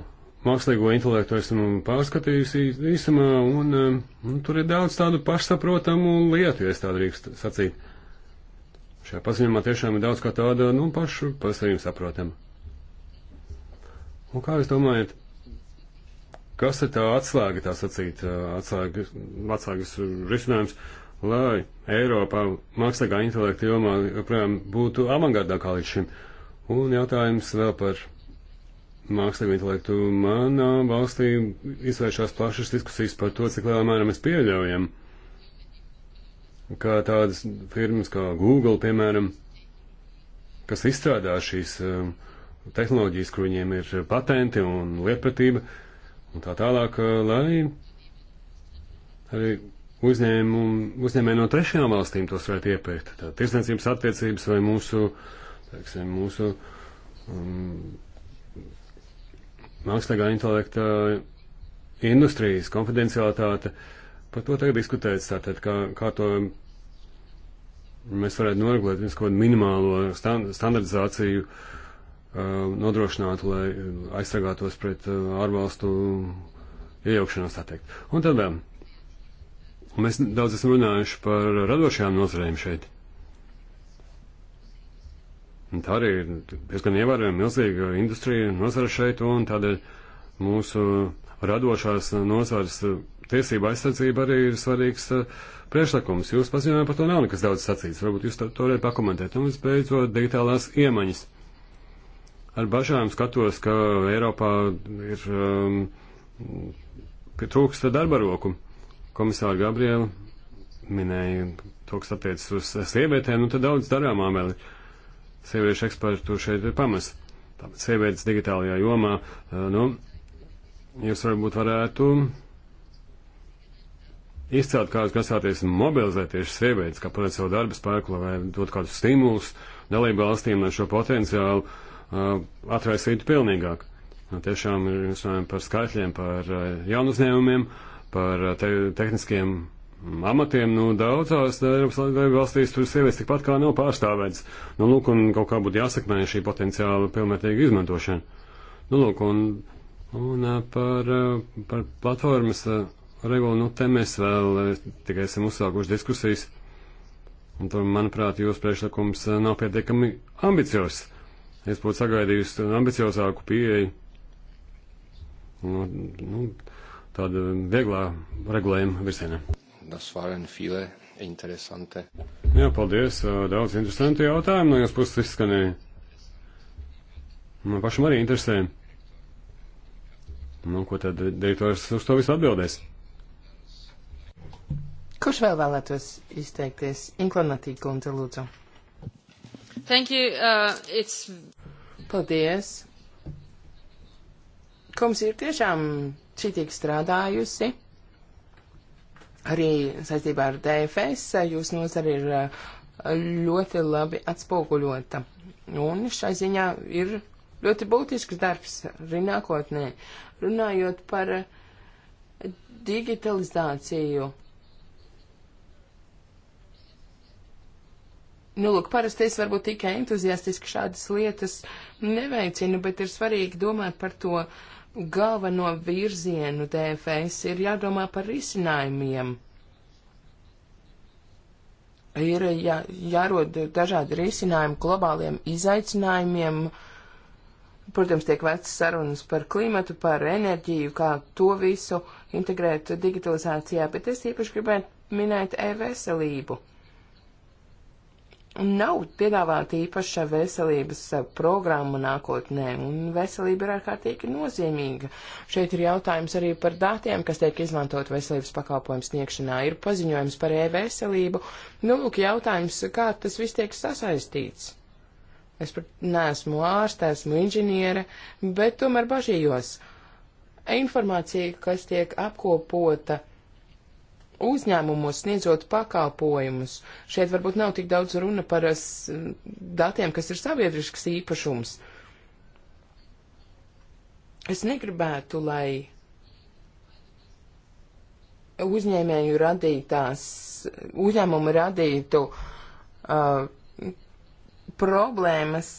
mākslīgo intelektu esmu pārskatījis īsumā, un, uh, un tur ir daudz tādu pašsaprotamu lietu, ja es tādu drīkst sacīt. Šajā paziņojumā tiešām ir daudz kā tāda, nu, pašu pasavīm saprotam. Un kā jūs domājat, Kas ir tā atslēga, tā sacīt, atslēga, atslēgas risinājums, lai Eiropā mākslīgā intelekta jomā joprojām būtu avangardā kā līdz šim? Un jautājums vēl par mākslīgo intelektu. Manā valstī izvēršās plašas diskusijas par to, cik lielā mērā mēs pieļaujam, kā tādas firmas kā Google, piemēram, kas izstrādā šīs tehnoloģijas, kur viņiem ir patenti un lietpratība, uh, un tā tālāk, lai arī uzņēmēji no trešajām valstīm tos varētu iepērkt. Tā tirsniecības attiecības vai mūsu, teiksim, mūsu um, mākslīgā intelekta industrijas konfidencialitāte. Par to tagad diskutēts, tātad, kā, kā to mēs varētu noregulēt, viens kaut kādu minimālo stand, standardizāciju uh, nodrošinātu, lai aizsargātos pret ārvalstu iejaukšanos, tā teikt. Un tad vēl. Mēs daudz esam runājuši par radošajām nozarēm šeit. Un tā arī ir diezgan ievērojama milzīga industrija nozara šeit, un tādēļ mūsu radošās nozares tiesība aizsardzība arī ir svarīgs priekšlikums. Jūs paziņojāt par to nav nekas daudz sacīts, varbūt jūs to varētu pakomentēt. Un visbeidzot, digitālās iemaņas ar bažām skatos, ka Eiropā ir um, trūksta darba roku. Komisāra Gabriela minēja to, kas attiecas uz sievietēm, nu tad daudz darāmā vēl ir. Sieviešu ekspertu šeit ir pamats. Tāpēc sievietes digitālajā jomā, uh, nu, jūs varbūt varētu izcelt kādus, kas sāties mobilizēt tieši sievietes, kā panēt savu darba spēku, lai dot kādus stimulus dalību valstīm, lai šo potenciālu uh, Uh, atraisītu pilnīgāk. Nu, tiešām mēs runājam par skaitļiem, par uh, jaunu uzņēmumiem, par uh, te tehniskiem amatiem. Nu, daudzās Eiropas valstīs tur sievietes tikpat kā nav pārstāvētas. Nu, lūk, un kaut kā būtu jāsakmē šī potenciāla pilnvērtīga izmantošana. Nu, lūk, un, un par, par platformas regulu, nu, te mēs vēl tikai esam uzsākuši diskusijas. Un tur, manuprāt, jūsu priekšlikums nav pietiekami ambiciozs. Es būtu sagaidījusi ambiciozāku pieeju, nu, nu, tādu vieglā regulējuma virzienā. Tas varen file interesante. Jā, paldies. Daudz interesanti jautājumi no jūsu puses izskanēja. Man pašam arī interesē. Nu, ko tad direktors uz to visu atbildēs? Kurš vēl vēlētos izteikties? Inklinātīgi, kundze, lūdzu. Thank you. Uh, it's... Paldies. Komisija ir tiešām šitīgi strādājusi. Arī saistībā ar DFS jūs nozara ir uh, ļoti labi atspoguļota. Un šai ziņā ir ļoti būtisks darbs arī nākotnē. Runājot par digitalizāciju, Nu, lūk, parasti es varbūt tikai entuziastiski šādas lietas neveicinu, bet ir svarīgi domāt par to galveno virzienu DFS, ir jādomā par risinājumiem. Ir jā, jārod dažādi risinājumi globāliem izaicinājumiem. Protams, tiek vecas sarunas par klimatu, par enerģiju, kā to visu integrēt digitalizācijā, bet es īpaši gribētu minēt e-veselību nav piedāvāta īpaša veselības eh, programma nākotnē, un veselība ir ārkārtīgi nozīmīga. Šeit ir jautājums arī par datiem, kas tiek izmantot veselības pakalpojumu sniegšanā. Ir paziņojums par e-veselību. Nu, lūk, jautājums, kā tas viss tiek sasaistīts. Es pat neesmu ārste, esmu inženiere, bet tomēr bažījos. Informācija, kas tiek apkopota uzņēmumos sniedzot pakalpojumus. Šeit varbūt nav tik daudz runa par eh, datiem, kas ir sabiedrisks īpašums. Es negribētu, lai uzņēmēju radītās, uzņēmumu radītu uh, problēmas,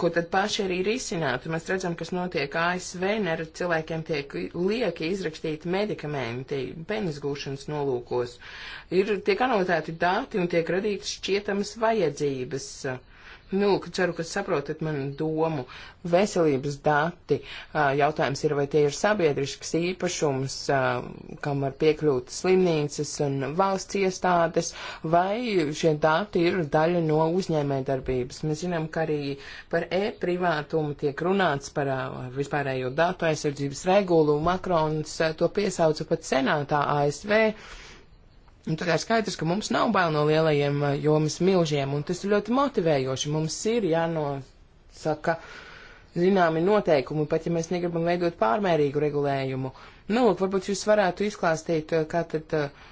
ko tad paši arī risinātu. Mēs redzam, kas notiek ASV, ar cilvēkiem tiek lieki izrakstīti medikamenti, penisgūšanas nolūkos. Ir tiek anotēti dati un tiek radītas šķietamas vajadzības. Uh, Nu, ceru, ka saprotat manu domu. Veselības dati. Jautājums ir, vai tie ir sabiedrisks īpašums, kam var piekļūt slimnīcas un valsts iestādes, vai šie dati ir daļa no uzņēmējdarbības. Mēs zinām, ka arī par e-privātumu tiek runāts par vispārējo datu aizsardzības regulu. Makrons to piesauca pat senātā ASV Un tā ir skaidrs, ka mums nav bail no lielajiem eh, jomas milžiem, un tas ir ļoti motivējoši. Mums ir jānosaka zināmi noteikumi, pat ja mēs negribam veidot pārmērīgu regulējumu. Nu, lūk, varbūt jūs varētu izklāstīt, eh, kā tad eh,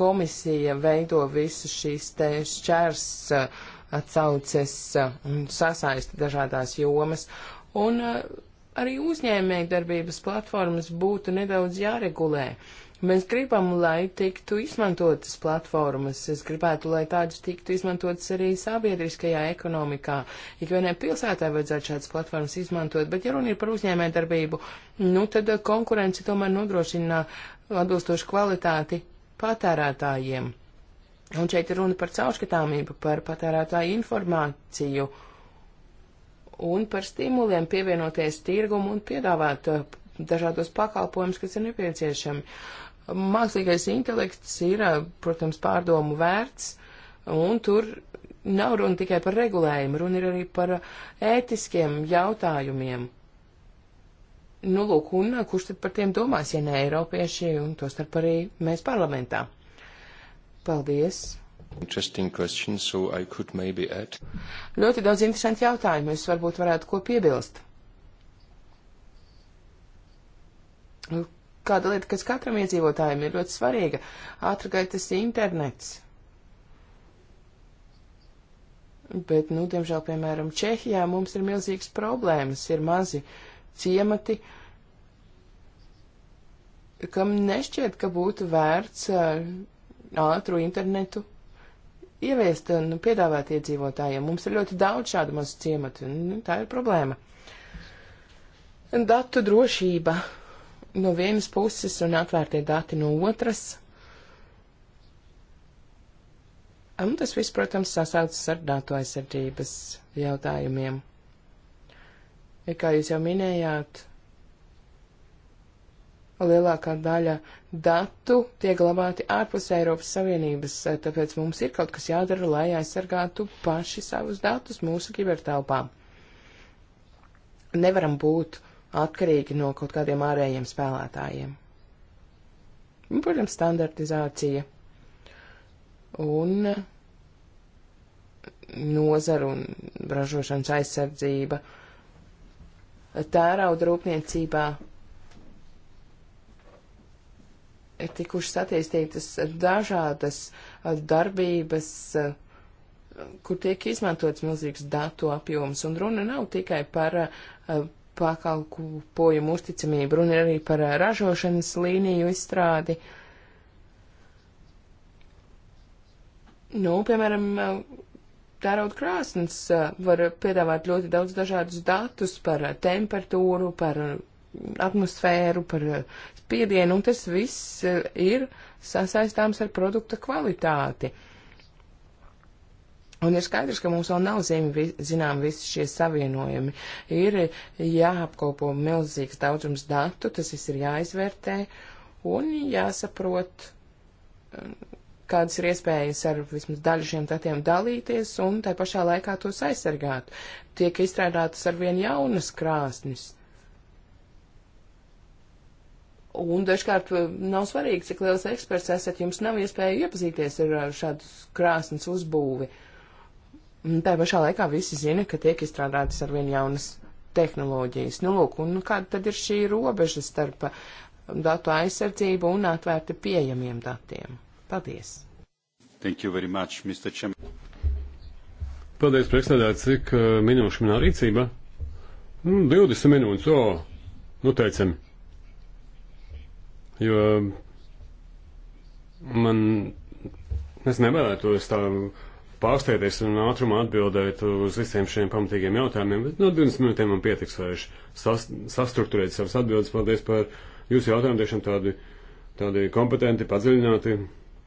komisija veido visu šīs te šķērs atsauces un sasaisti dažādās jomas. Un arī uzņēmējdarbības platformas būtu nedaudz jāregulē. Uh, Mēs gribam, lai tiktu izmantotas platformas. Es gribētu, lai tādas tiktu izmantotas arī sabiedriskajā ekonomikā. Ik vienai pilsētā vajadzētu šādas platformas izmantot, bet ja runa ir par uzņēmē darbību, nu tad uh, konkurence tomēr nodrošina atbilstošu kvalitāti patērētājiem. Un šeit ir runa par caurskatāmību, par patērētāju informāciju un par stimuliem pievienoties tirgumu un piedāvāt uh, dažādos pakalpojumus, kas ir nepieciešami mākslīgais intelekts ir, eh, protams, pārdomu vērts, un tur nav runa tikai par regulējumu, runa ir arī par ētiskiem jautājumiem. Nu, lūk, un eh, kurš tad par tiem domās, ja ne Eiropieši, un to starp arī mēs parlamentā? Paldies! Interesting question, so I could maybe add. Ļoti daudz interesanti jautājumi, es varbūt varētu ko piebilst kāda lieta, kas katram iedzīvotājiem ir ļoti svarīga - ātrgaitas internets. Bet, nu, diemžēl, piemēram, Čehijā mums ir milzīgas problēmas, ir mazi ciemati, kam nešķiet, ka būtu vērts eh, ātru internetu ieviest un piedāvāt iedzīvotājiem. Mums ir ļoti daudz šādu mazu ciematu, un nu, tā ir problēma. Datu drošība no vienas puses un atvērtie dati no otras. Un tas viss, protams, sasaucas ar datu aizsardzības jautājumiem. Ja kā jūs jau minējāt, lielākā daļa datu tiek glabāti ārpus Eiropas Savienības, tāpēc mums ir kaut kas jādara, lai aizsargātu paši savus datus mūsu kibertelpā. Nevaram būt atkarīgi no kaut kādiem ārējiem spēlētājiem. Un, protams, standartizācija un nozaru un ražošanas aizsardzība. Tērauda rūpniecībā ir tikušas attīstītas dažādas darbības, kur tiek izmantots milzīgs datu apjoms, un runa nav tikai par eh, pakalpojumu uzticamību, runa ir arī par ražošanas līniju izstrādi. Nu, piemēram, tērauda krāsnes var piedāvāt ļoti daudz dažādus datus par temperatūru, par atmosfēru, par spiedienu, un tas viss ir sasaistāms ar produkta kvalitāti. Uh, Un ir skaidrs, ka mums vēl nav zini, zinām visi šie savienojumi. Ir jāapkopo milzīgs daudzums datu, tas viss ir jāizvērtē un jāsaprot, um, kādas ir iespējas ar vismaz daļu šiem datiem dalīties un tai pašā laikā tos aizsargāt. Tiek izstrādātas arvien jaunas krāsnis. Un dažkārt um, nav svarīgi, cik liels eksperts esat, jums nav iespēja iepazīties ar šādu krāsnes uzbūvi. Uh, Un tā pašā laikā visi zina, ka tiek izstrādātas ar vien jaunas tehnoloģijas. Nu, lūk, un kāda tad ir šī robeža starp datu aizsardzību un atvērti pieejamiem datiem? Paldies! Thank you very much, Mr. Chairman. Paldies, priekšsēdētāj, cik eh, minūšu manā rīcībā? Nu, 20 minūtes, o, nu teicami. Jo man, es nevēlētos tā pārsteigties un ātrumā atbildēt uz visiem šiem pamatīgiem jautājumiem, bet no nu, 20 minūtēm man pietiks, lai sas, sastruktūrēt savas atbildes. Paldies par jūsu jautājumu, tiešām tādi, tādi kompetenti, padziļināti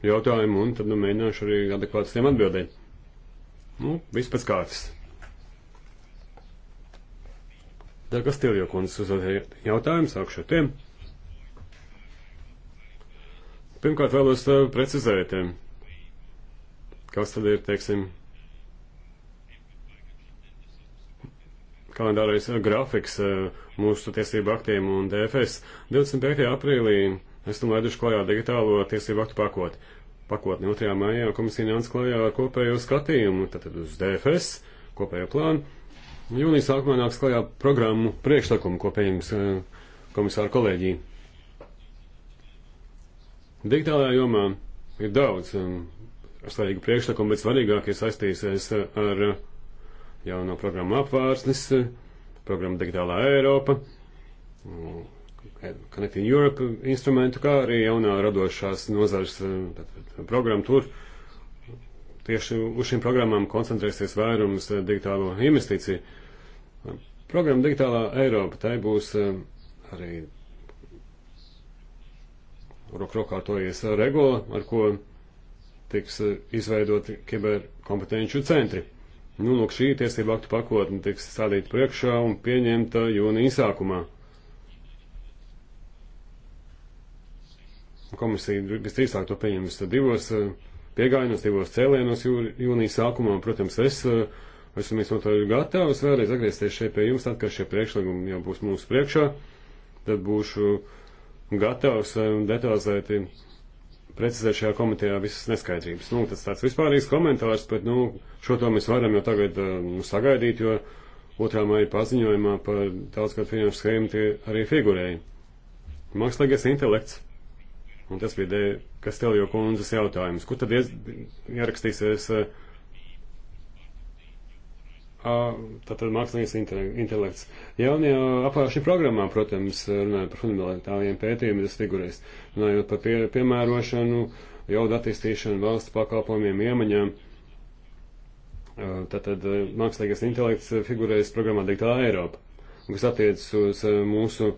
jautājumi, un tad nu, mēģināšu arī adekvāti tiem atbildēt. Nu, viss pēc kārtas. Tā kā Stiljo kundze uzdod jautājumu, sākšu ar tiem. Pirmkārt vēlos uh, precizēt. Tiem. Um, kas tad ir, teiksim, kalendārais eh, grafiks eh, mūsu tiesību aktiem un DFS. 25. aprīlī esam laiduši klajā digitālo tiesību aktu pakot. Pakotni 2. maijā komisija nāca klajā ar kopējo skatījumu, tātad uz DFS, kopējo plānu. Jūnijas sākumā nāks klajā programmu priekšlikumu, ko pieņems eh, komisāra kolēģija. Digitālajā jomā ir daudz um, svarīgu priekšlikumu, bet svarīgākie saistīsies ar jauno programmu apvārsnes, programmu Digitālā Eiropa, Connecting Europe instrumentu, kā arī jaunā radošās nozares programma tur. Tieši uz šīm programmām koncentrēsies vairums digitālo investīciju. Programma Digitālā Eiropa, tai būs eh, arī roku rokā to ies regula, ar ko tiks eh, izveidoti kiberkompetenču centri. Nu, lūk, šī tiesība aktu pakotne tiks stādīta priekšā un pieņemta jūnija sākumā. Komisija visdrīzāk to pieņems divos eh, piegājienos, divos cēlienos jūnija sākumā. Protams, es eh, esmu visnotaļ gatavs vēlreiz atgriezties šeit pie jums, tad, kad šie priekšlikumi jau būs mūsu priekšā, tad būšu gatavs detalizēti precizēt šajā komitejā visas neskaidrības. Nu, tas tāds vispārīgs komentārs, bet, nu, šo to mēs varam jau tagad uh, nu, sagaidīt, jo otrā māja paziņojumā par daudzgad finanšu schēmu tie arī figurēja. Mākslīgais intelekts. Un tas bija Kasteljo kundzes jautājums. Kur tad ierakstīsies uh, tātad mākslinieks intelekts. Jaunajā apvāršņu programmā, protams, runājot par fundamentāliem pētījumiem, tas figurēs. Runājot par pie, piemērošanu, jaudu attīstīšanu, valsts pakalpojumiem, iemaņām. Tātad e, mākslīgais intelekts figurēs programmā Digitāla Eiropa, kas attiecas uz e, mūsu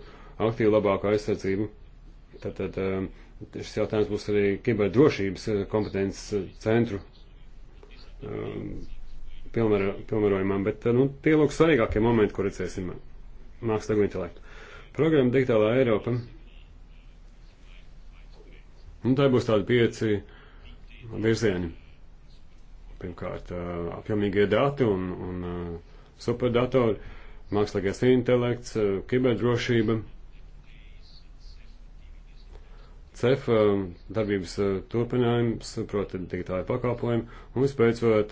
aktīvu labāku aizsardzību. Tātad e, šis jautājums būs arī kiberdrošības kompetences centru pilnvaro, pilnvarojumam, bet nu, tie lūk svarīgākie momenti, kur redzēsim mākslinieku intelektu. Programma Digitālā Eiropa. Un nu, tā būs tādi pieci virzieni. Pirmkārt, apjomīgie dati un, un superdatori, mākslīgais intelekts, kiberdrošība. CEF darbības turpinājums, proti digitālai pakalpojumi, un vispēcot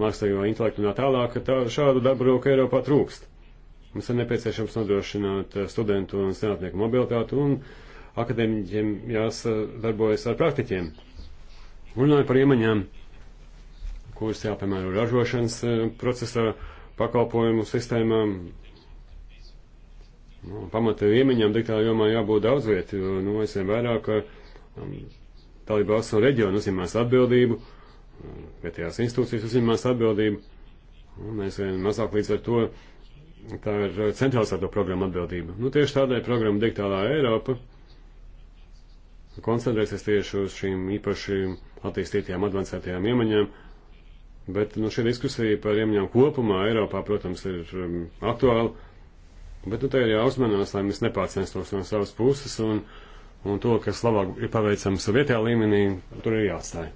mākslīgo intelektu un tā tālāk, ka tā, šādu darbu roku Eiropā trūkst. Mums ir nepieciešams nodrošināt eh, studentu un senatnieku mobilitāti un akadēmiķiem jāsadarbojas ar praktiķiem. Runājot par iemaņām, kuras jāpiemēro ražošanas eh, procesā, pakalpojumu sistēmām, nu, pamata iemaņām digitālajā jomā jābūt daudz vietu, jo nu, es vien vairāk, ka eh, um, dalībvalsts un reģionu uzņemās atbildību vietējās institūcijas uzņemās atbildību, un aizvien mazāk līdz ar to tā ir centralizēto programmu atbildība. Nu, tieši tādai programma Digitālā Eiropa koncentrēsies tieši uz šīm īpaši attīstītajām, advancētajām iemaņām, bet nu, šī diskusija par iemaņām kopumā Eiropā, protams, ir um, aktuāla, bet nu, te ir jāuzmanās, lai mēs nepārcenstos no savas puses un, un to, kas labāk ir paveicams vietējā līmenī, tur ir jāatstāja.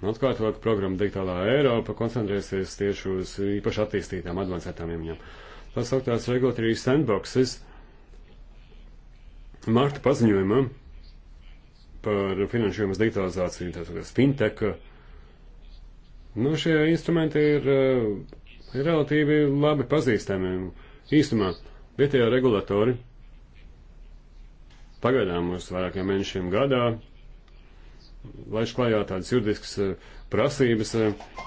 Un nu, atkārt, ka programma Digitālā Eiropa koncentrēsies tieši uz īpaši attīstītām, advancētām iemaņām. Tas sauktās regulatory sandboxes. Marta paziņojumā par finanšējumas digitalizāciju, tātad fintech. Nu, šie instrumenti ir, eh, ir relatīvi labi pazīstami īstumā vietējā regulatori pagaidām uz vairākiem mēnešiem gadā laiž klajā tādas juridiskas eh, prasības, eh,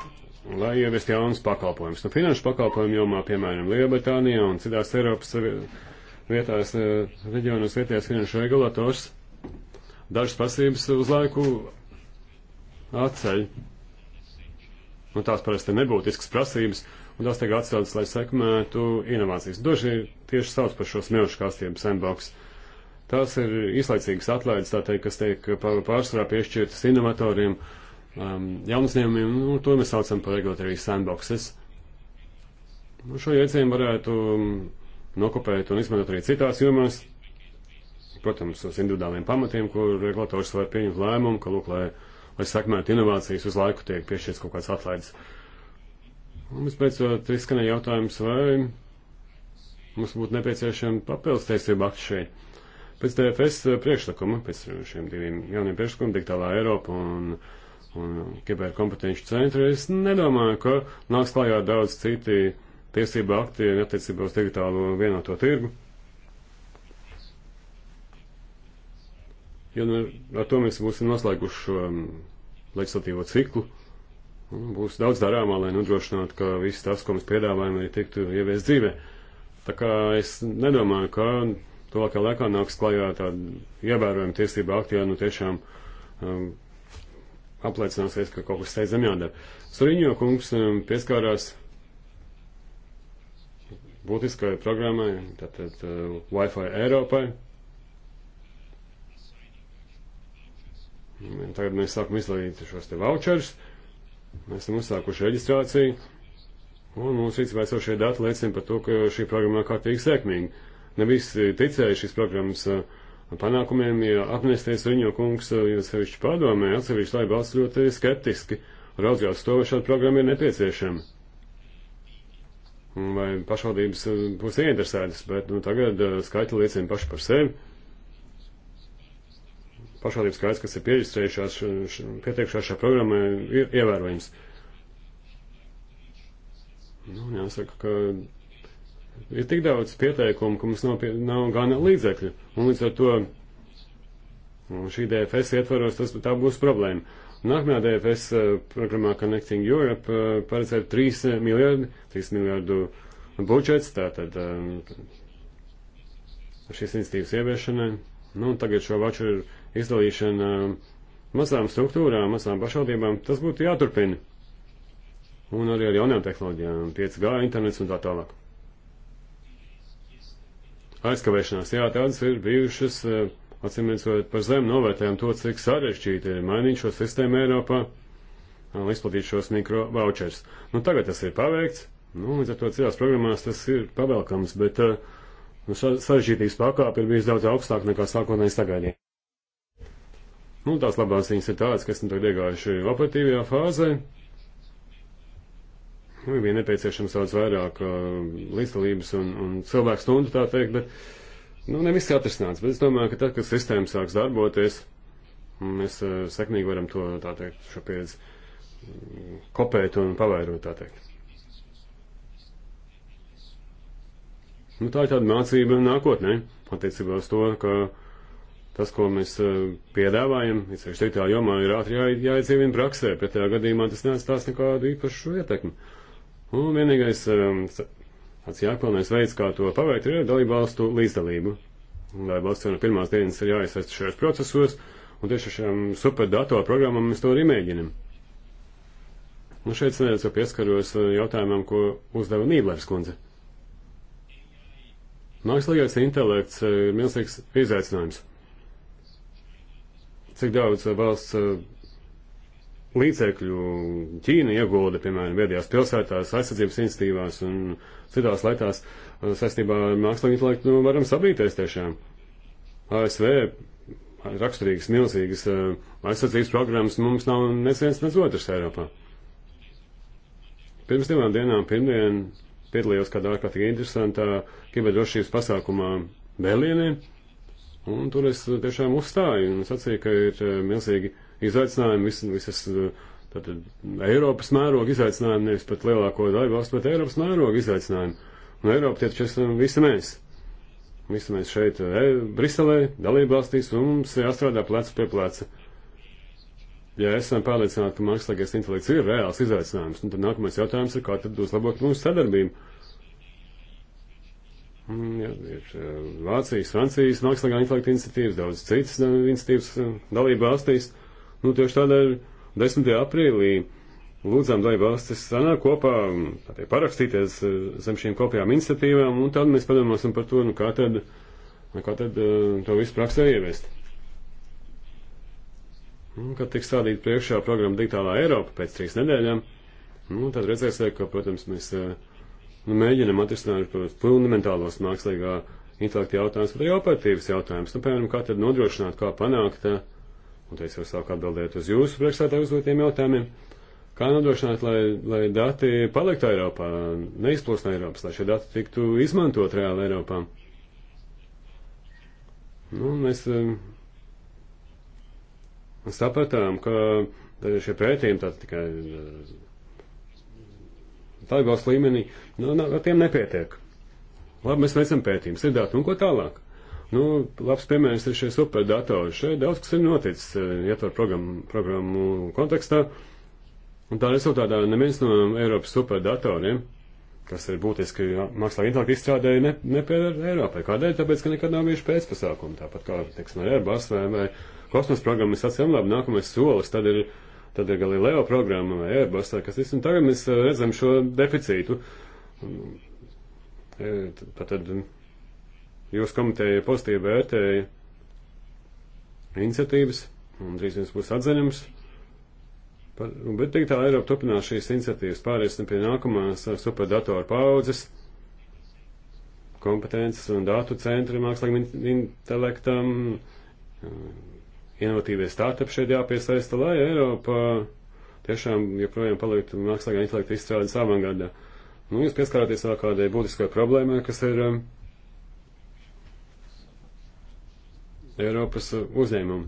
lai ieviestu jaunus pakalpojumus. Nu, finanšu pakalpojumu jomā, piemēram, Lielbritānijā un citās Eiropas vietās, eh, reģionos vietējais finanšu regulators dažas prasības uz laiku atceļ. Un nu, tās parasti nebūtiskas prasības, un tās tiek atstātas, lai sekmētu inovācijas. Doži tieši sauc par šo smilšu kastību sandbox. Uh, Tās ir īslaicīgas atlaides, tā teikt, kas tiek pārsvarā piešķirtas inovatoriem, um, jaunasniemumiem, nu, to mēs saucam par regulatory sandboxes. Nu, šo iecējumu varētu um, nokopēt un izmantot arī citās jomās, protams, uz individuāliem pamatiem, kur regulators var pieņemt lēmumu, ka, lūk, lai, lai sekmētu inovācijas, uz laiku tiek piešķirts kaut kāds atlaides. Un vispēcot izskanēja jautājums, vai mums būtu nepieciešama papildus tiesība akti šeit. Pēc DFS eh, priekšlikuma, pēc šiem diviem jauniem priekšlikumiem, digitālā Eiropa un, un kiberkompetenci centri, es nedomāju, ka nāks klājā daudz citi tiesību akti attiecībā uz digitālo vienoto tirgu. Ja ne, nu, ar to mēs būsim noslēguši šo um, mm, legislatīvo ciklu, būs daudz darāmā, lai nodrošinātu, ka viss tas, ko mēs piedāvājam, arī tiktu ievies dzīvē. Tā kā es nedomāju, ka to, ka Lekanāks klajā tādu ievērojumu tiesību aktu, jau nu tiešām um, apliecināsies, ka kaut kas steidzam jādara. Suriņo kungs um, pieskārās būtiskai programmai, tātad uh, Wi-Fi Eiropai. Tagad mēs sākam izlaidīt šos te voucherus. Mēs esam uzsākuši reģistrāciju. Un mūsu rīcībā esošie dati liecina par to, ka šī programma ir kārtīgi sekmīga. Ne visi ticēja šīs programmas uh, panākumiem, ja apmēsties viņu kungs, uh, jo sevišķi padomē, atsevišķi lai balsts ļoti skeptiski raudzījās to, vai šāda programma ir nepieciešama. Vai pašvaldības uh, būs ieinteresētas, bet nu, tagad skaitļi liecina paši par sevi pašvaldības skaits, kas ir pieģistrējušās, pieteikušās šā programmā, ir ievērojams. Nu, jāsaka, ka ir tik daudz pieteikumu, ka mums nav, nav gana līdzekļu. Un līdz ar to šī DFS ietvaros tas, tā būs problēma. Nākamajā DFS eh, programmā Connecting Europe eh, paredzēta 3 miljardi, 3 miljardu budžets, tātad eh, šīs institīvas ieviešanai. Nu, tagad šo vaču izdalīšana mazām struktūrām, mazām pašvaldībām, tas būtu jāturpina. Un arī ar jaunām tehnoloģijām, 5G, internets un tā tālāk aizkavēšanās. Jā, tādas ir bijušas, e, atsimredzot par zem, novērtējam to, cik sarežģīti ir mainīt šo sistēmu Eiropā un e, izplatīt šos mikro vouchers. Nu, tagad tas ir paveikts, nu, līdz ar to citās programmās tas ir pavelkams, bet e, nu, sarežģītības pakāpe ir bijusi daudz augstāka nekā sākotnēji sagaidīja. Nu, tās labās ziņas ir tādas, kas nu tagad iegājuši operatīvajā fāzē, nu, bija nepieciešams daudz vairāk uh, līdzdalības un, un cilvēku stundu, tā teikt, bet nu, ne viss ir atrisināts. Bet es domāju, ka tad, kad sistēma sāks darboties, mēs uh, sekmīgi varam to, tā teikt, šo pieredzi mm, kopēt un pavairot, tā teikt. Nu, tā ir tāda mācība nākotnē, attiecībā uz to, ka tas, ko mēs uh, piedāvājam, ir sevišķi tā jomā, ir ātri jā, jāiedzīvina praksē, pretējā gadījumā tas nestās nekādu īpašu ietekmi. Uh, Un vienīgais um, jāpilnais veids, kā to paveikt, ir dalību valstu līdzdalību. Dalību valsts jau no pirmās dienas ir jāiesaist šajos procesos, un tieši ar šiem superdatorprogrammam mēs to arī mēģinam. Nu, šeit nedaudz pieskaros uh, jautājumam, ko uzdeva Nīblers kundze. Mākslīgais intelekts uh, ir milzīgs izaicinājums. Cik daudz uh, valsts līdzekļu Ķīna iegulda, piemēram, viedajās pilsētās, aizsardzības institīvās un citās lietās saistībā ar mākslinieku intelektu, nu, varam sabīties tiešām. ASV raksturīgas, milzīgas eh, aizsardzības programmas mums nav neviens nec otrs Eiropā. Pirms divām dienām, pirmdien, piedalījos kādā ārkārtīgi interesantā kiberdrošības pasākumā Berlīnē, un tur es tiešām uzstāju un sacīju, ka ir eh, milzīgi izaicinājumi, vis, visas eh, tātad, Eiropas mēroga izaicinājumi, nevis pat lielāko daļu valstu, bet Eiropas mēroga izaicinājumi. Un Eiropa tiek esam visi mēs. Visi mēs šeit, e, Briselē, dalībvalstīs, un mums jāstrādā plecu pie pleca. Ja esam pārliecināti, ka mākslīgais intelekts ir reāls izaicinājums, nu, tad nākamais jautājums ir, kā tad uzlabot mūsu sadarbību. Jā, ir eh, Vācijas, Francijas mākslīgā intelekta iniciatīvas, daudz citas iniciatīvas dalība valstīs. Nu, tieši tādēļ 10. aprīlī lūdzām, lai valstis sanāk kopā, tātad parakstīties eh, zem šīm kopējām iniciatīvām, un tad mēs padomāsim par to, nu, kā tad, nu, kā tad eh, to visu praksē ieviest. Un, nu, kad tiks stādīta priekšā programma Digitālā Eiropa pēc trīs nedēļām, nu, tad redzēsiet, ka, protams, mēs eh, nu, mēģinam atrisināt fundamentālos mākslīgā intelekta jautājumus, bet arī operatīvas jautājumus. Nu, piemēram, kā tad nodrošināt, kā panākt uh, Un te es varu sākt atbildēt uz jūsu priekšstādā uzdotiem jautājumiem. Kā nodrošināt, lai, lai dati paliktu Eiropā, neizplūst no Eiropas, lai šie dati tiktu izmantot reāli Eiropā? Nu, mēs um, sapratām, ka šie pētījumi tā tikai uh, tādos līmenī, nu, nu, ar tiem nepietiek. Labi, mēs veicam pētījumus, ir dati, un ko tālāk? Nu, labs piemērs ir šie superdatori. Šeit daudz kas ir noticis, eh, ietver programmu, programmu kontekstā. Un tā rezultātā neviens no Eiropas superdatoriem, kas ir būtiski mākslā intelektu izstrādēja, ne, nepieder Eiropai. Kādēļ? Tāpēc, ka nekad nav bijuši pēcpasākumi. Tāpat kā, teiksim, ar Airbus vai, vai kosmos programmu mēs atsiem labi, nākamais solis, tad ir, tad ir Galileo programma vai Airbus, vai kas viss. Un tagad mēs eh, redzam šo deficītu. E, tātad. Tā Jūs komiteja pozitīvi vērtēja iniciatīvas, un drīz viens būs atzaļams. Par, bet tik tā Eiropa turpinās šīs iniciatīvas, pāriesim pie nākamās superdatoru paudzes, kompetences un datu centri mākslīgam intelektam, inovatīvie startup šeit jāpiesaista, lai Eiropa tiešām joprojām paliktu mākslīgā intelekta izstrādes avangardā. Nu, jūs pieskārāties vēl kādai būtiskai problēmai, kas ir um, Eiropas uh, uzņēmumu.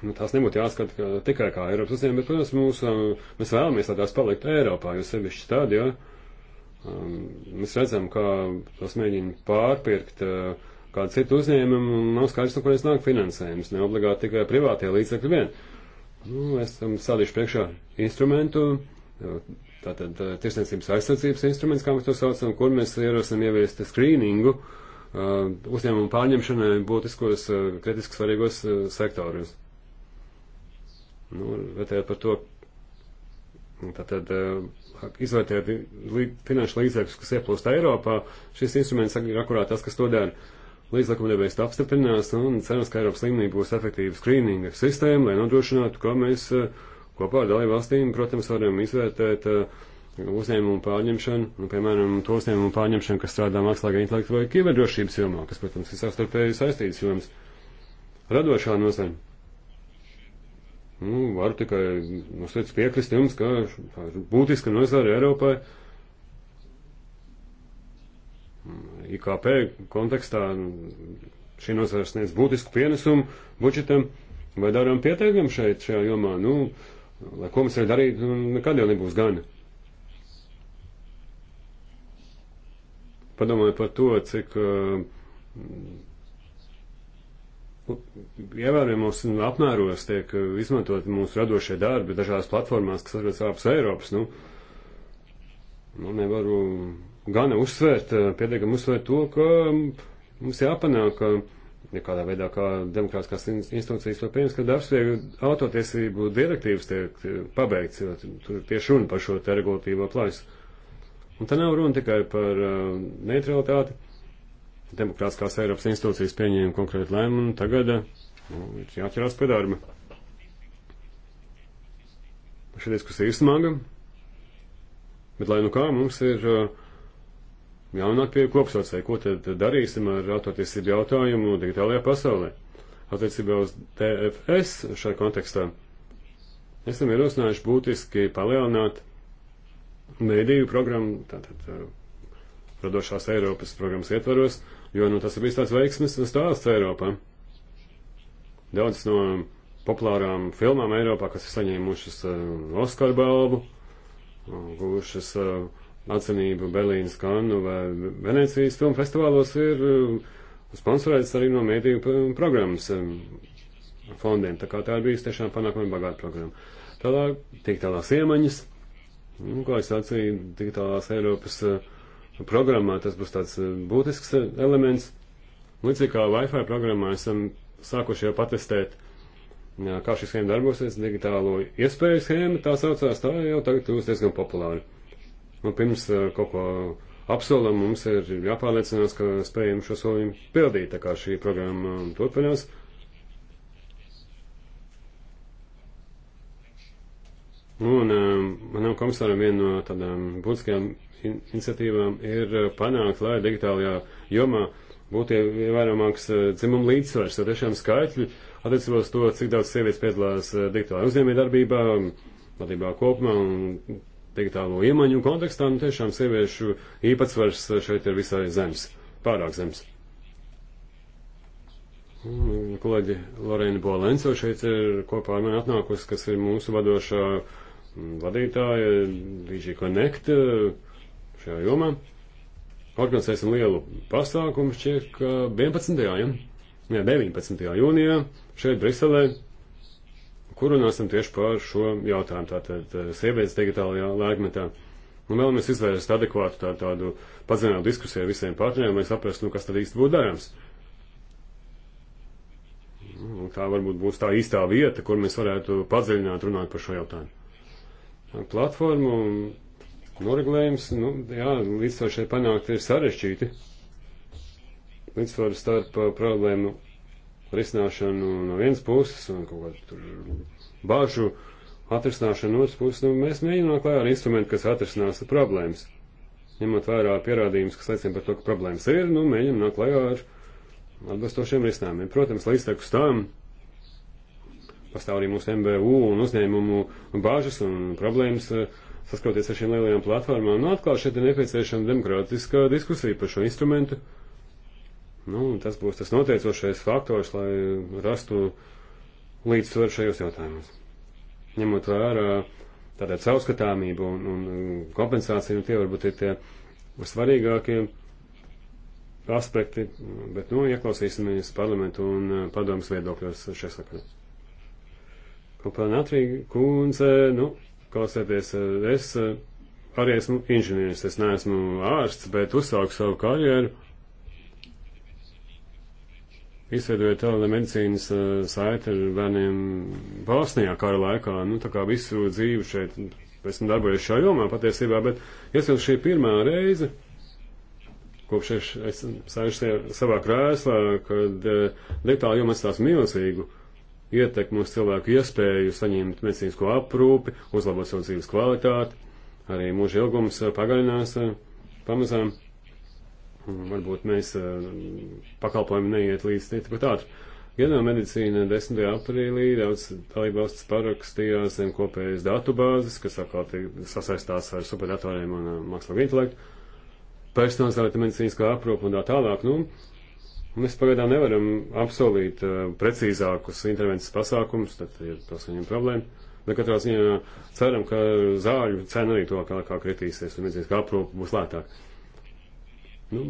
Nu, tās nebūtu jāskata tikai kā Eiropas uzņēmumi, bet, protams, mūsu, uh, mēs vēlamies, lai tās paliktu Eiropā, jo sevišķi tad, jo um, mēs redzam, kā tos mēģina pārpirkt uh, kādu citu uzņēmumu, un nav skaidrs, no kurienes nāk finansējums, ne obligāti tikai privātie līdzekļi vien. Nu, esam sādījuši priekšā instrumentu, uh, tātad tirsniecības aizsardzības instruments, kā mēs to saucam, kur mēs ierosim ieviest skrīningu. Uh, Uh, uzņēmumu pārņemšanai būtiskos uh, kritiski svarīgos uh, sektorus. Nu, vērtējot par to, tātad izvērtēt finanšu līdzekļus, kas ieplūst Eiropā, šis instruments ir akurāt tas, kas to dara. Līdzlikumdevējs to apstiprinās un cerams, ka Eiropas līmenī būs efektīva skrīninga sistēma, lai nodrošinātu, ka ko mēs kopā ar dalībvalstīm, protams, varam izvērtēt uh, uzņēmumu pārņemšanu, nu, piemēram, to uzņēmumu pārņemšanu, kas strādā mākslīgā intelekta vai kiberdrošības jomā, kas, protams, ir savstarpēji saistīts joms. Radošā nozīme. Nu, varu tikai nosveic piekrist jums, ka būtiska nozara Eiropai IKP kontekstā nu, šī nozara sniedz būtisku pienesumu budžetam, vai darām pieteikumu šeit šajā jomā, nu, lai ko mēs arī darītu, nu, nekad jau nebūs gana. padomāju par to, cik uh, eh, ievērojamos apmēros tiek eh, izmantoti mūsu radošie darbi dažās platformās, kas atrodas ārpus Eiropas. Nu, nu, nevaru gana uzsvērt, eh, pietiekam uzsvērt to, ka mm, mums jāpanāk, ka ja kādā veidā, kā demokrātiskās institūcijas to pieņems, ka darbs pie autotiesību direktīvas tiek pabeigts, jo tur ir tieši runa par šo te regulatīvo plaisu. Un te nav runa tikai par uh, neutralitāti. Demokrātiskās Eiropas institūcijas pieņēma konkrētu lēmumu, un tagad uh, nu, ir jāķerās pie darba. Šī diskusija ir smaga, bet lai nu kā mums ir uh, jānāk pie kopsaucēja, ko tad darīsim ar autortiesību jautājumu digitālajā pasaulē. Attiecībā uz DFS šajā kontekstā esam ierosinājuši būtiski palielināt mēdīju programmu, tātad uh, radošās Eiropas programmas ietvaros, jo nu, tas ir bijis tāds veiksmes stāsts Eiropā. Daudz no populārām filmām Eiropā, kas ir saņēmušas uh, Oskar balvu, uh, guvušas uh, atzinību Berlīnas Kannu vai Venecijas filmu festivālos, ir uh, sponsorēts arī no mēdīju programmas um, fondiem. Tā kā tā ir bijusi tiešām panākuma bagāta programma. Tālāk, tiek tālāk iemaņas. Un, nu, kā es sacīju, digitālās Eiropas eh, programmā tas būs tāds eh, būtisks eh, elements. Līdzīgi kā Wi-Fi programmā esam sākuši jau patestēt, kā šī schēma darbosies, digitālo iespēju schēma, tā saucās, tā jau tagad kļūst diezgan populāra. Un nu, pirms kaut ko apsolam, mums ir jāpārliecinās, ka spējam šo solījumu pildīt, tā kā šī programma turpinās. Um, Nu, un um, manam komisāram viena no tādām būtiskajām iniciatīvām ir uh, panākt, lai digitālajā jomā būtu ievērojamāks uh, dzimuma līdzsvars, jo tiešām skaitļi attiecībā uz to, cik daudz sievietes piedalās uh, digitālajā uzņēmējdarbībā, vadībā kopumā un digitālo iemaņu kontekstā, nu tiešām sieviešu īpatsvars šeit ir visai zems, pārāk zems. Un, kolēģi Lorēna Bolenco šeit ir kopā ar mani atnākusi, kas ir mūsu vadošā uh, vadītāja, DJ Connect eh, šajā jomā. Organizēsim lielu pasākumu šķiet, ka 11. Ja? Jā, 19. jūnijā šeit Briselē, kur runāsim tieši par šo jautājumu, tātad eh, sievietes digitālajā laikmetā. Un vēlamies izvērst adekvātu tā, tādu padziļinātu diskusiju ar visiem partneriem, lai saprastu, nu, kas tad īsti būtu darāms. Nu, tā varbūt būs tā īstā vieta, kur mēs varētu padziļināt runāt par šo jautājumu platformu un noregulējums, nu, jā, līdzsvaru šeit panākt ir sarežģīti. Līdzsvaru starp uh, problēmu risināšanu no vienas puses un kaut kādu tur bāžu atrisināšanu no otras puses, nu, mēs mēģinām klājā ar instrumentu, kas atrisinās problēmas. Ņemot vērā pierādījumus, kas liecina par to, ka problēmas ir, nu, mēģinām nāk klājā ar atbilstošiem risinājumiem. Protams, līdztekus tam Pastāv arī mūsu MBU un uzņēmumu bāžas un problēmas eh, saskauties ar šiem lielajām platformām. Nu, atkal šeit ir nepieciešama demokrātiskā diskusija par šo instrumentu. Nu, tas būs tas noteicošais faktors, lai rastu līdzsvaru šajos jautājumos. Ņemot vērā tādā caurskatāmību un, un kompensāciju, un nu, tie varbūt ir tie svarīgākie aspekti, bet, nu, ieklausīsimies parlamentu un eh, padomas viedokļos šajā sakarā kopā Natrija kundze, nu, klausieties, es eh, arī esmu inženieris, es neesmu ārsts, bet uzsāku savu karjeru. Izveidoju telemedicīnas eh, saiti ar bērniem Bosnijā kara laikā, nu, tā kā visu dzīvi šeit, esmu darbojies šajā jomā patiesībā, bet iespējams šī pirmā reize, kopš es, es sēžu savā krēslā, kad uh, eh, digitāli jomā es tās milzīgu ietekmi uz cilvēku iespēju saņemt medicīnisko aprūpi, uzlabos savu dzīves kvalitāti, arī mūža ilgums eh, pagarinās eh, pamazām. Varbūt mēs eh, pakalpojumi neiet līdz tik tādu. Vienā medicīnā 10. aprīlī daudz dalībvalstis parakstījās zem kopējas datubāzes, kas atkal sasaistās ar superdatoriem un mākslīgu intelektu, personalizēta medicīniskā aprūpa un tā tālāk. Nu, Mēs pagaidām nevaram apsolīt uh, precīzākus intervences pasākumus, tad ir tos viņam problēma. Bet katrā ziņā ceram, ka zāļu cena arī to kā, kā kritīsies un redzēs, ka aprūpa būs lētāk. Nu,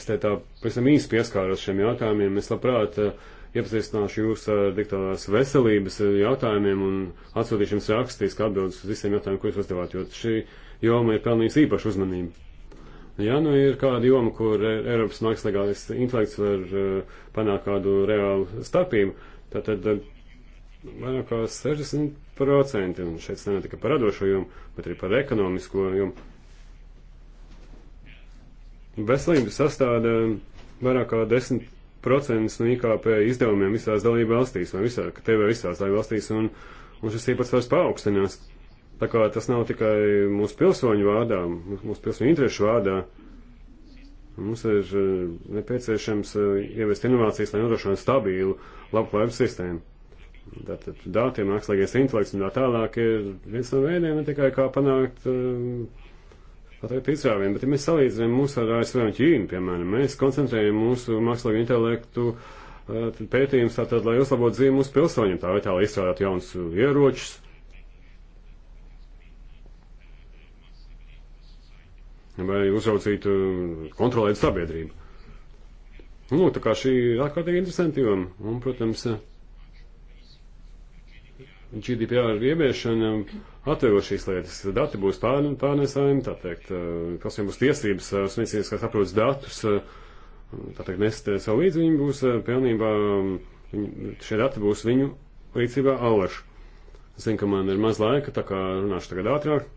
es te tā pavisam īsti pieskāros šiem jautājumiem. Es labprāt uh, iepazīstināšu jūs ar diktārās veselības uh, jautājumiem un atsūtīšu jums rakstīs, kā atbildes uz visiem jautājumiem, ko jūs uzdevāt, jo šī joma ir pelnījusi īpašu uzmanību. Ja nu ir kāda joma, kur e- Eiropas mākslīgais intelekts var uh, panākt kādu reālu starpību, tad, tad uh, vairāk kā 60%, un šeit ne tikai par radošo jomu, bet arī par ekonomisko jomu. Veselība sastāda vairāk kā 10% no IKP izdevumiem visās dalību valstīs, vai visā, TV visās dalību valstīs, un, un šis īpatsvars paaugstinās. Tā kā tas nav tikai mūsu pilsoņu vārdā, mūsu pilsoņu interešu vārdā. Mums ir eh, nepieciešams eh, ieviest inovācijas, lai nodrošinātu stabilu labklājības sistēmu. Tātad datiem, mākslīgais intelekts un tā tālāk ir viens no veidiem ne tikai kā panākt eh, pateikt izrāvienu, bet ja mēs salīdzinām mūs ar ASV un Ķīnu, piemēram, mēs koncentrējam mūsu mākslīgo intelektu pētījums tātad, lai uzlabotu dzīvi mūsu pilsoņiem, tā vai tā, lai izstrādātu jaunus ieročus, vai uzraucītu, um, kontrolētu sabiedrību. Un, nu, tā kā šī ir ārkārtīgi interesanti, jo, un, protams, GDPR ieviešana atvejo šīs lietas. Dati būs pār, pārnesājumi, nu, tā teikt, uh, kas viņiem būs tiesības, uh, sniedzīs, kas aprodas datus, uh, tā teikt, nest savu līdzi, viņi būs pilnībā, um, šie dati būs viņu rīcībā alaši. Zinu, ka man ir maz laika, tā kā runāšu tagad ātrāk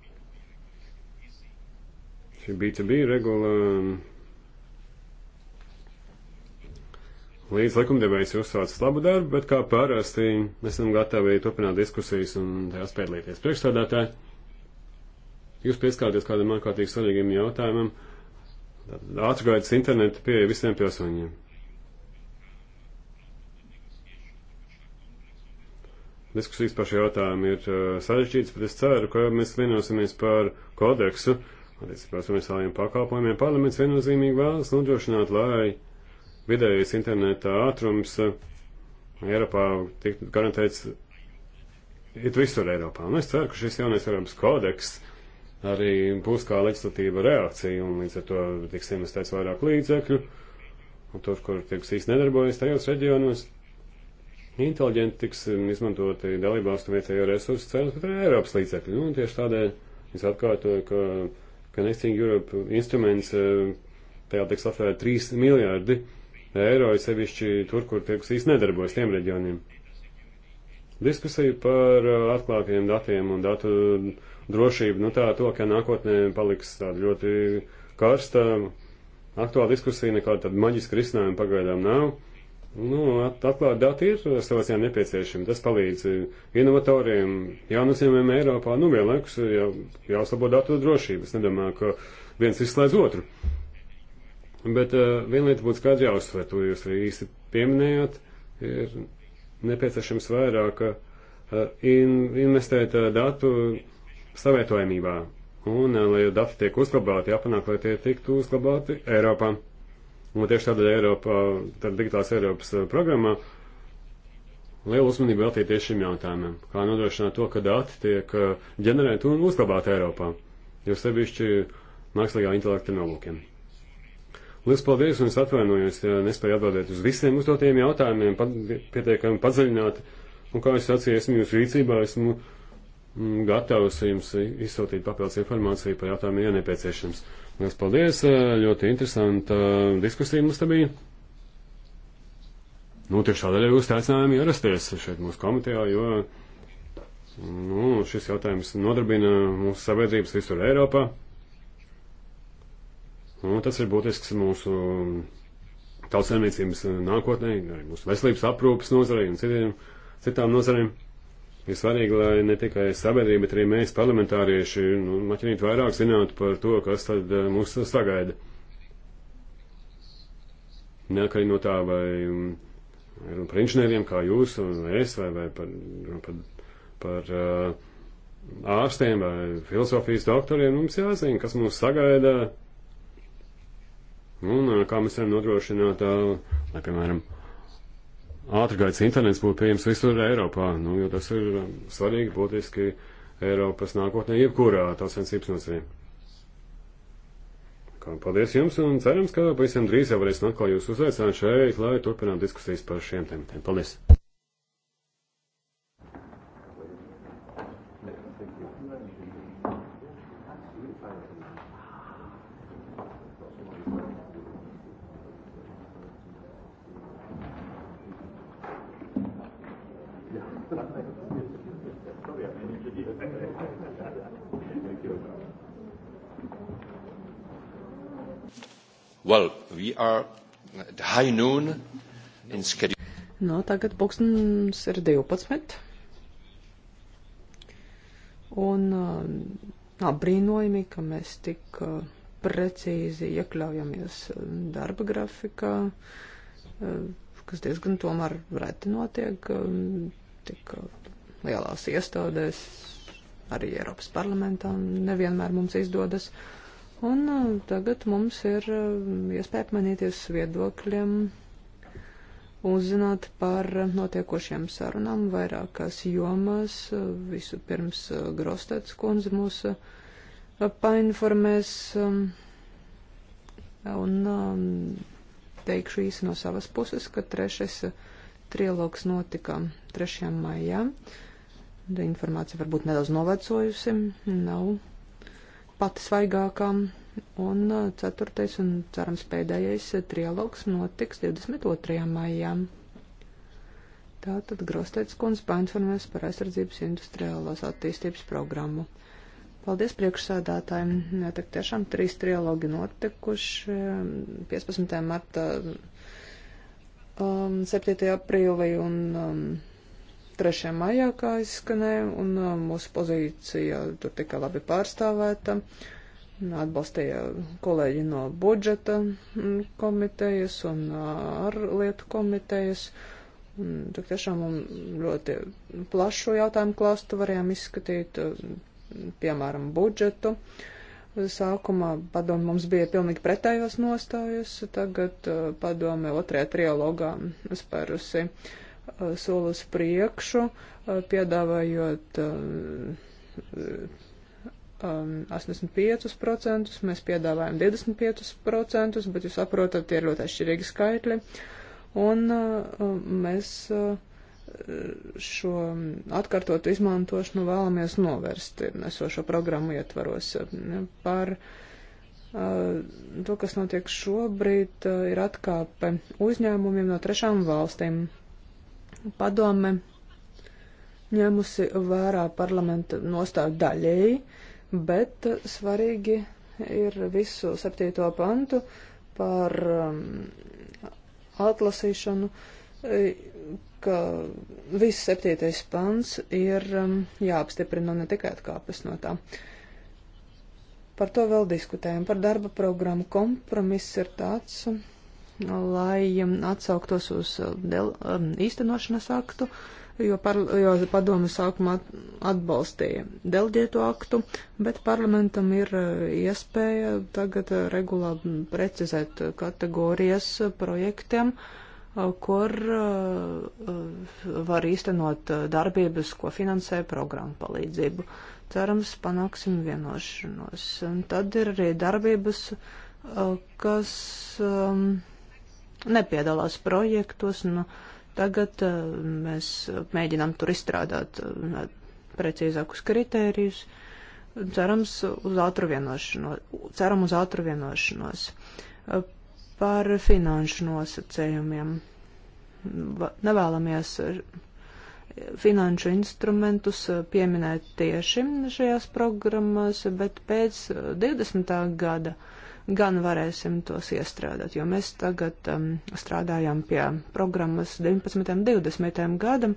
šī B2B regula um, līdz likumdevējs ir uzsācis labu darbu, bet kā parasti mēs esam gatavi turpināt diskusijas un tajās piedalīties. Priekšstādātāji, jūs pieskārties kādam ārkārtīgi svarīgiem jautājumam, ātrgaitas internetu pieeja visiem pilsoņiem. Diskusijas par šo jautājumu ir uh, sarežģītas, bet es ceru, ka mēs vienosimies par kodeksu, uh, attiecībās universāliem pakalpojumiem, parlaments viennozīmīgi vēlas nodrošināt, lai vidējais interneta ātrums eh, Eiropā tiktu garantēts it visur Eiropā. Un es ceru, ka šis jaunais Eiropas kodeks arī būs kā legislatīva reakcija, un līdz ar to tiks investēts vairāk līdzekļu, un tur, kur tiks īsti nedarbojas tajos reģionos, inteliģenti tiks eh, izmantoti dalībvalstu vietējo resursu cenas, bet arī Eiropas līdzekļi. Nu, un tieši tādēļ es atkārtoju, ka Connecting Europe instruments, eh, tajā tiks atvērta 3 miljārdi eiro, sevišķi tur, kur tirgus īsti nedarbojas tiem reģioniem. Diskusija par eh, atklātiem datiem un datu drošību, nu tā to, ka nākotnē paliks tāda ļoti karsta, aktuāla diskusija, nekāda tāda maģiska risinājuma pagaidām nav. Nu, atklāt dati ir savācijā nepieciešami. Tas palīdz eh, inovatoriem, jaunuzņēmumiem Eiropā. Nu, vienlaikus eh, jau, jāuzlabo datu drošības. Nedomāju, ka viens izslēdz otru. Bet uh, viena lieta būtu skaidri jāuzsver, to jūs arī īsti pieminējāt, ir nepieciešams vairāk uh, in, investēt uh, datu savietojamībā. Un, uh, lai dati tiek uzglabāti, jāpanāk, lai tie tiktu uzglabāti Eiropā. Uh, Un tieši tādēļ Eiropā, tad digitālās Eiropas eh, programmā lielu uzmanību veltīt tieši šim jautājumam. Kā nodrošināt to, ka dati tiek eh, ģenerēti un uzglabāti Eiropā, jo sevišķi mākslīgā intelekta nolūkiem. Lielas paldies un es atvainojos, ja nespēju atbildēt uz visiem uzdotiem jautājumiem, pat, pietiekami padziļināti. Un kā es sacīju, esmu jūsu rīcībā, esmu mm, gatavs jums izsūtīt papildus informāciju par jautājumiem, ja nepieciešams. Lielas paldies, eh, ļoti interesanta eh, diskusija mums te bija. Nu, tieši tādēļ jūs aicinājām ierasties šeit mūsu komitejā, jo nu, šis jautājums nodarbina mūsu sabiedrības visur Eiropā. Un nu, tas ir būtisks mūsu tautsēmniecības nākotnē, arī mūsu veselības aprūpas nozarei un citiem, citām nozarēm ir svarīgi, lai ne tikai sabiedrība, bet arī mēs, parlamentārieši, nu, maķinīt vairāk zinātu par to, kas tad eh, mūs sagaida. Neatkarīgi no tā, vai mm, runa par inženieriem, kā jūs un es, vai, vai par, par, par eh, ārstiem vai filozofijas doktoriem, nu, mums jāzina, kas mūs sagaida un eh, kā mēs varam nodrošināt, lai, piemēram, ātrgaitas internets būtu pieejams visur Eiropā, nu, jo tas ir um, svarīgi būtiski Eiropas nākotnē jebkurā tautsensības nozarē. Paldies jums un cerams, ka pavisam drīz jau varēsim atkal jūs uzaicināt šeit, lai turpinām diskusijas par šiem tematiem. Paldies! Well, we are at high noon in schedule. No, nu, tagad pulkstens ir 12. Un uh, apbrīnojami, ka mēs tik uh, precīzi iekļaujamies darba grafikā, uh, kas diezgan tomēr reti notiek um, tik lielās iestādēs, arī Eiropas parlamentā nevienmēr mums izdodas. Uh, Un uh, tagad mums ir uh, iespēja apmainīties viedokļiem, uzzināt par uh, notiekošiem sarunām vairākās jomās. Visu pirms Grostets kundze mūs painformēs um, un um, teikšu īsi no savas puses, ka trešais trilogs notika 3. maijā. Informācija varbūt nedaudz novecojusi, nav pati svaigākā. Un uh, ceturtais un cerams pēdējais uh, trialogs notiks 22. maijā. Tātad Grosteits kundze painformēs par aizsardzības industriālās attīstības programmu. Paldies priekšsādātājiem. Jā, tak tiešām trīs trialogi notikuši 15. Um, marta, 7. Um, aprīlī un um, 3. maijā, kā izskanēja, un uh, mūsu pozīcija tur tika labi pārstāvēta. Atbalstīja kolēģi no budžeta mm, komitejas un ārlietu uh, komitejas. Tik tiešām ļoti plašu jautājumu klāstu varējām izskatīt, uh, piemēram, budžetu. Sākumā padomu mums bija pilnīgi pretējos nostājus, tagad padome otrajā trialogā spērusi uh, Uh, soli uz priekšu, uh, piedāvājot 85%, uh, um, mēs piedāvājam 25%, bet jūs saprotat, tie ir ļoti atšķirīgi skaitļi. Un um, mēs šo atkārtotu izmantošanu vēlamies novērst esošo programmu ietvaros. Par to, kas notiek šobrīd, ir atkāpe uzņēmumiem no trešām valstīm padome ņēmusi vērā parlamenta nostāju daļēji, bet svarīgi ir visu septīto pantu par um, atlasīšanu, e, ka viss septītais pants ir um, jāapstiprina ne tikai atkāpes no tā. Par to vēl diskutējam, par darba programmu kompromiss ir tāds. Um, lai um, atsauktos uz uh, del, um, īstenošanas aktu, jo, par, jo padome sākumā atbalstīja delģēto aktu, bet parlamentam ir uh, iespēja tagad uh, regulā precizēt kategorijas projektiem, kur var īstenot darbības, ko finansē programma palīdzību. Cerams, panāksim vienošanos. Un tad ir arī darbības, kas. Um, nepiedalās projektos. Nu, tagad uh, mēs mēģinām tur izstrādāt uh, precīzākus kritērijus. Cerams uz ātru vienošanos. Ceram uz ātru vienošanos. Uh, par finanšu nosacējumiem. Va, nevēlamies finanšu instrumentus pieminēt tieši šajās programmās, bet pēc 20. gada uh, gan varēsim tos iestrādāt, jo mēs tagad um, strādājām pie programmas 19. un 20. gadam,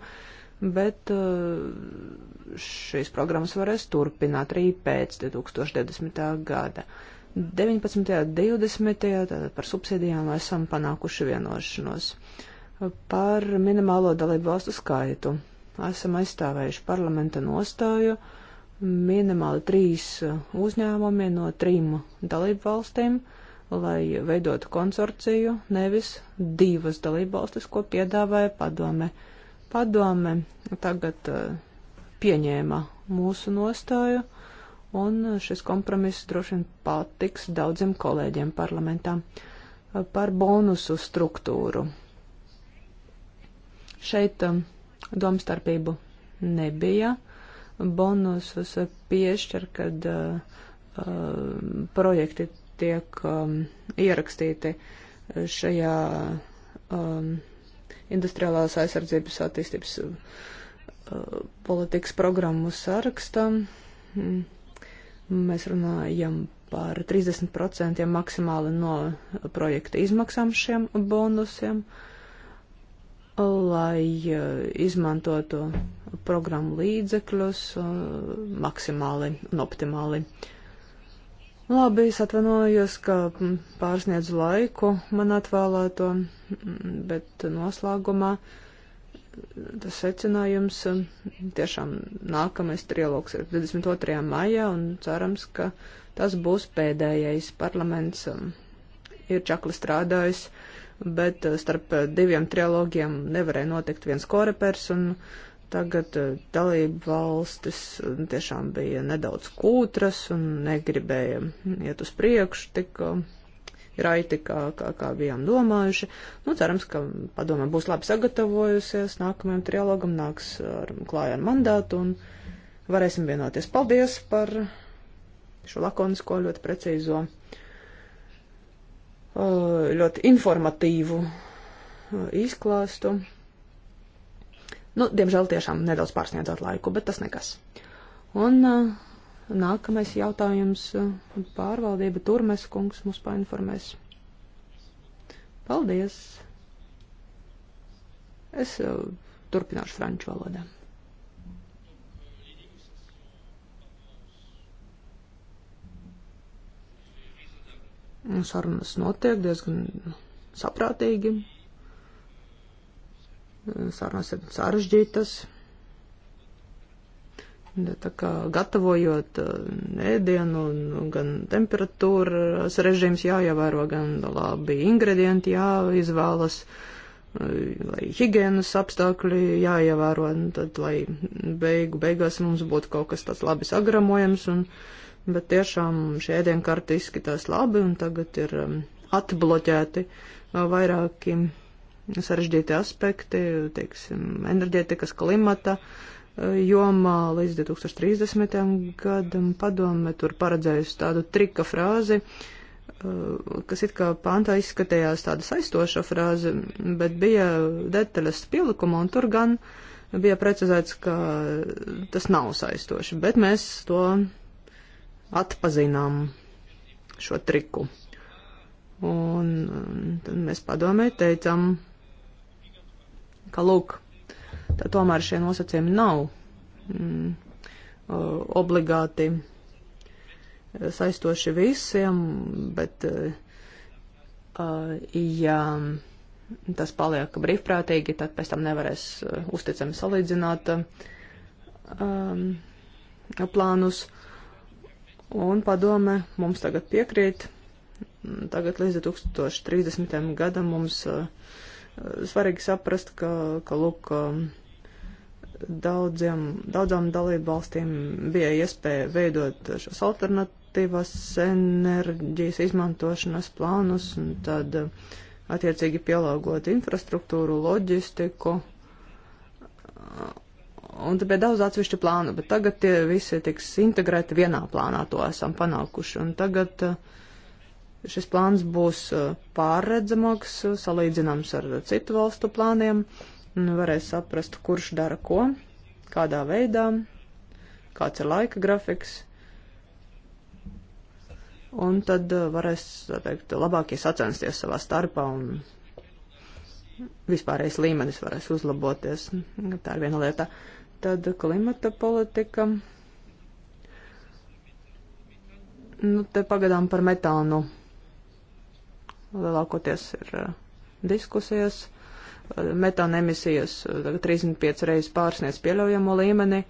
bet uh, šīs programmas varēs turpināt arī pēc 2020. gada. 19. un 20. tātad par subsīdijām esam panākuši vienošanos. Par minimālo dalību valstu skaitu esam aizstāvējuši parlamenta nostāju. Uh, minimāli trīs uh, uzņēmumi no trim dalību valstīm, lai veidotu konsorciju, nevis divas dalību valstis, ko piedāvāja padome. Padome tagad uh, pieņēma mūsu nostāju, un uh, šis kompromiss droši vien patiks daudziem kolēģiem parlamentā par bonusu struktūru. Šeit um, domstarpību nebija bonusus piešķir, kad uh, um, projekti tiek um, ierakstīti šajā um, industriālās aizsardzības attīstības uh, politikas programmu sarakstā. Mm. Mēs runājam par 30% maksimāli no projekta izmaksām šiem bonusiem. Uh, lai eh, izmantotu programmu līdzekļus eh, maksimāli un optimāli. Labi, es atvainojos, ka mm, pārsniedzu laiku man atvēlēto, mm, bet noslēgumā mm, tas secinājums tiešām nākamais trilogs ir 22. maijā un cerams, ka tas būs pēdējais parlaments. Ir čakli strādājis bet eh, starp eh, diviem trilogiem nevarēja notikt viens korepers, un tagad eh, dalība valstis tiešām bija nedaudz kūtras un negribēja iet uz priekšu tik raiti, kā, kā, kā bijām domājuši. Nu, cerams, ka padome būs labi sagatavojusies, nākamajam trilogam nāks ar klāju ar mandātu un varēsim vienoties. Paldies par šo lakonisko ļoti precīzo. Uh, Uh, ļoti informatīvu uh, izklāstu. Nu, diemžēl tiešām nedaudz pārsniedzot laiku, bet tas nekas. Un uh, nākamais jautājums pārvaldība Turmes kungs mūs painformēs. Paldies! Es turpināšu franču valodā. Sarunas notiek diezgan saprātīgi. Sarunas ir sarežģītas. Tā kā gatavojot eh, ēdienu, gan temperatūras režīms jāievēro, gan labi ingredienti jāizvēlas, eh, lai higienas apstākļi jāievēro, tad lai beigu beigās mums būtu kaut kas tāds labi sagramojams un uh, bet tiešām šie ēdienkarte izskatās labi un tagad ir um, atbloķēti uh, vairāki sarežģīti aspekti, teiksim, enerģētikas klimata uh, jomā līdz 2030. gadam padome tur paredzējusi tādu trika frāzi, uh, kas it kā pāntā izskatījās tāda saistoša frāze, bet bija detaļas pielikuma un tur gan bija precizēts, ka tas nav saistoši, bet mēs to atpazinām šo triku. Un, un um, tad mēs padomē teicam, ka lūk, tad tomēr šie nosacījumi nav mm, uh, obligāti saistoši visiem, bet uh, uh, ja tas paliek brīvprātīgi, tad pēc tam nevarēs uh, uzticami salīdzināt um, uh, plānus un padome mums tagad piekrīt. Tagad līdz 2030. gadam mums eh, svarīgi saprast, ka, ka lūk, daudziem, daudzām dalību valstīm bija iespēja veidot šos alternatīvas enerģijas izmantošanas plānus un tad eh, attiecīgi pielāgot infrastruktūru, loģistiku Un te bija daudz atsevišķu plānu, bet tagad tie visi tiks integrēti vienā plānā, to esam panākuši. Un tagad eh, šis plāns būs eh, pārredzamāks, salīdzināms ar citu valstu plāniem. Varēs saprast, kurš dara ko, kādā veidā, kāds ir laika grafiks. Un tad eh, varēs, tā teikt, labākie sacensties savā starpā un vispārējais līmenis varēs uzlaboties. Tā ir viena lieta. Uh, Tad klimata politika. Nu, te pagadām par metānu lielākoties ir eh, diskusijas. Eh, metāna emisijas 35 eh, reizes pārsniedz pieļaujamo līmeni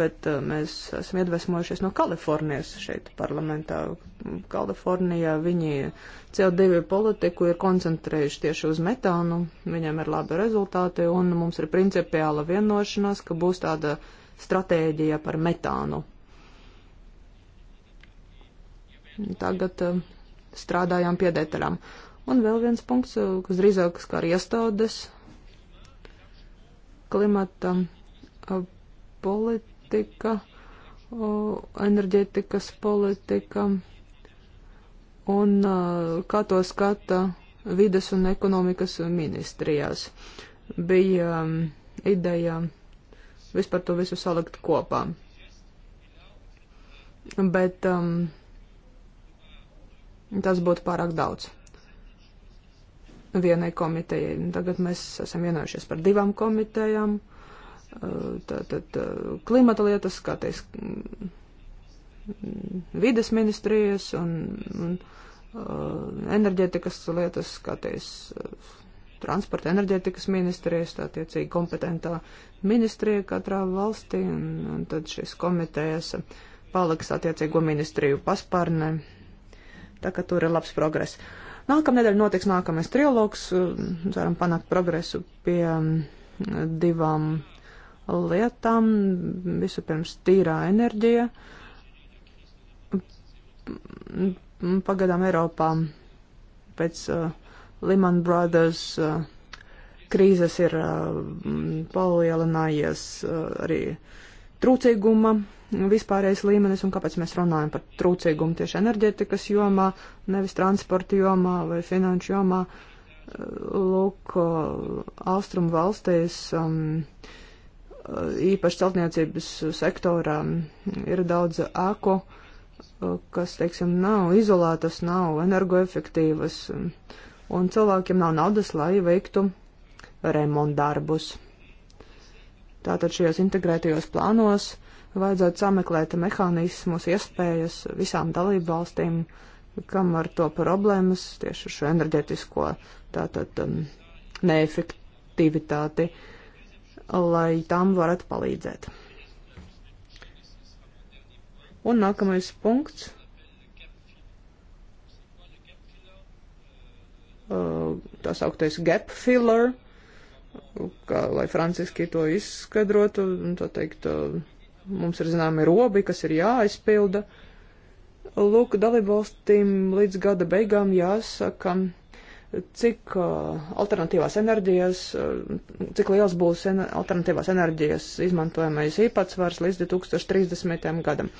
bet uh, mēs esam iedvesmojušies no Kalifornijas šeit parlamentā. Kalifornijā viņi CO2 politiku ir koncentrējuši tieši uz metānu, viņiem ir labi rezultāti, un mums ir principiāla vienošanās, ka būs tāda stratēģija par metānu. Tagad uh, strādājām pie detaļām. Un vēl viens punkts, uh, kas drīzāk skar iestādes, klimata politika, enerģetikas politika un kā to skata vides un ekonomikas ministrijās. Bija ideja vispār to visu salikt kopā. Bet um, tas būtu pārāk daudz vienai komitejai. Tagad mēs esam vienojušies par divām komitejām tātad klimata lietas, kā teiks vides ministrijas un, un uh, enerģētikas lietas, kā teiks uh, transporta enerģētikas ministrijas, tā tiecīgi kompetentā ministrija katrā valstī, un, un tad šis komitejas paliks attiecīgo ministriju paspārnē. Tā ka tur ir labs progress. Nākamnedēļ notiks nākamais trilogs, ceram panākt progresu pie um, divām uh, lietām, vispirms tīrā enerģija. Pagadām Eiropā pēc uh, Lehman Brothers uh, krīzes ir uh, palielinājies uh, arī trūcīguma vispārējais līmenis, un kāpēc mēs runājam par trūcīgumu tieši enerģētikas jomā, nevis transporta jomā vai finanšu jomā. Lūk, uh, austrumu valstīs um, uh, īpaši celtniecības sektorā mm, ir daudz ēku, uh, kas, teiksim, nav izolētas, nav energoefektīvas, mm, un cilvēkiem nav naudas, lai veiktu remontdarbus. Tātad šajos integrētajos plānos vajadzētu sameklēt mehānismus, iespējas visām dalību valstīm, kam ar to problēmas, tieši ar šo enerģetisko tātad um, neefektivitāti. Uh, lai tam varētu palīdzēt. Un nākamais punkts. Uh, tā sauktais gap filler, kā, lai franciski to izskaidrotu, tā teikt, uh, mums ir zināmi robi, kas ir jāaizpilda. Lūk, dalībvalstīm līdz gada beigām jāsaka cik uh, alternatīvās enerģijas, uh, cik liels būs en alternatīvās enerģijas izmantojamais īpatsvars līdz 2030. gadam.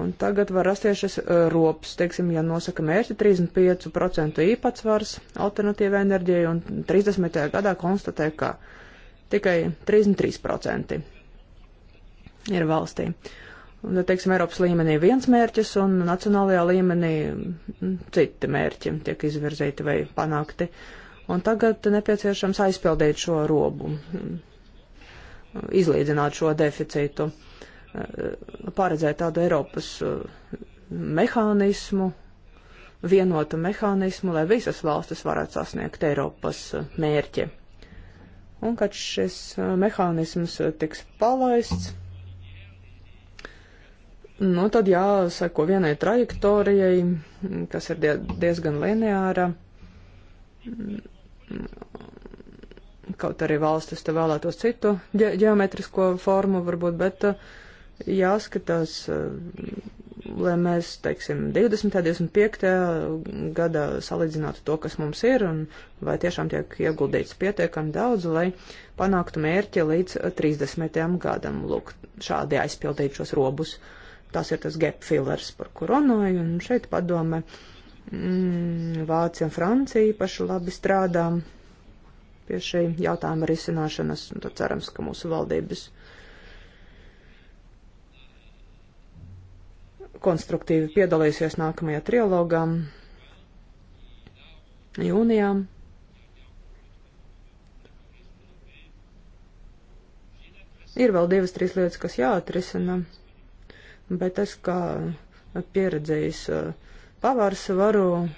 Un tagad var rasties šis uh, rops, teiksim, ja nosaka mērķi 35% īpatsvars alternatīvai enerģijai un 30. gadā konstatē, ka tikai 33% ir valstī. Uh, Un, teiksim, Eiropas līmenī viens mērķis un nacionālajā līmenī mm, citi mērķi tiek izvirzīti vai panākti. Un tagad nepieciešams aizpildīt šo robu, mm, izlīdzināt šo deficītu, eh, paredzēt tādu Eiropas eh, mehānismu, vienotu mehānismu, lai visas valstis varētu sasniegt Eiropas eh, mērķi. Un kad šis mehānisms tiks palaists. Mm nu, tad jāseko vienai trajektorijai, kas ir diezgan lineāra. Kaut arī valstis te vēlētos citu ge geometrisko formu varbūt, bet eh, jāskatās, eh, lai mēs, teiksim, 20. 25. gadā salīdzinātu to, kas mums ir, un vai tiešām tiek ieguldīts pietiekami daudz, lai panāktu mērķi līdz 30. gadam. Lūk, šādi aizpildīt šos robus. Uh, Tas ir tas gap fillers, par kur runāju, un šeit padome mm, Vācija un Francija īpaši labi strādā pie šī jautājuma risināšanas, un tad cerams, ka mūsu valdības konstruktīvi piedalīsies nākamajā trilogā jūnijā. Ir vēl divas, trīs lietas, kas jāatrisina bet es kā pieredzējis eh, pavārs varu eh,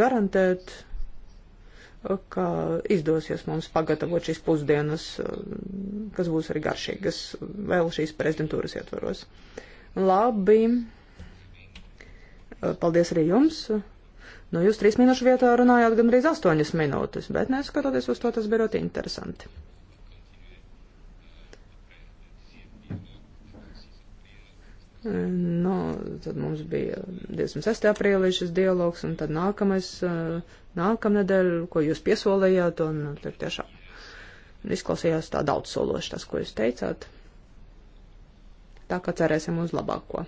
garantēt, eh, ka izdosies mums pagatavot šīs pusdienas, kas būs arī garšīgas vēl šīs prezidentūras ietvaros. Labi. Paldies arī jums. Nu, jūs trīs minūšu vietā runājāt gandrīz astoņas minūtes, bet neskatoties uz to, tas bija ļoti interesanti. Nu, tad mums bija 26. aprīlī šis dialogs, un tad nākamais, nākamnedēļ, ko jūs piesolējāt, un tur tiešām izklausījās tā daudz sološi tas, ko jūs teicāt. Tā kā cerēsim uz labāko.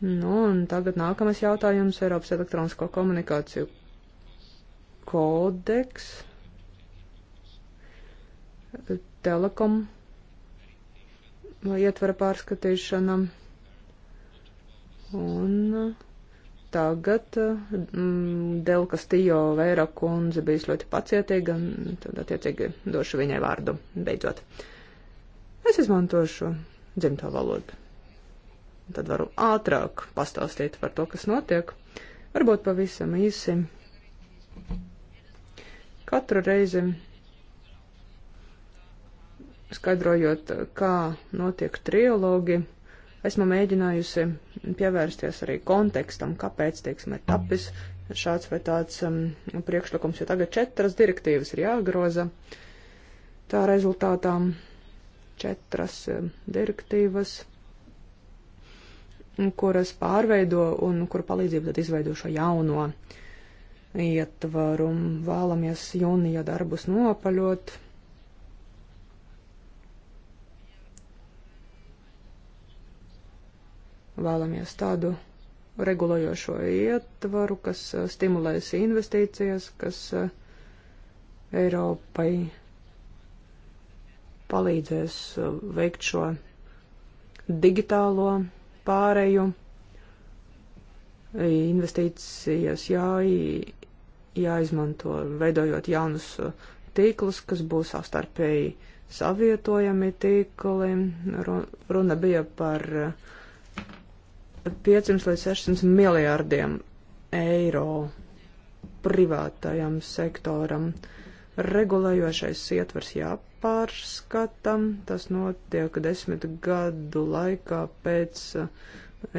Nu, un tagad nākamais jautājums - Eiropas elektronisko komunikāciju kodeks, telekom no ietvara pārskatīšana. Un tagad mm, Delka Stijo Vēra kundze bijis ļoti pacietīga, un tad attiecīgi došu viņai vārdu beidzot. Es izmantošu dzimto valodu. Tad varu ātrāk pastāstīt par to, kas notiek. Varbūt pavisam īsi. Katru reizi skaidrojot, kā notiek trilogi, esmu mēģinājusi pievērsties arī kontekstam, kāpēc, teiksim, ir tapis šāds vai tāds um, priekšlikums, jo tagad četras direktīvas ir jāgroza. Tā rezultātā četras um, direktīvas, kuras pārveido un kur palīdzību tad izveido šo jauno ietvaru. Vēlamies jūnija darbus nopaļot Vēlamies tādu regulējošo ietvaru, kas uh, stimulēs investīcijas, kas uh, Eiropai palīdzēs uh, veikt šo digitālo pāreju. Investīcijas jā, jāizmanto, veidojot jaunus tīklus, kas būs savstarpēji savietojami tīkli. Runa bija par uh, 500 līdz 600 miljārdiem eiro privātajam sektoram. Regulējošais ietvers jāpārskata. Tas notiek desmit gadu laikā pēc uh,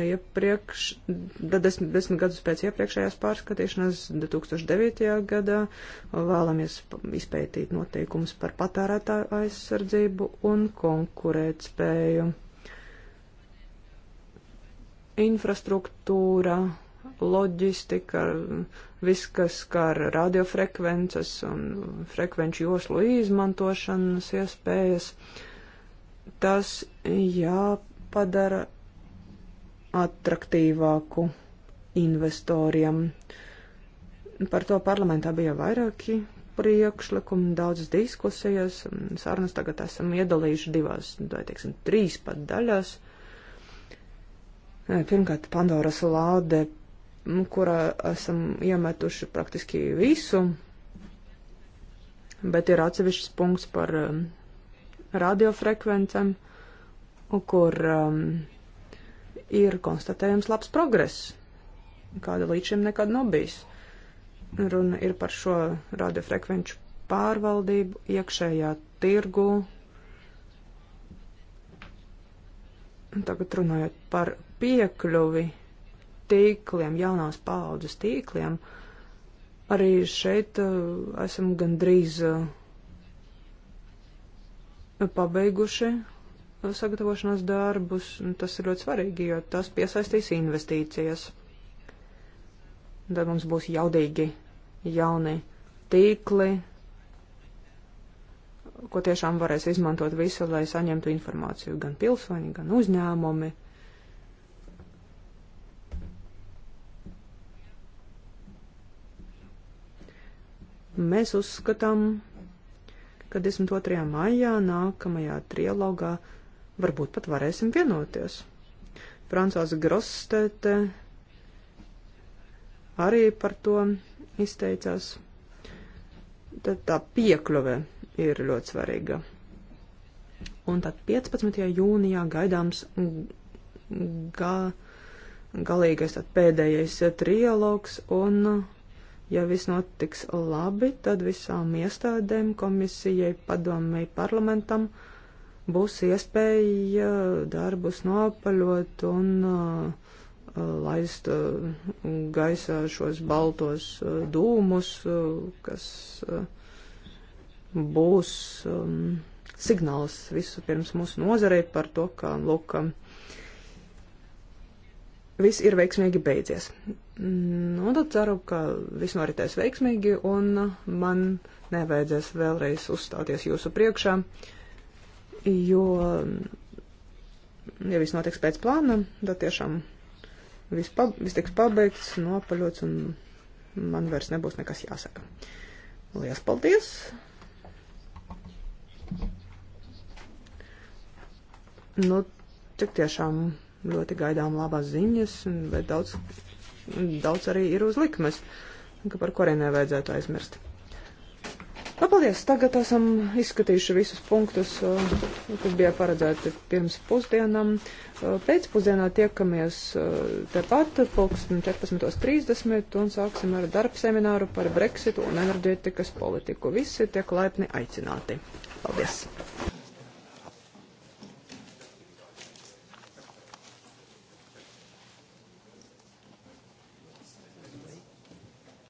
iepriekš, desmit, desmit gadus pēc iepriekšējās pārskatīšanas 2009. gadā. Vēlamies izpētīt noteikumus par patērētāju aizsardzību un konkurētspēju. spēju infrastruktūra, loģistika, viss, kas skar radiofrekvences un frekvenču joslu izmantošanas iespējas, tas jāpadara attraktīvāku investoriem. Par to parlamentā bija vairāki priekšlikumi, daudzas diskusijas, sarunas tagad esam iedalījuši divās, vai teiksim, trīs pat daļās Pirmkārt, Pandoras lāde, kurā esam iemetuši praktiski visu, bet ir atsevišķs punkts par um, radiofrekvencēm, kur um, ir konstatējams labs progress, kāda līdz šim nekad nav bijis. Runa ir par šo radiofrekvenču pārvaldību iekšējā tirgu, Tagad runājot par piekļuvi tīkliem, jaunās paaudzes tīkliem, arī šeit uh, esam gandrīz uh, pabeiguši uh, sagatavošanās darbus. Tas ir ļoti svarīgi, jo tas piesaistīs investīcijas. Tad mums būs jaudīgi jauni tīkli, ko tiešām varēs izmantot visi, lai saņemtu informāciju gan pilsoņi, gan uzņēmumi. Mēs uzskatām, ka 22. maijā nākamajā trialogā varbūt pat varēsim vienoties. Francās Grostete arī par to izteicās. Tad tā piekļuve ir ļoti svarīga. Un tad 15. jūnijā gaidāms ga, galīgais, tad pēdējais trialogs, un, ja viss notiks labi, tad visām iestādēm, komisijai, padomēji, parlamentam būs iespēja darbus nopaļot un uh, laist uh, gaisā šos baltos uh, dūmus, uh, kas. Uh, būs um, signāls visu pirms mūsu nozarei par to, ka, lūk, viss ir veiksmīgi beidzies. Nu, tad ceru, ka viss noritēs veiksmīgi un man nevajadzēs vēlreiz uzstāties jūsu priekšā, jo, ja viss notiks pēc plāna, tad tiešām viss, pab viss tiks pabeigts, nopaļots un man vairs nebūs nekas jāsaka. Lielas paldies! Nu, tik tiešām ļoti gaidām labas ziņas, bet daudz, daudz arī ir uz likmes, ka par kuriem nevajadzētu aizmirst. Nu, paldies! Tagad esam izskatījuši visus punktus, eh, kas bija paredzēti pirms pusdienam. Eh, pēcpusdienā tiekamies eh, tepat, pulksten 14.30 un sāksim ar darba semināru par Brexitu un enerģētikas politiku. Visi tiek laipni aicināti. Paldies!